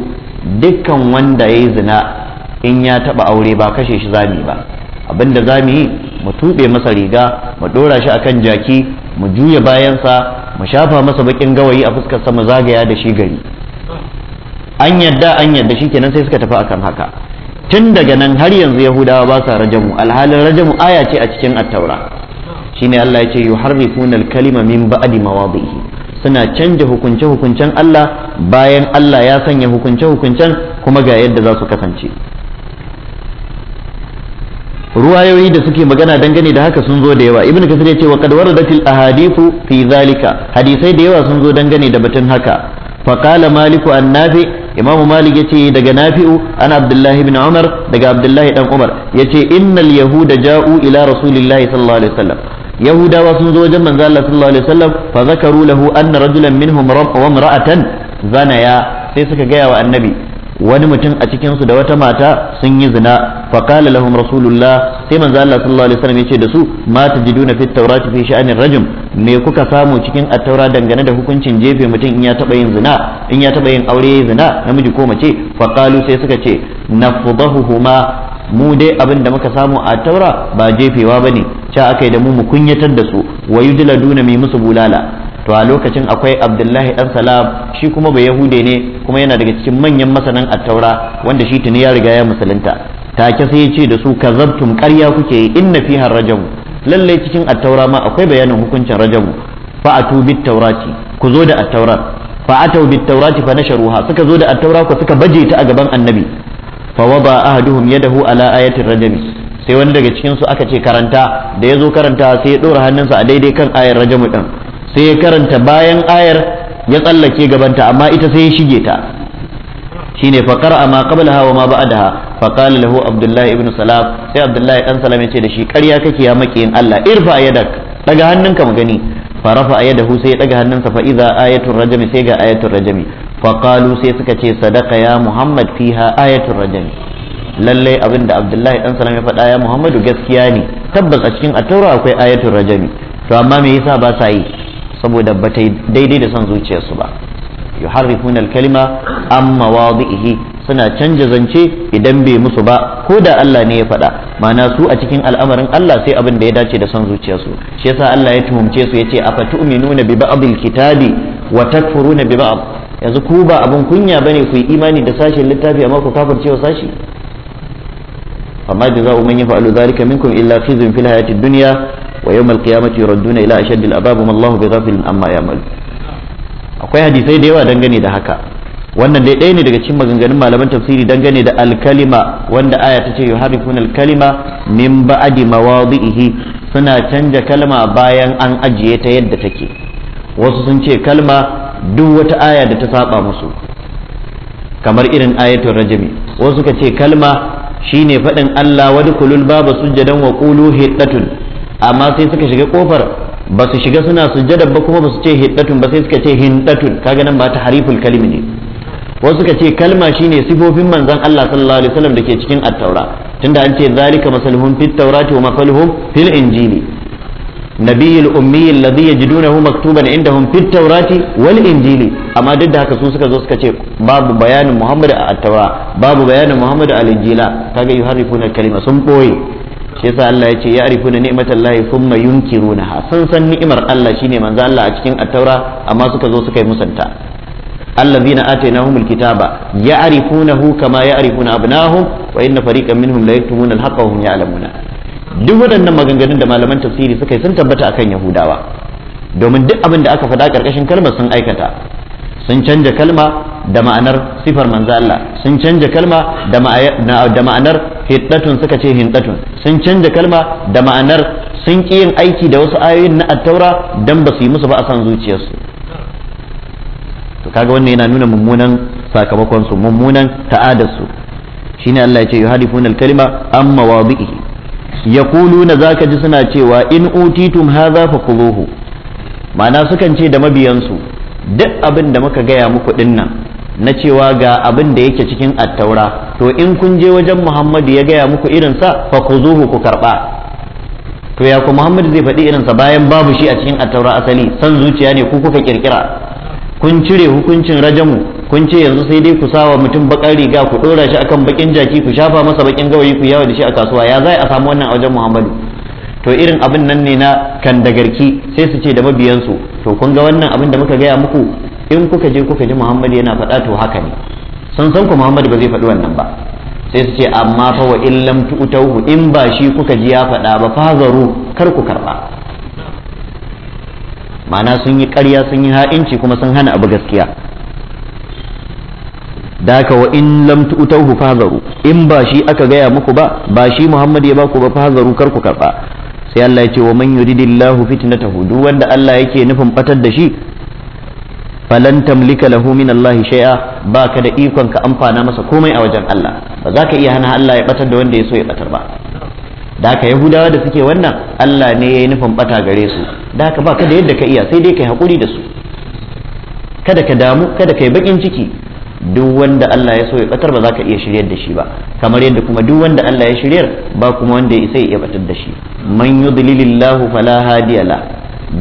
dukkan wanda ya yi zina in ya taba aure ba kashe shi zami ba abinda zami yi mu tuɓe masa riga mu ɗora shi akan jaki mu juya bayansa mu shafa masa bakin gawayi a fuskar mu zagaya da shi gari an yadda an yadda shi kenan sai suka tafi akan haka tun daga nan har yanzu yahudawa ba sa rajamu alhalin rajamu aya ce a cikin attaura shine Allah ya ce yuharrifuna al-kalima min ba'di mawadihi suna canja hukunce hukuncen Allah bayan Allah ya sanya hukunce hukuncen kuma ga yadda za su kasance ruwayoyi da suke magana dangane da haka sun zo da yawa ibnu kasir ya ce wa qad waradatil ahadithu fi zalika hadisai da yawa sun zo dangane da batun haka fa qala maliku annabi imam malik yace daga nafi'u ana abdullah ibn umar daga Abdullahi dan umar yace innal yahuda ja'u ila rasulillahi sallallahu alaihi wasallam yahudawa sun zo wajen manzo Allah sallallahu alaihi wasallam fa zakaru lahu anna rajulan minhum wa imra'atan zanaya sai suka gaya wa annabi wani mutum a cikin su da wata mata sun yi zina fa qala lahum rasulullah sai manzo Allah sallallahu alaihi wasallam yace da su ma tajiduna fit tawrati fi sha'anir rajum me kuka samu cikin attaura dangane da hukuncin jefe mutum in ya taba yin zina in ya taba yin aure zina namiji ko mace fa qalu sai suka ce huma. mu dai abin da muka samu a taura ba jefewa ba ne ca aka yi da mu mu kunyatar da su wa duna mai musu bulala to a lokacin akwai abdullahi ɗan salam shi kuma bai yahude ne kuma yana daga cikin manyan masanan attaura wanda shi tuni ya riga ya musulunta take sai ya ce da su kazabtum karya kuke yi inna fiha rajamu lallai cikin attaura ma akwai bayanin hukuncin rajamu fa atu bit taurati ku zo da attaurar fa atau bit taurati fa nasharuha suka zo da attaura ku suka baje ta a gaban annabi fa wada ahaduhum yadahu ala ayatir rajami sai wani daga cikin su aka ce karanta da ya zo karanta sai ya dora hannunsa a daidai kan ayar rajamu din sai ya karanta bayan ayar ya tsallake gabanta amma ita sai ya shige ta shine fa qara'a ma qablaha wa ma ba'daha fa qala lahu abdullahi ibn salam sai abdullahi dan salam ya ce da shi ƙarya kake ya makiyin Allah irfa yadak daga hannunka mu gani fa rafa yadahu sai ya daga hannunsa fa idza ayatul rajami sai ga ayatul rajami. faƙalu sai suka ce sadaka ya muhammad fiha ayatul rajam lallai abin da abdullahi dan salam ya faɗa ya muhammadu gaskiya ne tabbas a cikin attaura akwai ayatul rajami to amma me yasa ba sa yi saboda ba ta daidai da son zuciyarsu ba yuharrifuna al-kalima amma wadihi suna canja zance idan bai musu ba ko da Allah ne ya faɗa ma'ana su a cikin al'amarin Allah sai abin da ya dace da son zuciyarsu shi yasa Allah ya tuhumce su yace afa tu'minuna bi ba'dil kitabi wa takfuruna bi ba'd yanzu ku ba abin kunya ba ne ku yi imani da sashen littafi amma ku kafircewa sashi فما جزاء من يفعل ذلك منكم إلا خزي في الحياة الدنيا ويوم القيامة يردون إلى أشد الأباب وما الله amma ya malu. akwai hadisai da yawa dangane da haka wannan dai ɗaya ne daga cikin maganganun malaman tafsiri dangane da alkalima wanda aya ta ce yuharifun alkalima min ba'di mawadhihi suna canja kalma bayan an ajiye ta yadda take wasu sun ce kalma duk wata aya da ta saba musu kamar irin ayatul rajmi wasu suka ce kalma shine faɗin Allah wa dukulul baba sujjadan wa qulu hiddatun amma sai suka shiga kofar ba su shiga suna sujjada ba kuma ba su ce hiddatun ba sai suka ce hindatun kaga nan ba ta hariful kalmi ne wasu suka ce kalma shine sifofin manzon Allah sallallahu alaihi wasallam dake cikin at-taura tunda an ce zalika masalhum fit taurati wa masalhum fil injili النبي الأمي الذي يجدونه مكتوبا عندهم في التوراة والإنجيل أما ضد هكا سوسكا زوسكا باب بيان محمد التوراة باب بيان محمد الإنجيل كاجا يحرفون الكلمة سمبوي shi yasa Allah ya ce ya arifuna ni'matal lahi thumma yunkirunaha sun san ni'imar Allah ne manzo Allah a cikin at-taura amma suka zo suka yi musanta allazina atainahumul kitaba ya'rifunahu kama ya'rifuna abnahum wa inna fariqan minhum la yaktumuna al-haqqa wa duk waɗannan maganganun da malaman tafsiri suka yi sun tabbata akan yahudawa domin duk abin da aka faɗa ƙarƙashin kalmar sun aikata sun canja kalma da ma'anar sifar manzo Allah sun canja kalma da ma'anar hiddatun suka ce hiddatun sun canja kalma da ma'anar sun ki yin aiki da wasu ayoyin na attaura dan ba su yi musu ba a san zuciyarsu to kaga wannan yana nuna mummunan sakamakon su mummunan ta'adarsu shi shine Allah ya ce yuhadifuna al-kalima amma wadihi za zaka ji suna cewa in utitum hadha fakuluhu ma'ana sukan ce da mabiyansu duk abin da muka gaya muku dinnan na cewa ga abin da yake cikin attaura to in kun je wajen muhammadu ya gaya muku irinsa fa ku ku karɓa to ya ku muhammadu zai faɗi irinsa bayan babu shi a cikin attaura asali san zuciya ne ku kuka kirkira kun cire hukuncin rajamu kun ce yanzu sai dai ku sawa mutum bakar riga ku ɗora shi akan bakin jaki ku shafa masa bakin gawayi ku yawo da shi a kasuwa ya za a samu wannan a wajen muhammadu to irin abin nan ne na kan dagarki sai su ce da mabiyansu to kun ga wannan abin da muka gaya muku in kuka je kuka ji muhammadu yana faɗa to haka ne sun san ku muhammadu ba zai faɗi wannan ba sai su ce amma fa wa in lam tu'tahu in ba shi kuka ji ya faɗa ba fazaru kar ku karba ma'ana sun yi ƙarya sun yi ha'inci kuma sun hana abu gaskiya da ka wa in lam tu'tahu fahzaru in ba shi aka gaya muku ba ba shi Muhammad ya baku ba fahzaru kar ku karba sai Allah ya ce wa man yuridillahu fitnatahu duk wanda Allah yake nufin batar da shi falan tamlika lahu min Allah shay'a baka da ikon ka amfana masa komai a wajen Allah ba za ka iya hana Allah ya batar da wanda ya so ya batar ba da haka yahudawa da suke wannan Allah ne ya yi nufin bata gare su da haka baka da yadda ka iya sai dai kai hakuri da su kada ka damu kada kai bakin ciki duk wanda Allah ya so ya batar ba za ka iya shiryar da shi ba kamar yadda kuma duk wanda Allah ya shiryar ba kuma wanda ya isa ya batar da shi man yudlilillahu fala hadiya la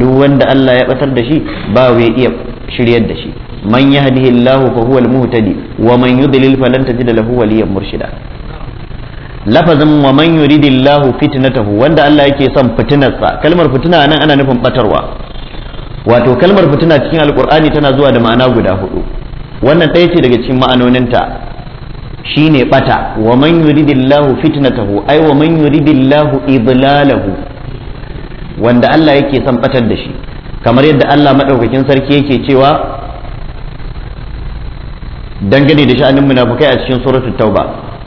duk wanda Allah ya batar da shi ba wai iya shiryar da shi man yahdihillahu fa huwal muhtadi wa man yudlil falan tajid lahu waliyan murshida lafazin wa man yuridillahu fitnatahu wanda Allah yake son fitinarsa kalmar fitina nan ana nufin batarwa wato kalmar fitina cikin alkur'ani tana zuwa da ma'ana guda hudu wannan ɗaya ce daga cikin ma'anoninta ne ɓata wa man yuridillahu fitnatahu ai wa man yuridillahu idlalahu wanda Allah yake son ɓatar da shi kamar yadda Allah maɗaukakin sarki yake cewa dangane da sha'anin munafukai a cikin suratul tauba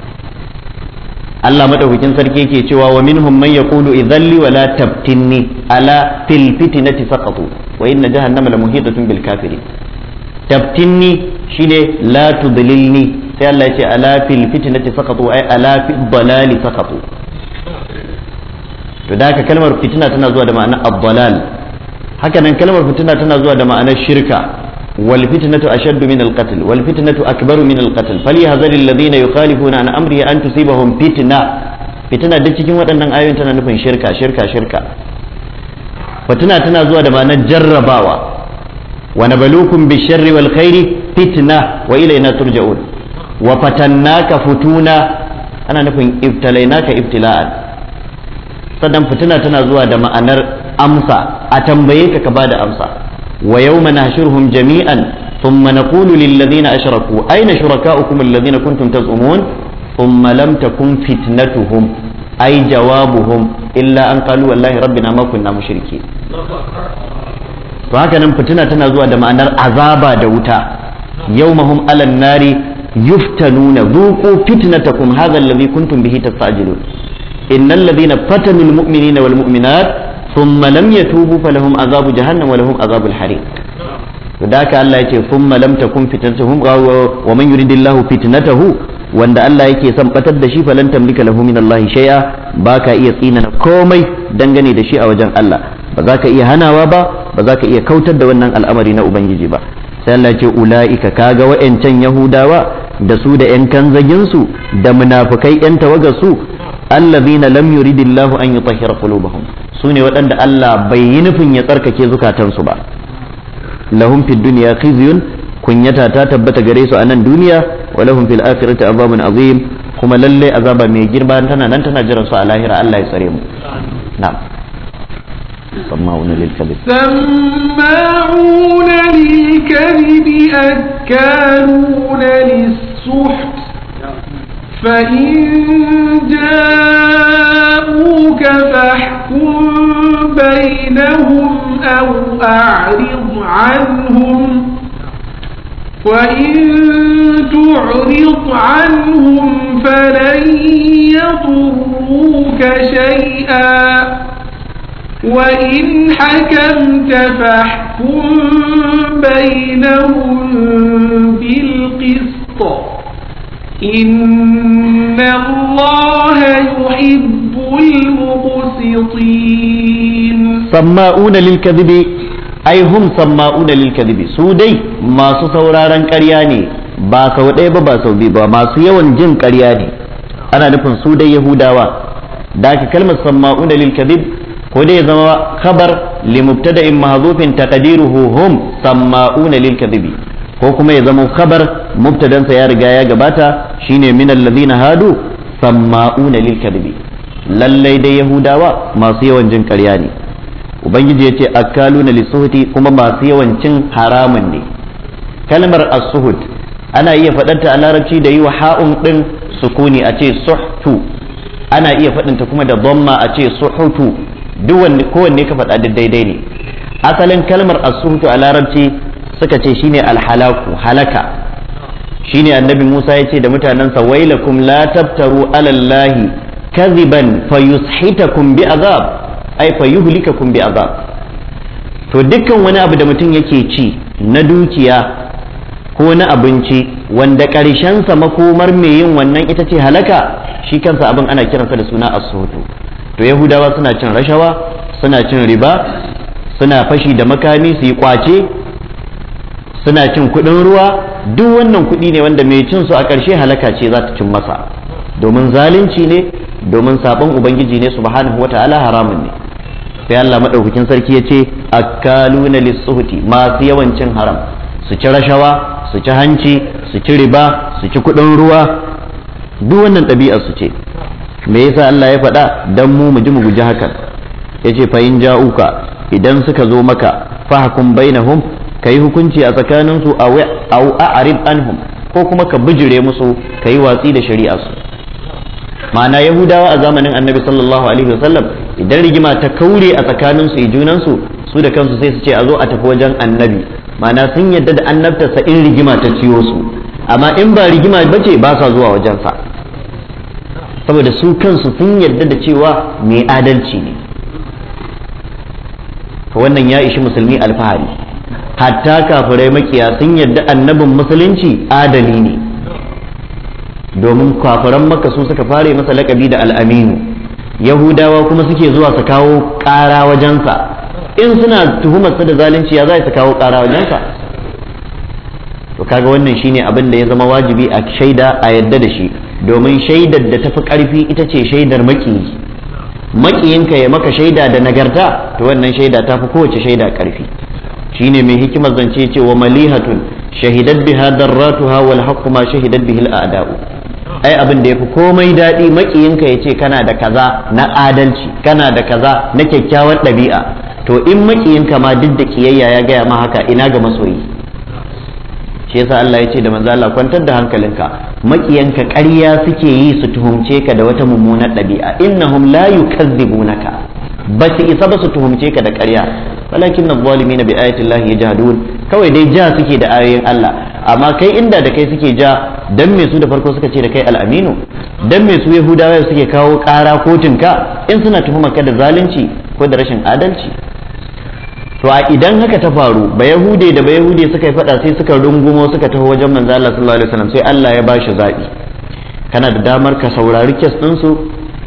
Allah maɗaukakin sarki yake cewa wa minhum man yaqulu idhalli wa la tabtinni ala fil fitnati saqatu wa inna jahannama la muhitatun bil kafirin tabtinni shine la tudlilni sai Allah ya ce ala fil fitnati saqatu ay ala fil dalali saqatu to da haka kalmar fitina tana zuwa da ma'ana abbalal haka nan kalmar fitina tana zuwa da ma'ana shirka wal fitnatu ashaddu min al qatl wal fitnatu akbaru min al qatl falyahzari alladhina yukhalifuna an amrihi an tusibahum fitna fitina duk cikin waɗannan ayoyin tana nufin shirka shirka shirka fitina tana zuwa da ma'anar jarrabawa wa nabalukum bisharri wal khairi fitna wa ilaina turja'un wa fatannaka futuna ana nufin ibtalainaka ibtila'an sannan fitina tana zuwa da ma'anar amsa a tambaye ka ka bada amsa wa yawma nahshuruhum jami'an thumma naqulu lil ladina ashraku aina shurakaukum alladhina kuntum taz'umun thumma lam takun fitnatuhum ay jawabuhum illa an qalu wallahi rabbina ma kunna mushriki to haka nan fitina tana zuwa da ma'anar azaba da wuta yawmahum alan nari yuftanuna dhuqu fitnatakum hadha alladhi kuntum bihi tastajilun innal ladhina fatanul mu'minina wal mu'minat thumma lam yatubu falahum azabu jahannam wa lahum azabul hariq ذاك الله يتي ثم لم تكن فتنتهم ومن يريد الله فتنته wanda Allah yake son batar da shi falan tamlika lahu min Allah shay'a baka iya tsinana komai dangane da shi a wajen Allah ba za ka iya hanawa ba ba za ka iya kautar da wannan al'amari na ubangiji ba sai Allah ce ula'ika kaga wa'ancan yahudawa da su da yan kanzaginsu da munafukai yan tawagarsu allazina lam yuridillahu an yutahhira qulubahum sune waɗanda Allah bai yi nufin ya tsarkake zukatansu ba lahum fid dunya khizyun kunyata ta tabbata gare su a nan duniya wa lahum fil akhirati azabun azim kuma lalle azaba mai girma tana nan tana jiran su a lahira Allah ya tsare mu na'am سماعون للكذب سماعون للكذب أكالون للسحت فإن جاءوك فاحكم بينهم أو أعرض عنهم وإن تعرض عنهم فلن يضروك شيئا وإن حكمت فاحكم بينهم بالقسط إن الله يحب المقسطين سماؤون للكذب أي هم سماؤون للكذب سودي ما سورارا كرياني ba sau ɗaya ba ba sau biyu ba masu yawan jin ƙarya ne ana nufin su dai yahudawa da aka kalmar samma'una lil kadib ko dai zama khabar li mubtada'in mahdhufin taqdiruhu hum samma'una lil kadhibi ko kuma ya zama khabar mubtadansa ya riga ya gabata shine min alladhina hadu samma'una lil kadhibi lallai dai yahudawa masu yawan jin ƙarya ne ubangiji yace akaluna lisuhuti kuma masu yawan cin haramun ne kalmar as-suhut ana iya faɗarta a larabci da yi wa ha'un ɗin sukuni a ce suhtu ana iya faɗinta kuma da dhamma a ce suhutu duk wanne kowanne ka faɗa duk daidai ne asalin kalmar asuhutu a larabci suka ce shine alhalaku halaka shine annabi Musa ya ce da mutanensa wailakum la tabtaru alallahi kaziban fayushitakum bi azab ay fayuhlikakum bi azab to dukkan wani abu da mutum yake ci na dukiya ko na abinci wanda ƙarshensa makomar mai yin wannan ita ce halaka shi kansa abin ana kiransa da suna asuhutu to yahudawa suna cin rashawa suna cin riba suna fashi da makami su yi kwace suna cin kuɗin ruwa duk wannan kuɗi ne wanda mai cin su a ƙarshe halaka ce za ta cin masa domin zalunci ne domin sabon ubangiji ne subhanahu wata'ala haramun ne sai Allah madaukakin sarki ya ce akaluna lissuhuti masu yawan cin haram su ci rashawa su ci hanci su ci riba su ci kuɗin ruwa duk wannan ɗabi'ar su ce me yasa Allah ya faɗa dan mu mu ji mu guji hakan yace fa in ja'uka idan suka zo maka fahkum bainahum kai hukunci a tsakanin su aw a'rid anhum ko kuma ka bijire musu kai watsi da shari'a su ma'ana yahudawa a zamanin annabi sallallahu alaihi wasallam idan rigima ta kaure a tsakanin su junan su su da kansu sai su ce a zo a tafi wajen annabi ma'ana sun yadda da annabtarsa in rigima ta ciyo su amma in ba rigima bace ba sa zuwa wajen sa. saboda su kansu sun yarda da cewa mai adalci ne wannan ya ishi musulmi alfahari hatta kafirai makiya sun yarda annabin musulunci adali ne domin kafiran maka su suka fare masa lakabi da al'aminu yahudawa kuma suke zuwa su kawo ƙara wajensa in suna tuhumarsa da zalunci ya za su kawo ƙara wajensa to kaga wannan shine abin da ya zama wajibi a shaida a yadda da shi domin shaidar da tafi karfi ita ce shaidar makiyi makiyinka ya maka shaida da nagarta to wannan shaida ta fi kowace shaida karfi shine mai hikimar zance ce wa malihatun shahidat biha darratuha wal haqqu ma shahidat bihi a'da'u ai abin da yafi komai daɗi makiyinka ya ce kana da kaza na adalci kana da kaza na kyakkyawar ɗabi'a to in maƙiyinka ma duk da kiyayya ya gaya ma haka ina ga masoyi shi yasa Allah ya ce da manzo Allah kwantar da hankalinka makiyanka ƙarya suke yi su tuhumce ka da wata mummunar ɗabi'a innahum la yukazzibunaka ba su isa ba su tuhumce ka da ƙarya walakin na zalimi na bi'ayatin Allah ya jahadun kawai dai ja suke da ayoyin Allah amma kai inda da kai suke ja dan me su da farko suka ce da kai al'aminu dan me su yahudawa suke kawo ƙara kotunka in suna tuhumar ka da zalunci ko da rashin adalci to a idan haka ta faru ba yahude da ba yahude suka yi faɗa sai suka rungumo suka taho wajen manzo Allah sallallahu alaihi wasallam sai Allah ya bashi zaɓi. kana da damar ka saurari kes din su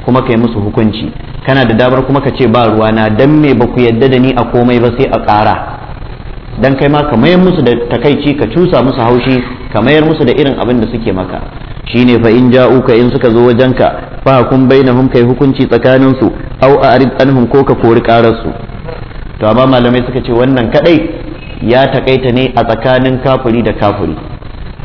kuma kai musu hukunci kana da damar kuma ka ce ba ruwa na dan me ba ku yadda da ni a komai ba sai a ƙara dan kai ma ka mayar musu da takaici ka cusa musu haushi ka mayar musu da irin abin da suke maka shine fa in ja'uka in suka zo wajenka fa kun bainahum kai hukunci tsakanin su au a'rid anhum ko ka kori ƙarar to amma malamai suka ce wannan kadai ya takaita ne a tsakanin kafuri da kafuri.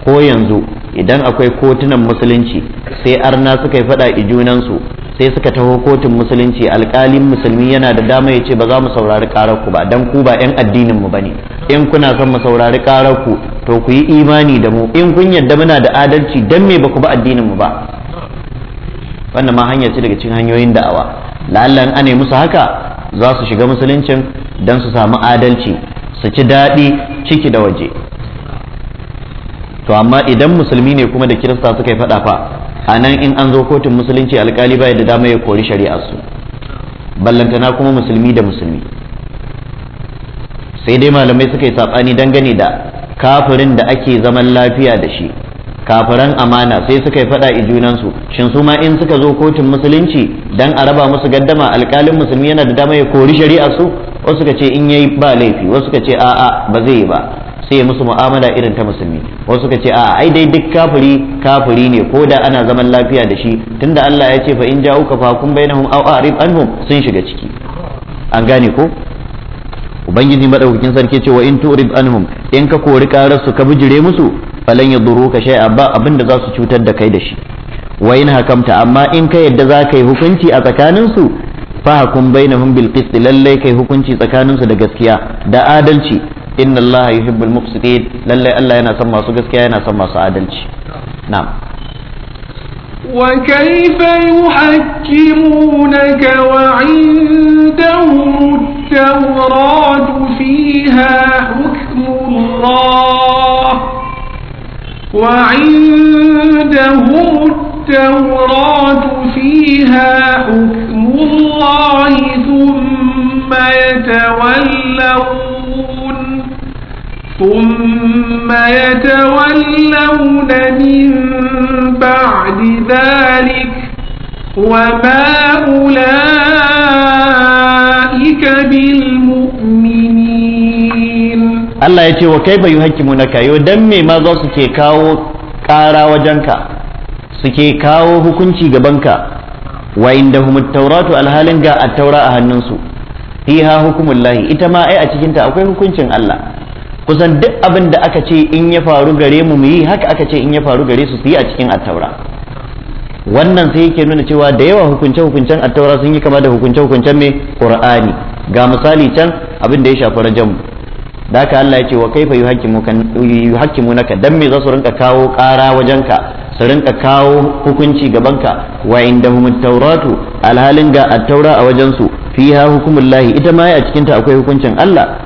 ko yanzu idan akwai kotunan musulunci sai arna suka yi fada junansu sai suka taho kotun musulunci alkalin musulmi yana da dama ya ce ba za mu saurari karar ku ba dan ku ba yan addinin mu bane in kuna son mu saurari karar ku to ku yi imani da mu in kun yarda muna da adalci dan me ba ku ba addinin mu ba wannan ma hanya ce daga cikin hanyoyin da'awa la'allan ane musu haka za su shiga musuluncin don su samu adalci su ci daɗi ciki da waje to amma idan musulmi ne kuma da kirista suka yi faɗa fa a nan in an zo kotun musulunci alkali baya da dama ya kori shari'arsu ballantana kuma musulmi da musulmi sai dai malamai suka yi saɓani dangane da kafirin da ake zaman lafiya da shi kafiran amana sai suka yi fada i junansu shin su ma in suka zo kotun musulunci dan a raba musu gaddama alkalin musulmi yana da dama ya kori shari'a su wasu suka ce in yayi ba laifi wasu suka ce a'a ba zai yi ba sai ya musu mu'amala irin ta musulmi wasu suka ce a'a ai dai duk kafiri kafiri ne ko da ana zaman lafiya da shi tunda Allah ya ce fa in ja'uka fa kun bainahum aw a'rib anhum sun shiga ciki an gane ko ubangiji madaukakin sarki ce wa in turib anhum in ka kori karar su ka bijire musu falan yadurruka shay'a ba abinda za su cutar da kai da shi wa in hakamta amma in ka yadda za ka yi hukunci a tsakanin su fa hakum bainahum bil qist lallai kai hukunci tsakanin su da gaskiya da adalci inna allaha yuhibbul muqsitin lallai Allah yana son masu gaskiya yana son masu adalci na'am وكيف يحكمونك وعندهم التوراة فيها حكم الله وعندهم التوراة فيها حكم الله ثم يتولون ثم يتولون من بعد ذلك وما أولئك بالمؤمنين الله يتي وكيف يهكمونك يدمي ما ذا سكي كاو كارا وجنكا سكي كاو هكونشي جبنكا وعندهم التوراة الهالنجا التوراة هننسو فيها حكم الله إتما أي أتجنت أكوي هكونشن الله kusan duk abin da aka ce in ya faru gare mu mu yi haka aka ce in ya faru gare su su yi a cikin attaura wannan sai yake nuna cewa da yawa hukunce hukuncen attaura sun yi kama da hukunce hukuncen mai qur'ani ga misali can abin da ya shafi rajam da ka Allah ya ce wa kaifa naka dan me za su rinka kawo ƙara wajenka su rinka kawo hukunci gabanka wa indahum tauratu alhalin ga attaura a wajensu fiha hukumullahi ita ma a cikinta akwai hukuncin Allah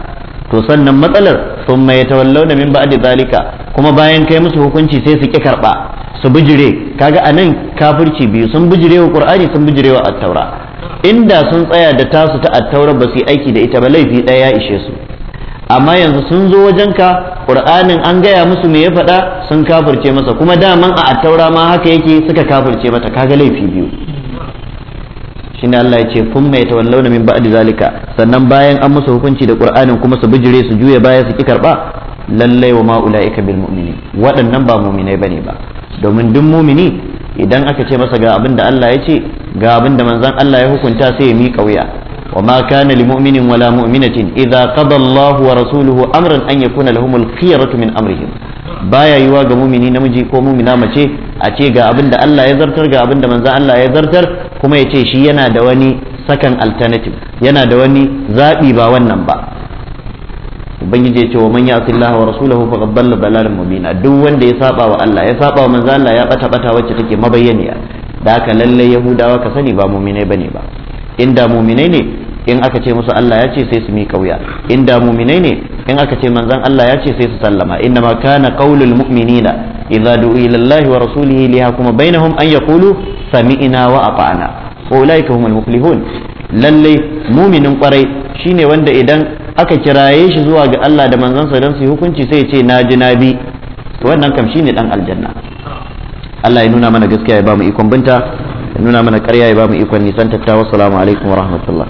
to sannan matsalar thumma yatawallawna min ba'di zalika kuma bayan kai musu hukunci sai su ki karba su bijire kaga anan kafirci biyu sun bijire wa qur'ani sun bijire wa at inda sun tsaya da tasu ta at-taura ba su aiki da ita ba laifi daya ya ishe su amma yanzu sun zo wajenka qur'anin an gaya musu me ya faɗa sun kafirce masa kuma daman a attaura ma haka yake suka kafirce mata kaga laifi biyu shine Allah ya ce fun mai tawallawna min ba'di zalika sannan bayan an musu hukunci da Qur'anin kuma su bijire su juya baya su ki karba lallai wa ma ulaika bil mu'minin waɗannan ba mu'minai bane ba domin duk mu'mini idan aka ce masa ga abin da Allah ya ce ga abin da manzon Allah ya hukunta sai ya miƙa wuya wa ma kana lil mu'minin wala mu'minatin idza qada Allahu wa rasuluhu amran an yakuna lahumul khiyaratu min amrihim baya yiwa ga mumini namiji ko mumina mace a ce ga abin da Allah ya zartar ga abin da manzon Allah ya zartar kuma ya ce shi yana da wani sakan alternative yana da wani zaɓi ba wannan ba ubangiji ya ce wa man ya'ti Allah wa rasulahu faqad dalla dalalan mubina duk wanda ya saba wa Allah ya saba wa manzo Allah ya bata bata wacce take mabayyaniya da haka lalle yahudawa ka sani ba mu'minai bane ba inda mu'minai ne in aka ce musu Allah ya ce sai su miƙa wuya in da muminai ne in aka ce manzan Allah ya ce sai su sallama inna ma kana qaulul mu'minina idza du'u ila Allah wa rasulihi li yakuma bainahum an yaqulu sami'na wa ata'na wa ulaika humul muflihun lalle muminin kwarai shine wanda idan aka kiraye shi zuwa ga Allah da manzansa don su yi hukunci sai ce na ji na bi wannan kam shine dan aljanna Allah ya nuna mana gaskiya ya ba mu ikon binta ya nuna mana ƙarya ya ba mu ikon nisan tattawa assalamu alaikum wa rahmatullah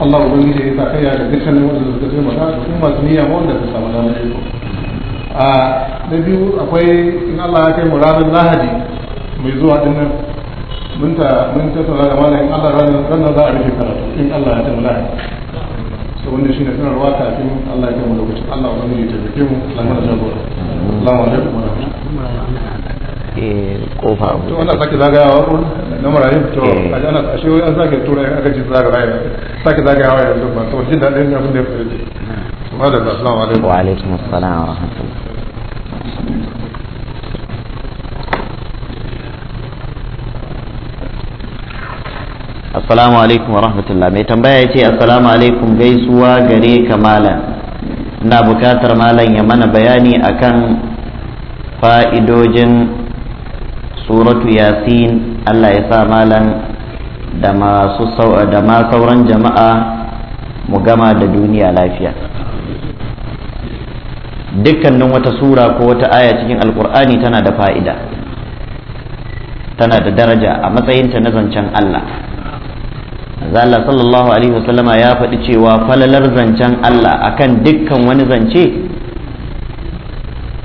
Allah ubangiji ya saka ya da dukkanin wanda suka ce mata da kuma masu niyya ma wanda suka samu damar iko a na biyu akwai in Allah ya kai mu ranar lahadi mai zuwa din nan mun ta mun tattauna da malamin Allah ranar ranar za a rufe karatu in Allah ya kai lahadi to wanda shine ta kafin Allah ya kai mu lokacin Allah ubangiji ya tabbake mu Allah ya jagora Allahu alaikum wa rahmatullahi kofa to ana sake na to eh. ana ashe an sake tura aka ji zagaya sake yanzu ba to shi da abin da ya assalamu alaikum wa alaikum assalam wa rahmatullah assalamu alaikum wa rahmatullah mai tambaya ya ce assalamu alaikum gaisuwa gare ka malam na bukatar malam ya mana bayani akan fa'idojin suratu yasin allah ya sa malam da masu da ma sauran jama'a mu gama da duniya lafiya dukkanin wata sura ko wata aya cikin alkur'ani tana da fa'ida tana da daraja a matsayinta na zancen allah Allah sallallahu alaihi wasallama ya faɗi cewa falalar zancen Allah akan dukkan wani zance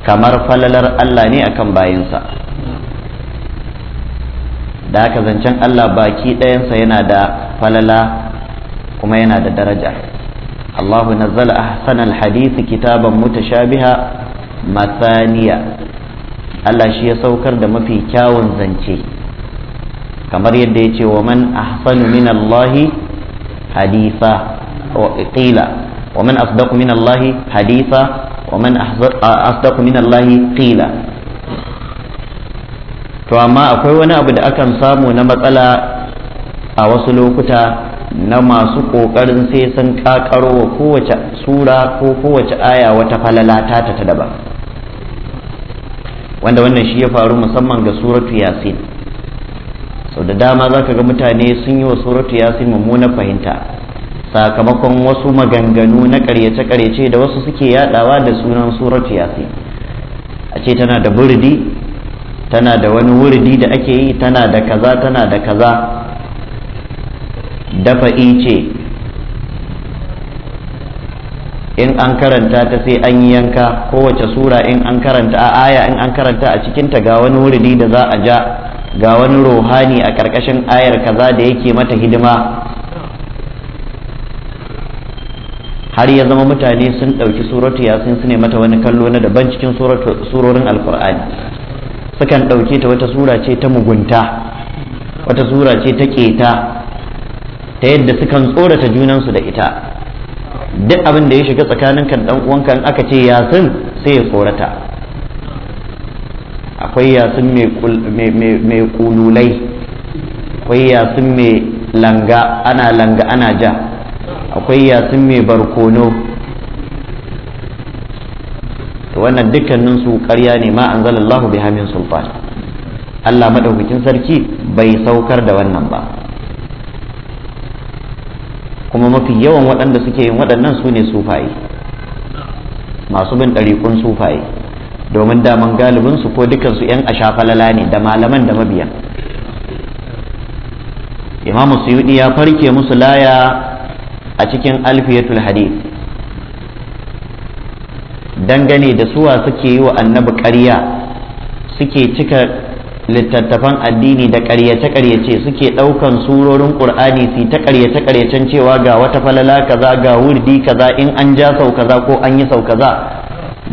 kamar falalar Allah ne akan bayinsa da haka zancen Allah baki ɗayansa yana da falala kuma yana da daraja Allahu nazzala ahsanal hadisi kitaban mutashabiha matsaniya Allah shi ya saukar da mafi kyawun zance kamar yadda ya ce wa man ahsanu min Allahi hadisa qila wa man asdaqu min Allahi hadisa wa man asdaqu min Allahi qila to amma akwai wani abu da akan samu na matsala a wasu lokuta na masu ƙoƙarin sai sun ƙaƙaro wa kowace sura ko kowace aya wata falala ta ta daban wanda wannan shi ya faru musamman ga suratu yasin sau da dama za ka ga mutane sun yi wa suratu yasin mummunar fahimta sakamakon wasu maganganu na karyace karyece da wasu suke yadawa da sunan suratu yasin a ce tana da burdi tana da wani wuridi da ake yi tana da kaza tana da kaza dafa ice in an karanta ta sai an yi yanka kowace sura in an karanta a aya in an karanta a cikinta ga wani wuridi da za a ja ga wani ruhani a ƙarƙashin ayar kaza da yake mata hidima har ya zama mutane sun ɗauki suratu yasin su ne mata wani kallo na daban cikin surorin alkur'ani sukan ɗauke ta wata sura ce ta mugunta wata sura ce ta keta ta yadda sukan tsorata junansu da ita duk abin da ya shiga tsakanin kan dan uwanka in aka ce yasin sai ya tsorata akwai yasin mai kululai akwai yasin mai langa ana langa ana ja akwai yasin mai barkono to wannan dukkanin su ƙarya ne ma anzalallahu bi hamin sultan Allah madaukakin sarki bai saukar da wannan ba kuma mafi yawan waɗanda suke yin waɗannan su ne sufaye masu bin ɗarikun sufaye domin daman galibin su ko dukansu 'yan ashafalala ne da malaman da mabiyan imam suyudi ya farke musu laya a cikin alfiyatul hadith dangane da suwa suke yi wa annabi ƙarya suke cika littattafan addini da ƙaryace-ƙaryace suke ɗaukan surorin ƙur'ani su ta ƙaryace-ƙaryacen cewa ga wata falala kaza ga wurdi kaza in an ja sau kaza ko an yi sau kaza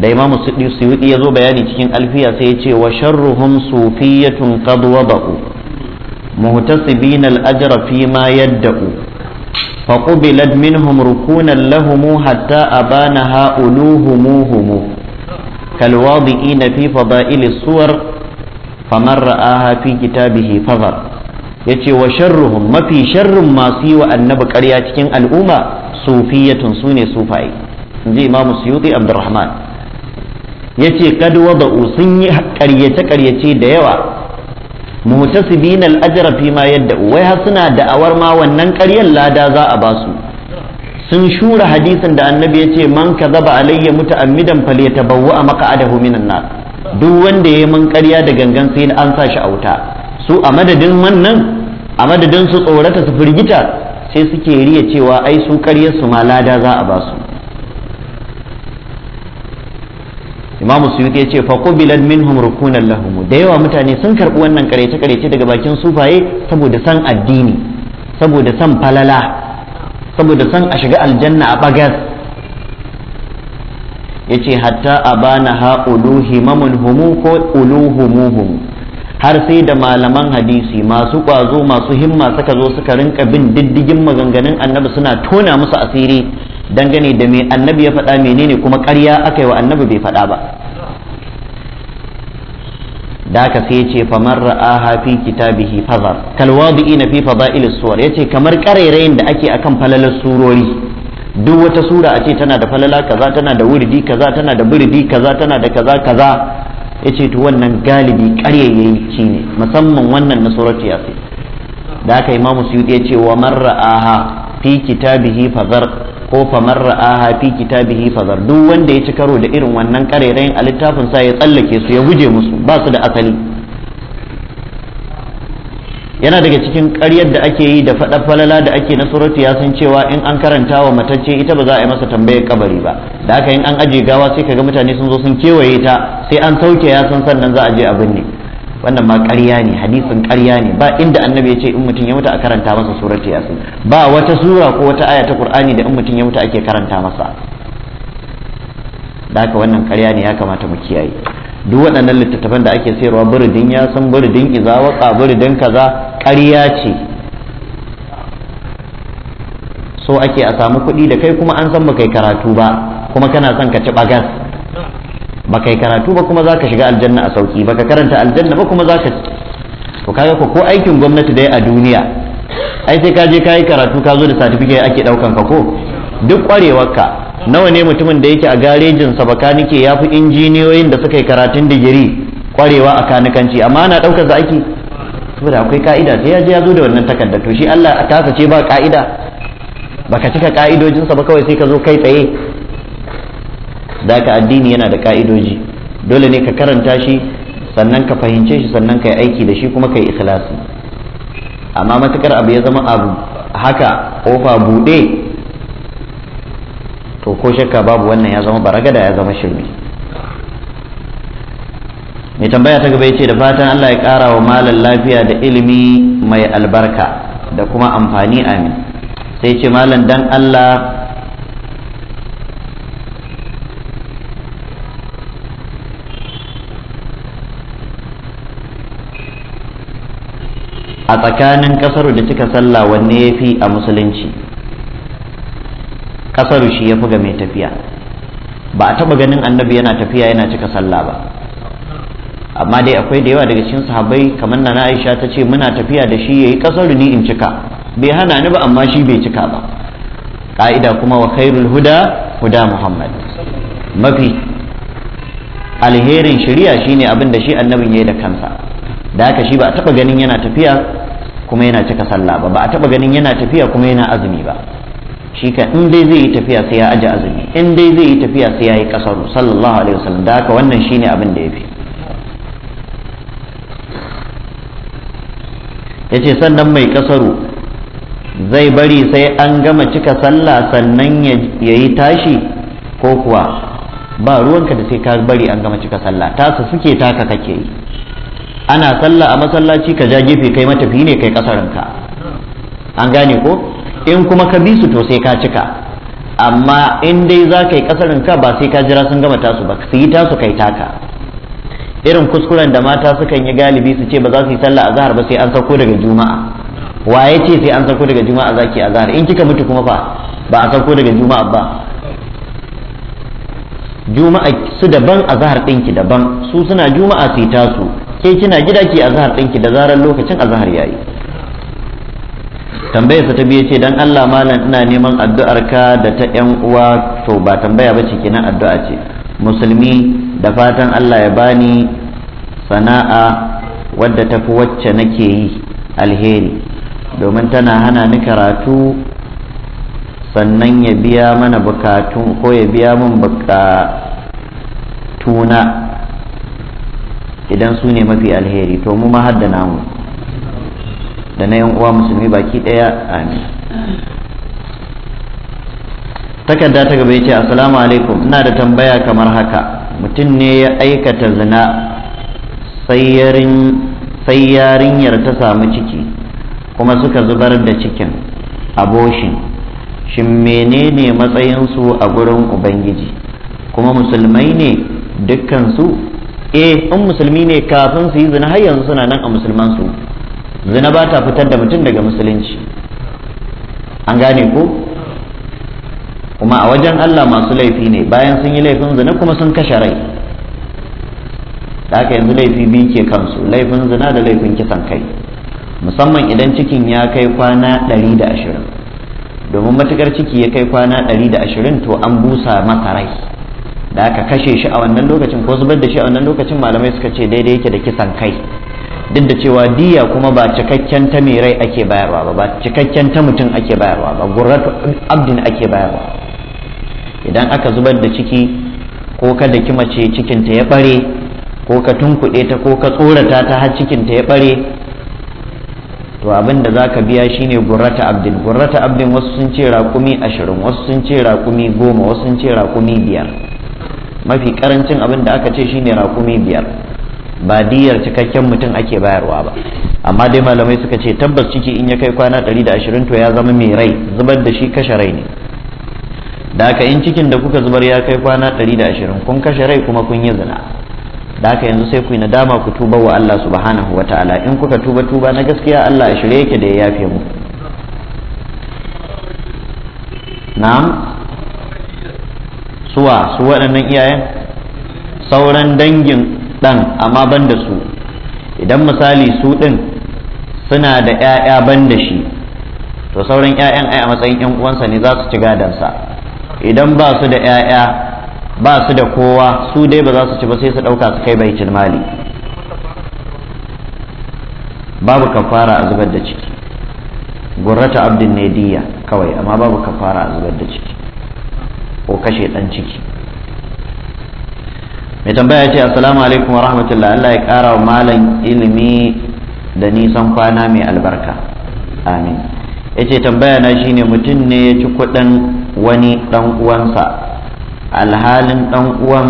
da imamu suyuɗi ya zo bayani cikin alfiya sai ya ce wa sharruhum sufiyatun qad wada'u muhtasibina al-ajra fi ma yadda'u فقبلت منهم ركونا لهم حتى أبانها ألوهموهم كالواضئين في فضائل الصور فمن رآها في كتابه فظر yace wa sharruhum mafi sharrin masu yi wa annabi ƙarya cikin al'umma sufiyatun su ne sufaye inji imam suyuti abdurrahman yace kad wada'u sun yi ƙaryace karyace da yawa muhtasibina al-ajra fi ma yadda wai har suna da'awar ma wannan ƙaryar lada za a basu sun shura hadisin da annabi ya ce man kazaba alayya muta'ammidan a maq'adahu minan nar duk wanda yayi mun ƙarya da gangan sai an sa shi a wuta su a madadin wannan a madadin su tsorata su firgita sai suke riya cewa ai su ƙaryar su ma lada za a basu imamu suyuti ya ce fa qubilat minhum rukunan lahum da yawa mutane sun karbi wannan karece karece daga bakin sufaye saboda san addini saboda san falala saboda san a shiga aljanna a bagas yace hatta abana ha uluhi mamun humu ko uluhumuhum har sai da malaman hadisi masu kwazo masu himma suka zo suka rinka bin diddigin maganganun annabi suna tona musu asiri dangane da me annabi ya faɗa menene kuma ƙarya aka yi wa annabi bai faɗa ba da haka sai ya ce famar ra'aha fi kitabihi fazar kalwadi'ina fi fada'il suwar ce kamar ƙarairayin da ake akan falalar surori duk wata sura a ce tana da falala kaza tana da wurdi kaza tana da burdi kaza tana da kaza kaza Ya ce to wannan galibi ƙaryayyaci ne musamman wannan na suratu yasin da aka imamu suyuti ya ce wa man fi kitabihi fazar ko famar ra'aha fi kitabihi fazar duk wanda ya ci karo da irin wannan karerayin a littafin sa ya tsallake su ya guje musu ba su da asali yana daga cikin ƙaryar da ake yi da faɗa falala da ake na surutu ya san cewa in an karanta wa matacce ita ba za a yi masa tambayar kabari ba da haka in an aje gawa sai kaga mutane sun zo sun kewaye ta sai an sauke ya san sannan za a je a binne wannan ma ƙarya ne hadisin ƙarya ne ba inda annabi ya ce in mutum ya mutu a karanta masa surati yasin ba wata sura ko wata aya ta qur'ani da in mutum ya mutu ake karanta masa da haka wannan ƙarya ne ya kamata mu kiyaye duk waɗannan littattafan da ake sayarwa buridin yasin buridin izawaka buridin kaza ƙarya ce so ake a samu kuɗi da kai kuma an san ba kai karatu ba kuma kana son ka ci bagas baka yi karatu ba kuma za ka shiga aljanna a sauki baka karanta aljanna ba kuma za zaka to kaga ko aikin gwamnati dai a duniya ai sai ka je ka yi karatu ka zo da certificate ake daukan ka ko duk kwarewarka nawa ne mutumin da yake a garejin sa bakanike ya fi injiniyoyin da suka yi karatun digiri kwarewa a kanikanci amma ana daukar da aiki saboda akwai ka'ida sai ya je ya zo da wannan takarda to shi Allah a tasa ce ba ka'ida baka cika ka'idojinsa ba kawai sai ka zo kai tsaye zaka addini yana da ka'idoji dole ne ka karanta shi sannan ka fahimce shi sannan ka yi aiki da shi kuma ka yi ikhlasi amma matukar abu ya zama abu haka kofa buɗe to ko shakka babu wannan ya zama baragada ya zama shirme mai tambaya ta gaba ya ce da fatan allah ya kara wa malam lafiya da ilimi mai albarka da kuma amfani amin sai ce malam dan allah a tsakanin kasaru da cika sallah wanne ya fi a musulunci kasaru shi ya fi ga mai tafiya ba a taba ganin annabi yana tafiya yana cika sallah ba amma dai akwai da yawa daga cikin sahabbai kamar na Aisha ta ce muna tafiya da shi yayi kasaru ni in cika bai hana ni ba amma shi bai cika ba ƙa'ida kuma wa khairul huda huda Muhammad mafi alherin shari'a shine abin da shi annabin yayi da kansa da haka shi ba a taba ganin yana tafiya kuma yana cika sallah ba ba a taba ganin yana tafiya kuma yana azumi ba shi ka in dai zai yi tafiya sai ya aje azumi in dai zai yi tafiya sai ya yi kasaru sallallahu alaihi wasallam da haka wannan shine abin da ya fi ya sannan mai kasaru zai bari sai an gama cika sallah sannan ya yi tashi ko kuwa ba ruwanka da sai ka bari an gama cika sallah tasa suke taka kake yi ana sallah a masallaci ka ja gefe kai matafi ne kai kasarinka an gane ko in kuma ka bi su to sai ka cika amma in dai za ka yi kasarinka ba sai ka jira sun gama tasu ba su yi tasu kai taka irin kuskuren da mata sukan yi galibi su ce ba za su yi sallah a zahar ba sai an sauko daga juma'a waye ce sai an sauko daga juma'a zaki a zahar in kika mutu kuma fa ba a sauko daga juma'a ba juma'a su daban a zahar ɗinki daban su suna juma'a su yi tasu. ke kina gida ki azhar ɗinki da zarar lokacin azhar yayi tambayar sa ta biye ce dan Allah malam ina neman addu'ar ka da ta yan uwa to ba tambaya bace kenan addu'a ce musulmi da fatan Allah ya bani sana'a wadda ta fi wacce nake yi alheri domin tana hana ni karatu sannan ya biya mana bukatu ko ya biya min bukatuna idan su ne mafi alheri to mu ma har da namu da na uwa musulmi baki ɗaya amin takarda ta gaba ce assalamu alaikum ina da tambaya kamar haka mutum ne ya aikata zina sai yarinyar ta samu ciki kuma suka zubar da cikin aboshin shin menene matsayinsu a gurin ubangiji kuma musulmai ne dukkansu eh in musulmi ne kafin su yi zina har yanzu suna nan a musulman su zina ba ta fitar da mutum daga musulunci an gane ko kuma a wajen Allah masu laifi ne bayan sun yi laifin zina kuma sun kashe rai haka yanzu laifi biyu ke kansu laifin zina da laifin kisan kai musamman idan cikin ya kai kwana 120 domin matukar ciki ya kai kwana ɗari da ashirin to an busa masa rai da aka kashe shi a wannan lokacin ko zubar da shi a wannan lokacin malamai suka ce daidai yake da kisan kai duk da cewa diya kuma ba cikakken ta mai rai ake bayarwa ba ba cikakken ta mutum ake bayarwa ba gurratu abdin ake bayarwa idan aka zubar da ciki ko ka da cikin cikinta ya bare ko ka tunkuɗe ta ko ka tsorata ta har cikinta ya bare to abin da zaka biya shine gurrata abdin gurrata abdin wasu sun ce raƙumi ashirin wasu sun ce raƙumi goma wasu sun ce raƙumi biyar mafi karancin abin da aka ce shine rakumi biyar ba diyar cikakken mutum ake bayarwa ba amma dai malamai suka ce tabbas ciki in ya kai kwana 120 to ya zama mai rai zubar da shi kashe rai ne da aka in cikin da kuka zubar ya kai kwana 120 kun kashe rai kuma kun yi zina da aka yanzu sai ku yi nadama ku tuba wa Allah subhanahu wa ta'ala in kuka tuba tuba na gaskiya Allah ya shirye yake da ya yafe mu na'am suwa su waɗannan iyayen sauran dangin ɗan amma ban da su idan misali su ɗin suna da 'ya'ya ban da shi to sauran 'ya'yan ai a matsayin 'yan uwansa ne za su ci gadansa idan ba su da 'ya'ya ba su da kowa su dai ba za su ci ba sai su ɗauka su kai bai mali babu kafara a zubar da ciki gurrata abdin ne diya kawai amma babu kafara a zubar da ciki ko kashe ɗan ciki mai tambaya ce assalamu alaikum wa rahmatullah Allah ya kara wa malam ilimi da nisan kwana mai albarka amin ya ce tambaya na shine mutum ne ya ci kuɗin wani ɗan uwansa alhalin ɗan uwan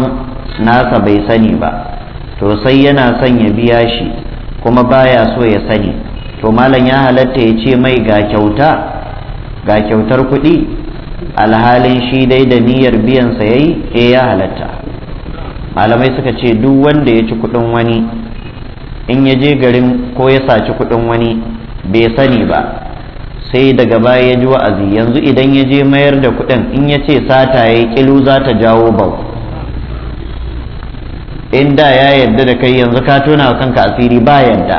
nasa bai sani ba to sai yana son ya biya shi kuma baya so ya sani to malam ya halatta ya ce mai ga kyauta ga kyautar kuɗi alhalin shi dai da niyyar biyan sa yayi eh ya halatta malamai suka ce duk wanda ya ci kudin wani in ya je garin ko ya saci kudin wani bai sani ba sai daga baya ya ji wa'azi yanzu idan ya je mayar da kuɗin in ya ce sata ya kilu za ta jawo bau in da ya yadda da kai yanzu ka tona kanka asiri ba yadda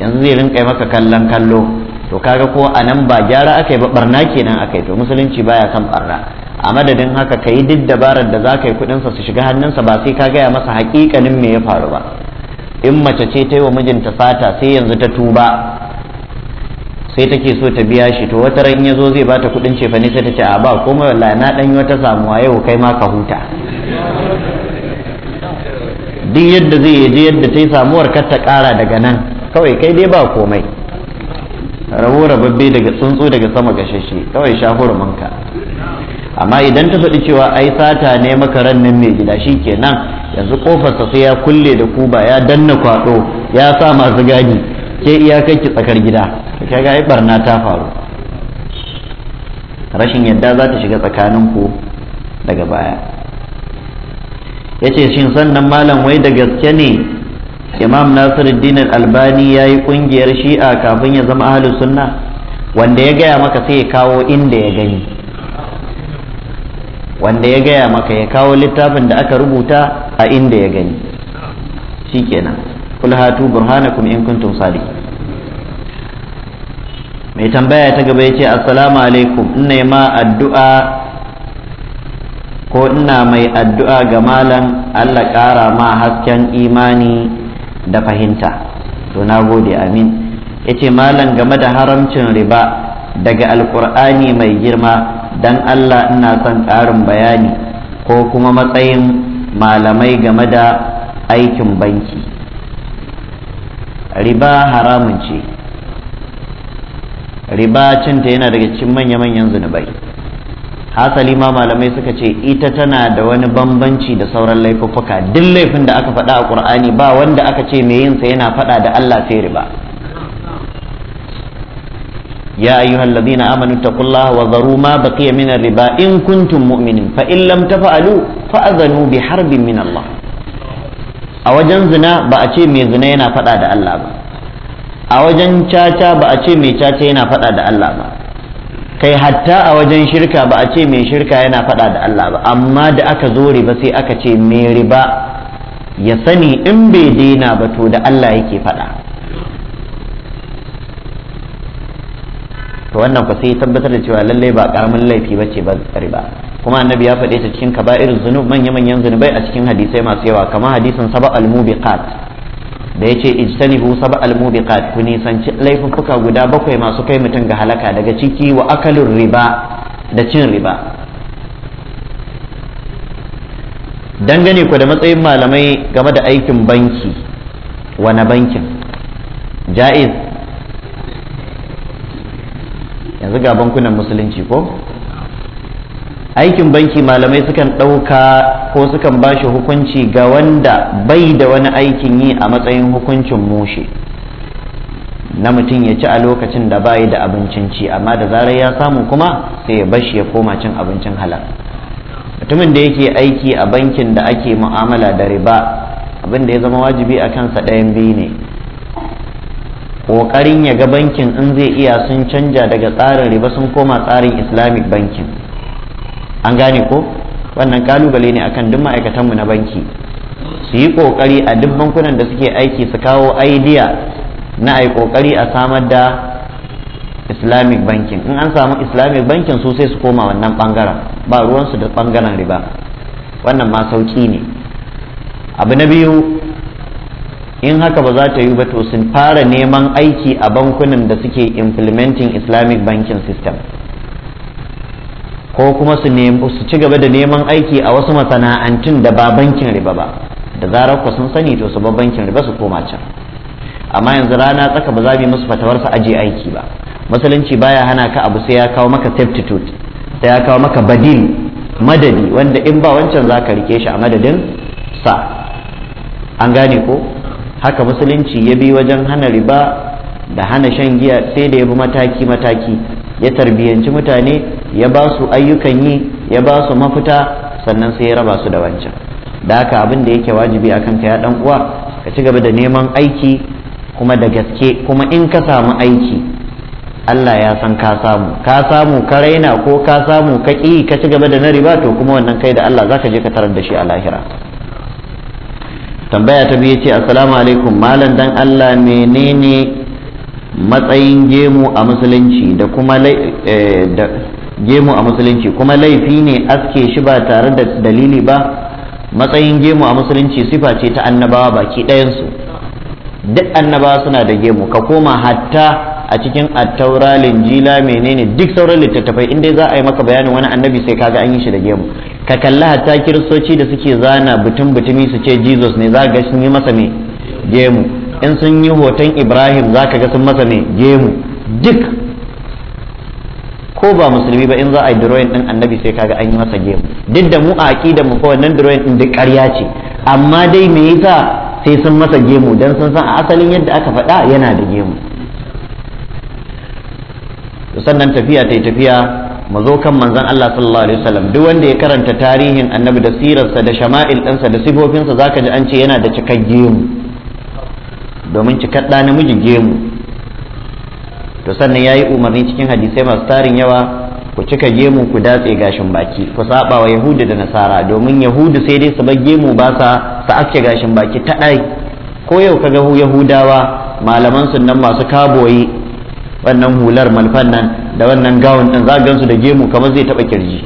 yanzu zai rinka maka kallon kallo to kaga ko a nan ba gyara aka yi ba barna kenan aka yi to musulunci baya kan barna a madadin haka ka yi duk dabarar da za ka yi kudinsa su shiga hannunsa ba sai ka gaya masa hakikanin me ya faru ba in mace ce ta yi wa mijinta fata, sai yanzu ta tuba sai take so ta biya shi to wata ran ya zo zai bata kudin cefane sai ta ce a ba komai wallahi na dan yi wata samuwa yau kai ma ka huta duk yadda zai je yadda ta yi samuwar kar ta kara daga nan kawai kai dai ba komai rabo rababbe daga tsuntsu daga sama gasashe kawai sha hurumanka amma idan ta faɗi cewa ai sata ne makaran nan mai gida shi kenan yanzu kofarsa sai ya kulle da kuba ya danna kwaɗo ya sa masu gadi ke iyakar ki tsakar gida ga ai barna ta faru rashin yadda za ta shiga tsakanin ku daga baya yace shin sannan malam wai da gaske ne imam nasiruddin albani ya yi kungiyar shi'a kafin ya zama ahalus sunna wanda ya gaya maka sai ya kawo inda ya gani wanda ya gaya maka ya kawo littafin da aka rubuta a inda ya gani shikenan kul hatu burhanakum in kuntum sadiqin mai tambaya ta gaba ya ce assalamu alaikum ina ma addu'a ko ina mai addu'a ga malam allah ƙara ma hasken imani da fahimta to na gode amin ya ce malam game da haramcin riba daga alkur'ani mai girma don allah ina son ƙarin bayani ko kuma matsayin malamai game da aikin banki riba haramun ce riba cinta yana daga cikin manya-manyan zunubai hasali ma malamai suka ce ita tana da wani bambanci da sauran laifuffuka duk laifin da aka faɗa a ƙur'ani ba wanda aka ce mai yinsa yana faɗa da Allah sai riba ya ayyuhal ladina amanu taqullaha wa zaru ma baqiya min riba in kuntum mu'minin fa in lam tafa'alu fa'adhanu bi harbin min Allah a wajen zina ba a ce mai zina yana faɗa da Allah ba a wajen caca ba a ce mai caca yana faɗa da Allah ba kai hatta a wajen shirka ba a ce mai shirka yana faɗa da Allah ba amma da aka zo riba sai aka ce mai riba ya sani in bai daina ba to da Allah yake faɗa to wannan ku sai tabbatar da cewa lallai ba karamin laifi ba ce ba riba kuma annabi ya faɗe ta cikin kaba'ir zunub manya manyan zunubai a cikin hadisai masu yawa kamar hadisin saba al-mubiqat da ya ce ijtanibu sab al ku nisanci laifuffuka guda bakwai masu kai mutum ga halaka daga ciki wa akalin riba da cin riba dangane ku da matsayin malamai game da aikin banki wani bankin ja'iz yanzu ga bankunan musulunci ko aikin banki malamai sukan ɗauka ko sukan ba shi hukunci ga wanda bai da wani aikin yi a matsayin hukuncin mushe na mutum ya ci a lokacin da bayi da abincin ci amma da zarar ya samu kuma sai ya bashi ya koma cin abincin halal mutumin da yake aiki a bankin da ake mu'amala da riba abin da ya zama wajibi a kansa ɗayan biyu ne ƙoƙarin ya ga bankin in zai iya sun canja daga tsarin riba sun koma tsarin islamic banking an gane ko wannan kalubale ne akan duk ma'aikatanmu na banki su yi kokari a duk bankunan da suke aiki su kawo idea na a kokari a samar da islamic banking in an samu islamic banking su sai su koma wannan bangaren ba ruwansu da bangaren riba wannan ma sauki ne abu na biyu in haka ba za ta yi ba to sun fara neman aiki a bankunan da suke implementing islamic banking system ko kuma su su ci gaba da neman aiki a wasu masana'antun da ba bankin riba ba da zarar ku sun sani to su ba bankin riba su koma can amma yanzu rana tsaka ba za mu musu fatawar su aje aiki ba musulunci baya hana ka abu sai ya kawo maka substitute sai ya kawo maka badil madadi wanda in ba wancan za ka rike shi a madadin sa an gane ko haka musulunci ya bi wajen hana riba da hana shan giya sai da ya bi mataki mataki ya tarbiyyanci mutane ya ba su ayyukan yi ya ba su mafita sannan sai ya raba su da wancan da haka abin da yake wajibi a kanka ya dan uwa ka ci gaba da neman aiki kuma da gaske kuma in ka samu aiki Allah ya san ka samu ka samu ka raina ko ka samu ka ƙi ka ci gaba da na riba to kuma wannan kai da Allah zaka je ka tarar da shi a lahira tambaya ta biyu ce assalamu alaikum malam dan Allah menene matsayin gemu a musulunci da kuma eh, gemu a musulunci kuma laifi ne aske shi ba tare da dalili ba matsayin gemu a musulunci sifa ce ta annabawa baki ɗayansu duk annabawa suna da gemu ka koma hatta a cikin attaura linjila menene duk sauran littattafai inda za a yi maka bayanin wani annabi sai kaga an yi shi da gemu ka kalli hatta kiristoci da suke zana butun butumi su ce jesus ne za ga sun yi masa ne gemu in sun yi hoton ibrahim za ka ga sun masa ne gemu duk ko ba musulmi ba in za a yi drawin din annabi sai kaga an yi masa gemu duk da mu a aqidar mu ko wannan drawing din duk ƙarya ce amma dai me yasa sai sun masa gemu dan sun san a asalin yadda aka faɗa yana da gemu sannan tafiya ta tafiya mu zo kan manzon Allah sallallahu alaihi wasallam duk wanda ya karanta tarihin annabi da sirarsa da shama'il ɗinsa da sifofinsa zaka ji an ce yana da cikakken gemu domin cikar namiji gemu to sannan yi umarni cikin hadisai masu tarin yawa ku cika gemu ku datse gashin baki ku saba wa yahudu da nasara domin yahudu sai dai su bar gemu ba sa su aske gashin baki ta ɗai ko yau ka ga yahudawa malaman nan masu kaboyi wannan hular malfan nan da wannan gawon ɗin za gansu da gemu kamar zai taɓa kirji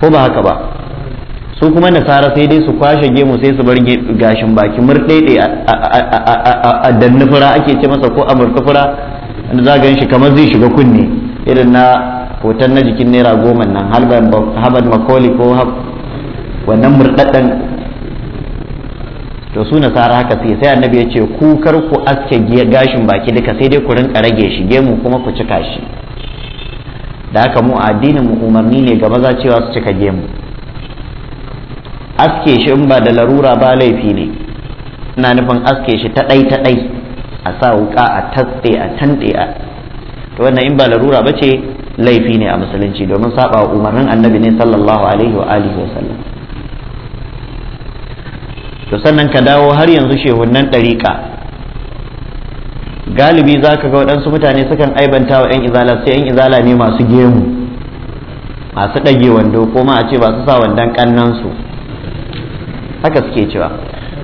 ko ba haka ba su kuma nasara sai dai su kwashe gemu sai su bar gashin baki murɗeɗe a danni fura ake ce masa ko a fura da za gan shi kamar zai shiga kunne irin na hoton na jikin naira goma nan harvard makoli ko wannan murɗaɗɗen to su nasara haka sai sai annabi ya ce ku kar ku aske gashin baki duka sai dai ku rinka rage shi gemu kuma ku cika shi da haka mu addinin mu umarni ne ga maza cewa su cika gemu aske shi in ba da larura ba laifi ne ina nufin aske shi ta ɗai ta ɗai a sa wuka a tatse a tanɗe a to wannan in ba larura ba ce laifi ne a musulunci domin saba wa umarnin annabi ne sallallahu alaihi wa alihi wa sallam to sannan ka dawo har yanzu shehunnan ɗariƙa galibi za ka ga waɗansu mutane sukan aibanta wa 'yan izala sai 'yan izala ne masu gemu masu ɗage wando ko ma a ce ba su sa wandon ƙannansu haka suke cewa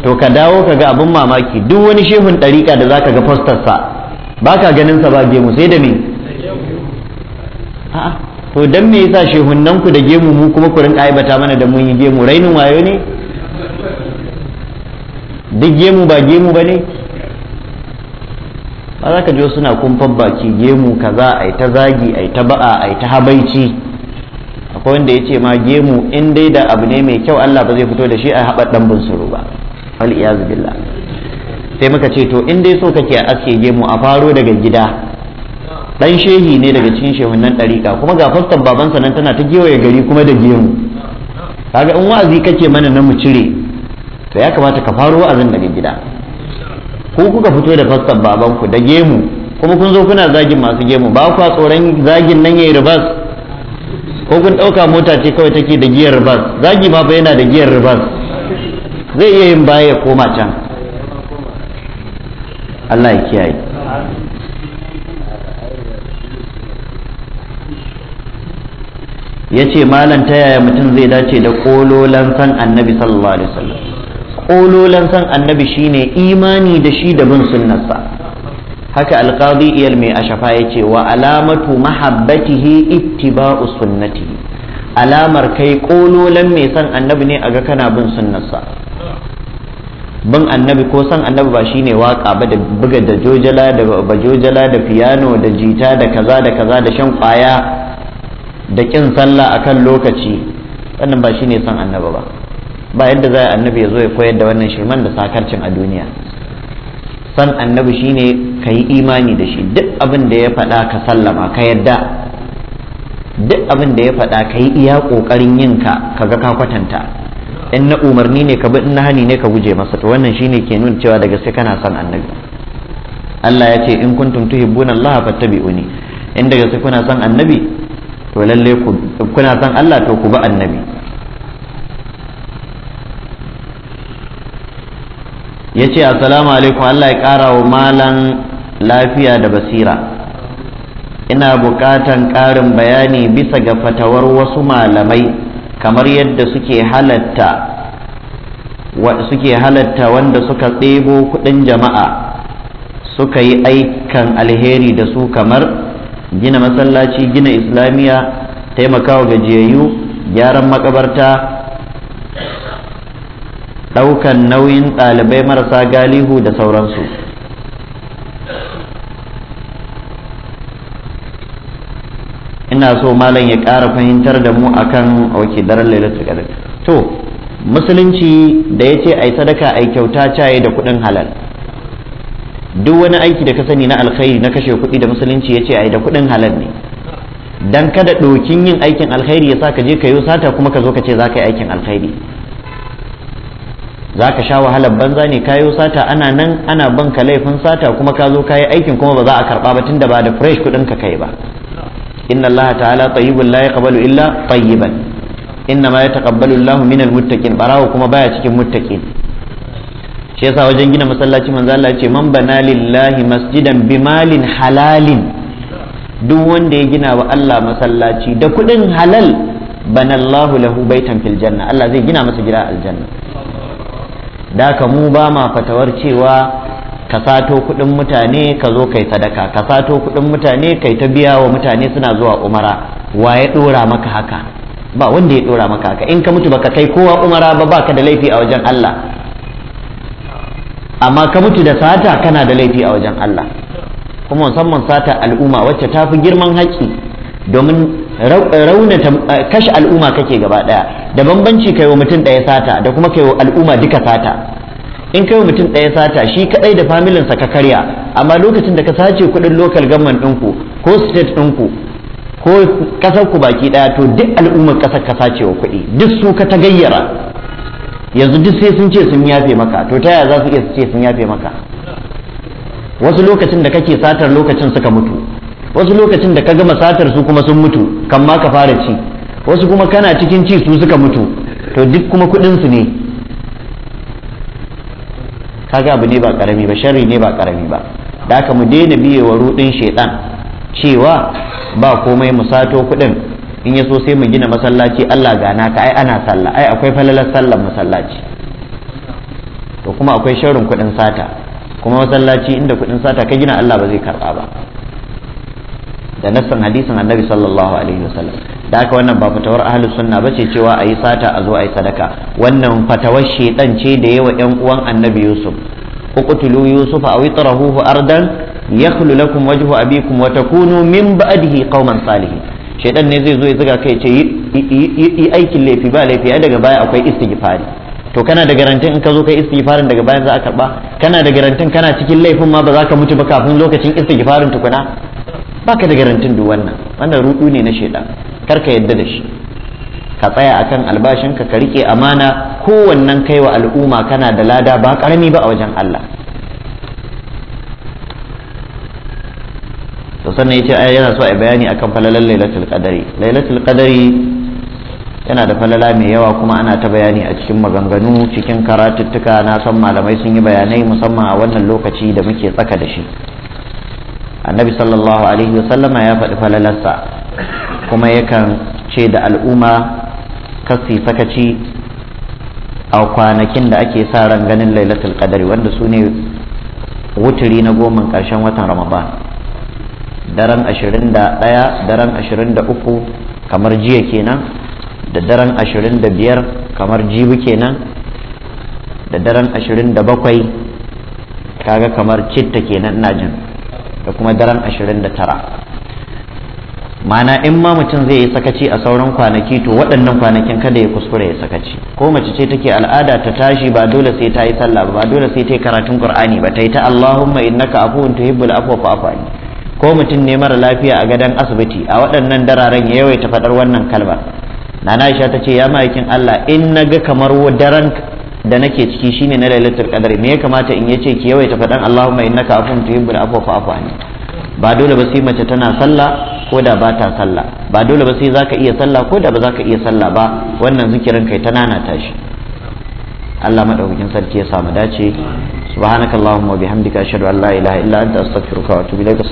to ka dawo ka ga abin mamaki duk wani shehun ɗariƙa da zaka ga fostarsa ba ka ganin sa ba gemu sai da me to dan me yasa shehun nan ku da gemu mu kuma ku rinka aibata mana da mun yi gemu rainin wayo ne duk gemu ba gemu ba ne ba za ka jo suna kumfan baki gemu kaza ai ta zagi ai ta ba'a ai ta habaici akwai wanda ya ce ma gemu in dai da abu ne mai kyau Allah ba zai fito da shi a haɓar ɗan bunsuru ba wal sai muka ce to in dai so kake aske gemu a faro daga gida dan shehi ne daga cikin shehunan ɗariƙa kuma ga fastan babansa nan tana ta gewaye gari kuma da gemu kaga in wa'azi kake mana na mu cire to ya kamata ka faro wa'azin daga gida ko kuka fito da fastan babanku da gemu kuma kun zo kuna zagin masu gemu ba kwa tsoron zagin nan yayi ribas ko kun ɗauka mota ce kawai take da giyar bas zagi ma fa yana da giyar bas zai iya yin baya ya koma can Allah ya kiyaye ya ce malam ta yaya mutum zai dace da ƙololan san annabi sallallahu alaihi wasallam ƙololan san annabi shine imani da shi da bin sunnarsa haka alqadi iyal mai ashafa ce wa alamatu mahabbatihi ittiba'u sunnati alamar kai kololan mai san annabi ne a ga kana bin sunnarsa bin annabi ko san annabi ba shine waka ba da buga da jojala da bajojala da piano da jita da kaza da kaza da shan kwaya da kin sallah akan lokaci wannan ba shine san annabi ba ba yadda za a annabi ya zo ya koyar da wannan shirman da sakarcin a duniya san annabi shine ka yi imani da shi duk abin da ya faɗa ka sallama ka yadda duk abin da ya faɗa ka yi iya ƙoƙarin yin ka kaga ka kwatanta in na umarni ne ka bi in na hani ne ka guje masa to wannan shine ke nuna cewa daga sai kana son annabi Allah ya ce in kuntum tuhibbuna Allah fattabi'uni in daga sai kuna son annabi to lalle kuna son Allah to ku bi annabi ya ce assalamu alaikum Allah ya ƙara wa malan lafiya da basira ina buƙatan ƙarin bayani bisa ga fatawar wasu malamai kamar yadda suke halatta suke halatta wanda suka ɗebo kuɗin jama'a suka yi aikan alheri da su kamar gina masallaci gina islamiyya taimakawa gajiyayyu gyaran makabarta daukan nauyin ɗalibai marasa galihu da sauransu ina so malam ya kara fahimtar da mu akan wake daren lailatul qadr to musulunci da ya ce ai sadaka ai kyauta caye da kuɗin halal duk wani aiki da ka sani na alkhairi na kashe kuɗi da musulunci ya ai da kuɗin halal ne dan kada dokin yin aikin alkhairi ya sa ka je ka yi sata kuma ka zo ka ce za ka yi aikin alkhairi za ka sha wahalar banza ne kayo sata ana nan ana banka laifin sata kuma ka zo kayi aikin kuma ba za a karba ba tunda ba da fresh kudin ka kai ba inna Allah ta'ala tayyibun la yaqbalu illa tayyiban inna ma yataqabbalu Allah minal muttaqin barawo kuma baya cikin muttaqin shi yasa wajen gina masallaci manzo Allah ce man bana lillahi masjidan bimalin halalin duk wanda ya gina wa Allah masallaci da kuɗin halal banallahu lahu baitan fil janna Allah zai gina masa gida aljanna da ka mu ba ma fatawar cewa ka sato kuɗin mutane ka zo kai sadaka ka sato kuɗin mutane kai ta biya wa mutane suna zuwa umara wa ya ɗora maka haka ba wanda ya ɗora maka haka in ka mutu baka kai kowa umara ba baka da laifi a wajen Allah amma ka mutu da sata kana da laifi a wajen Allah kuma musamman sata al'umma wacce ta fi girman haƙƙi domin raunata kashe al'umma kake gaba daya da bambanci kai wa mutum daya sata da kuma kai wa al'umma duka sata in kai wa mutum daya sata shi kadai da sa ka karya amma lokacin da ka sace kudin local government ɗinku ko state ɗinku ko kasar ku baki daya to duk al'ummar kasar ka sace wa kuɗi duk su ka ta gayyara yanzu duk sai sun ce sun yafe maka to ta yaya za su iya su ce sun yafe maka wasu lokacin da kake satar lokacin suka mutu wasu lokacin da ka gama satar su kuma sun mutu kan ka fara ci wasu kuma kana cikin ci su suka mutu to duk kuma kuɗinsu su ne kaga abu ne ba karami ba sharri ne ba karami ba da aka mu daina biye wa rudin shaidan cewa ba komai mu sato kuɗin in ya so sai mu gina masallaci Allah ga naka ai ana sallah ai akwai falalar sallar masallaci to kuma akwai sharrin kuɗin sata kuma masallaci inda kuɗin sata ka gina Allah ba zai karɓa ba da nassan hadisin annabi sallallahu alaihi wasallam da haka wannan ba fatawar ahlus sunna bace cewa ayi sata a zo ayi sadaka wannan fatawar shedan ce da yawa yan uwan annabi yusuf uqtulu yusufa aw itrahuhu ardan yakhlu lakum wajhu abikum wa takunu min ba'dihi qauman salihin shedan ne zai zo ya zuga kai ce yi aikin laifi ba laifi ai daga baya akwai istighfari to kana da garantin in ka zo kai istighfarin daga bayan za a karba kana da garantin kana cikin laifin ma ba za ka mutu ba kafin lokacin istighfarin tukuna baka da garantin duk wannan wannan rudu ne na shaidan kar ka yadda da shi ka tsaya akan albashin ka rike amana kowannen kaiwa al'umma kana da lada ba karami ba a wajen Allah to sannan yace aya yana so a bayani akan falalan lailatul qadari lailatul qadari yana da falala mai yawa kuma ana ta bayani a cikin maganganu cikin karatuttuka na san malamai sun yi bayanai musamman a wannan lokaci da muke tsaka da shi annabi sallallahu alaihi wasallama ya faɗi falalarsa kuma yakan ce da al'umma kasi sakaci a kwanakin da ake sa ran ganin lailatul qadari wanda su ne wuturi na goman ƙarshen watan ramadan daren 21 daren 23 kamar jiya kenan da daren 25 kamar jibi kenan da daren 27 kaga kamar citta kenan najin. jin da kuma daren ashirin tara mana in ma mutum zai yi sakaci a sauran kwanaki to waɗannan kwanakin kada ya kuskure ya sakaci ko mace ce take al'ada ta tashi ba dole sai ta yi sallah ba dole sai ta yi karatun qur'ani ba ta yi ta allahumma innaka afuwun tuhibbul afwa fa'fu anni ko mutum ne mara lafiya a gadon asibiti a waɗannan dararen ya yawaita faɗar wannan kalmar nana aisha ta ce ya ma'aikin allah in na ga kamar daren da nake ciki shine na lailatul qadar me ya kamata in yace ki yawaita faɗan Allahumma innaka afun tuhibbul afwa fa'fu anni ba dole ba sai mace tana sallah ko da ba ta sallah ba dole ba sai zaka iya sallah ko da ba zaka iya sallah ba wannan zikirin kai tana na tashi Allah madaukakin sarki ya samu dace subhanakallahumma wa bihamdika ashhadu an la ilaha illa anta astaghfiruka wa atubu ilaik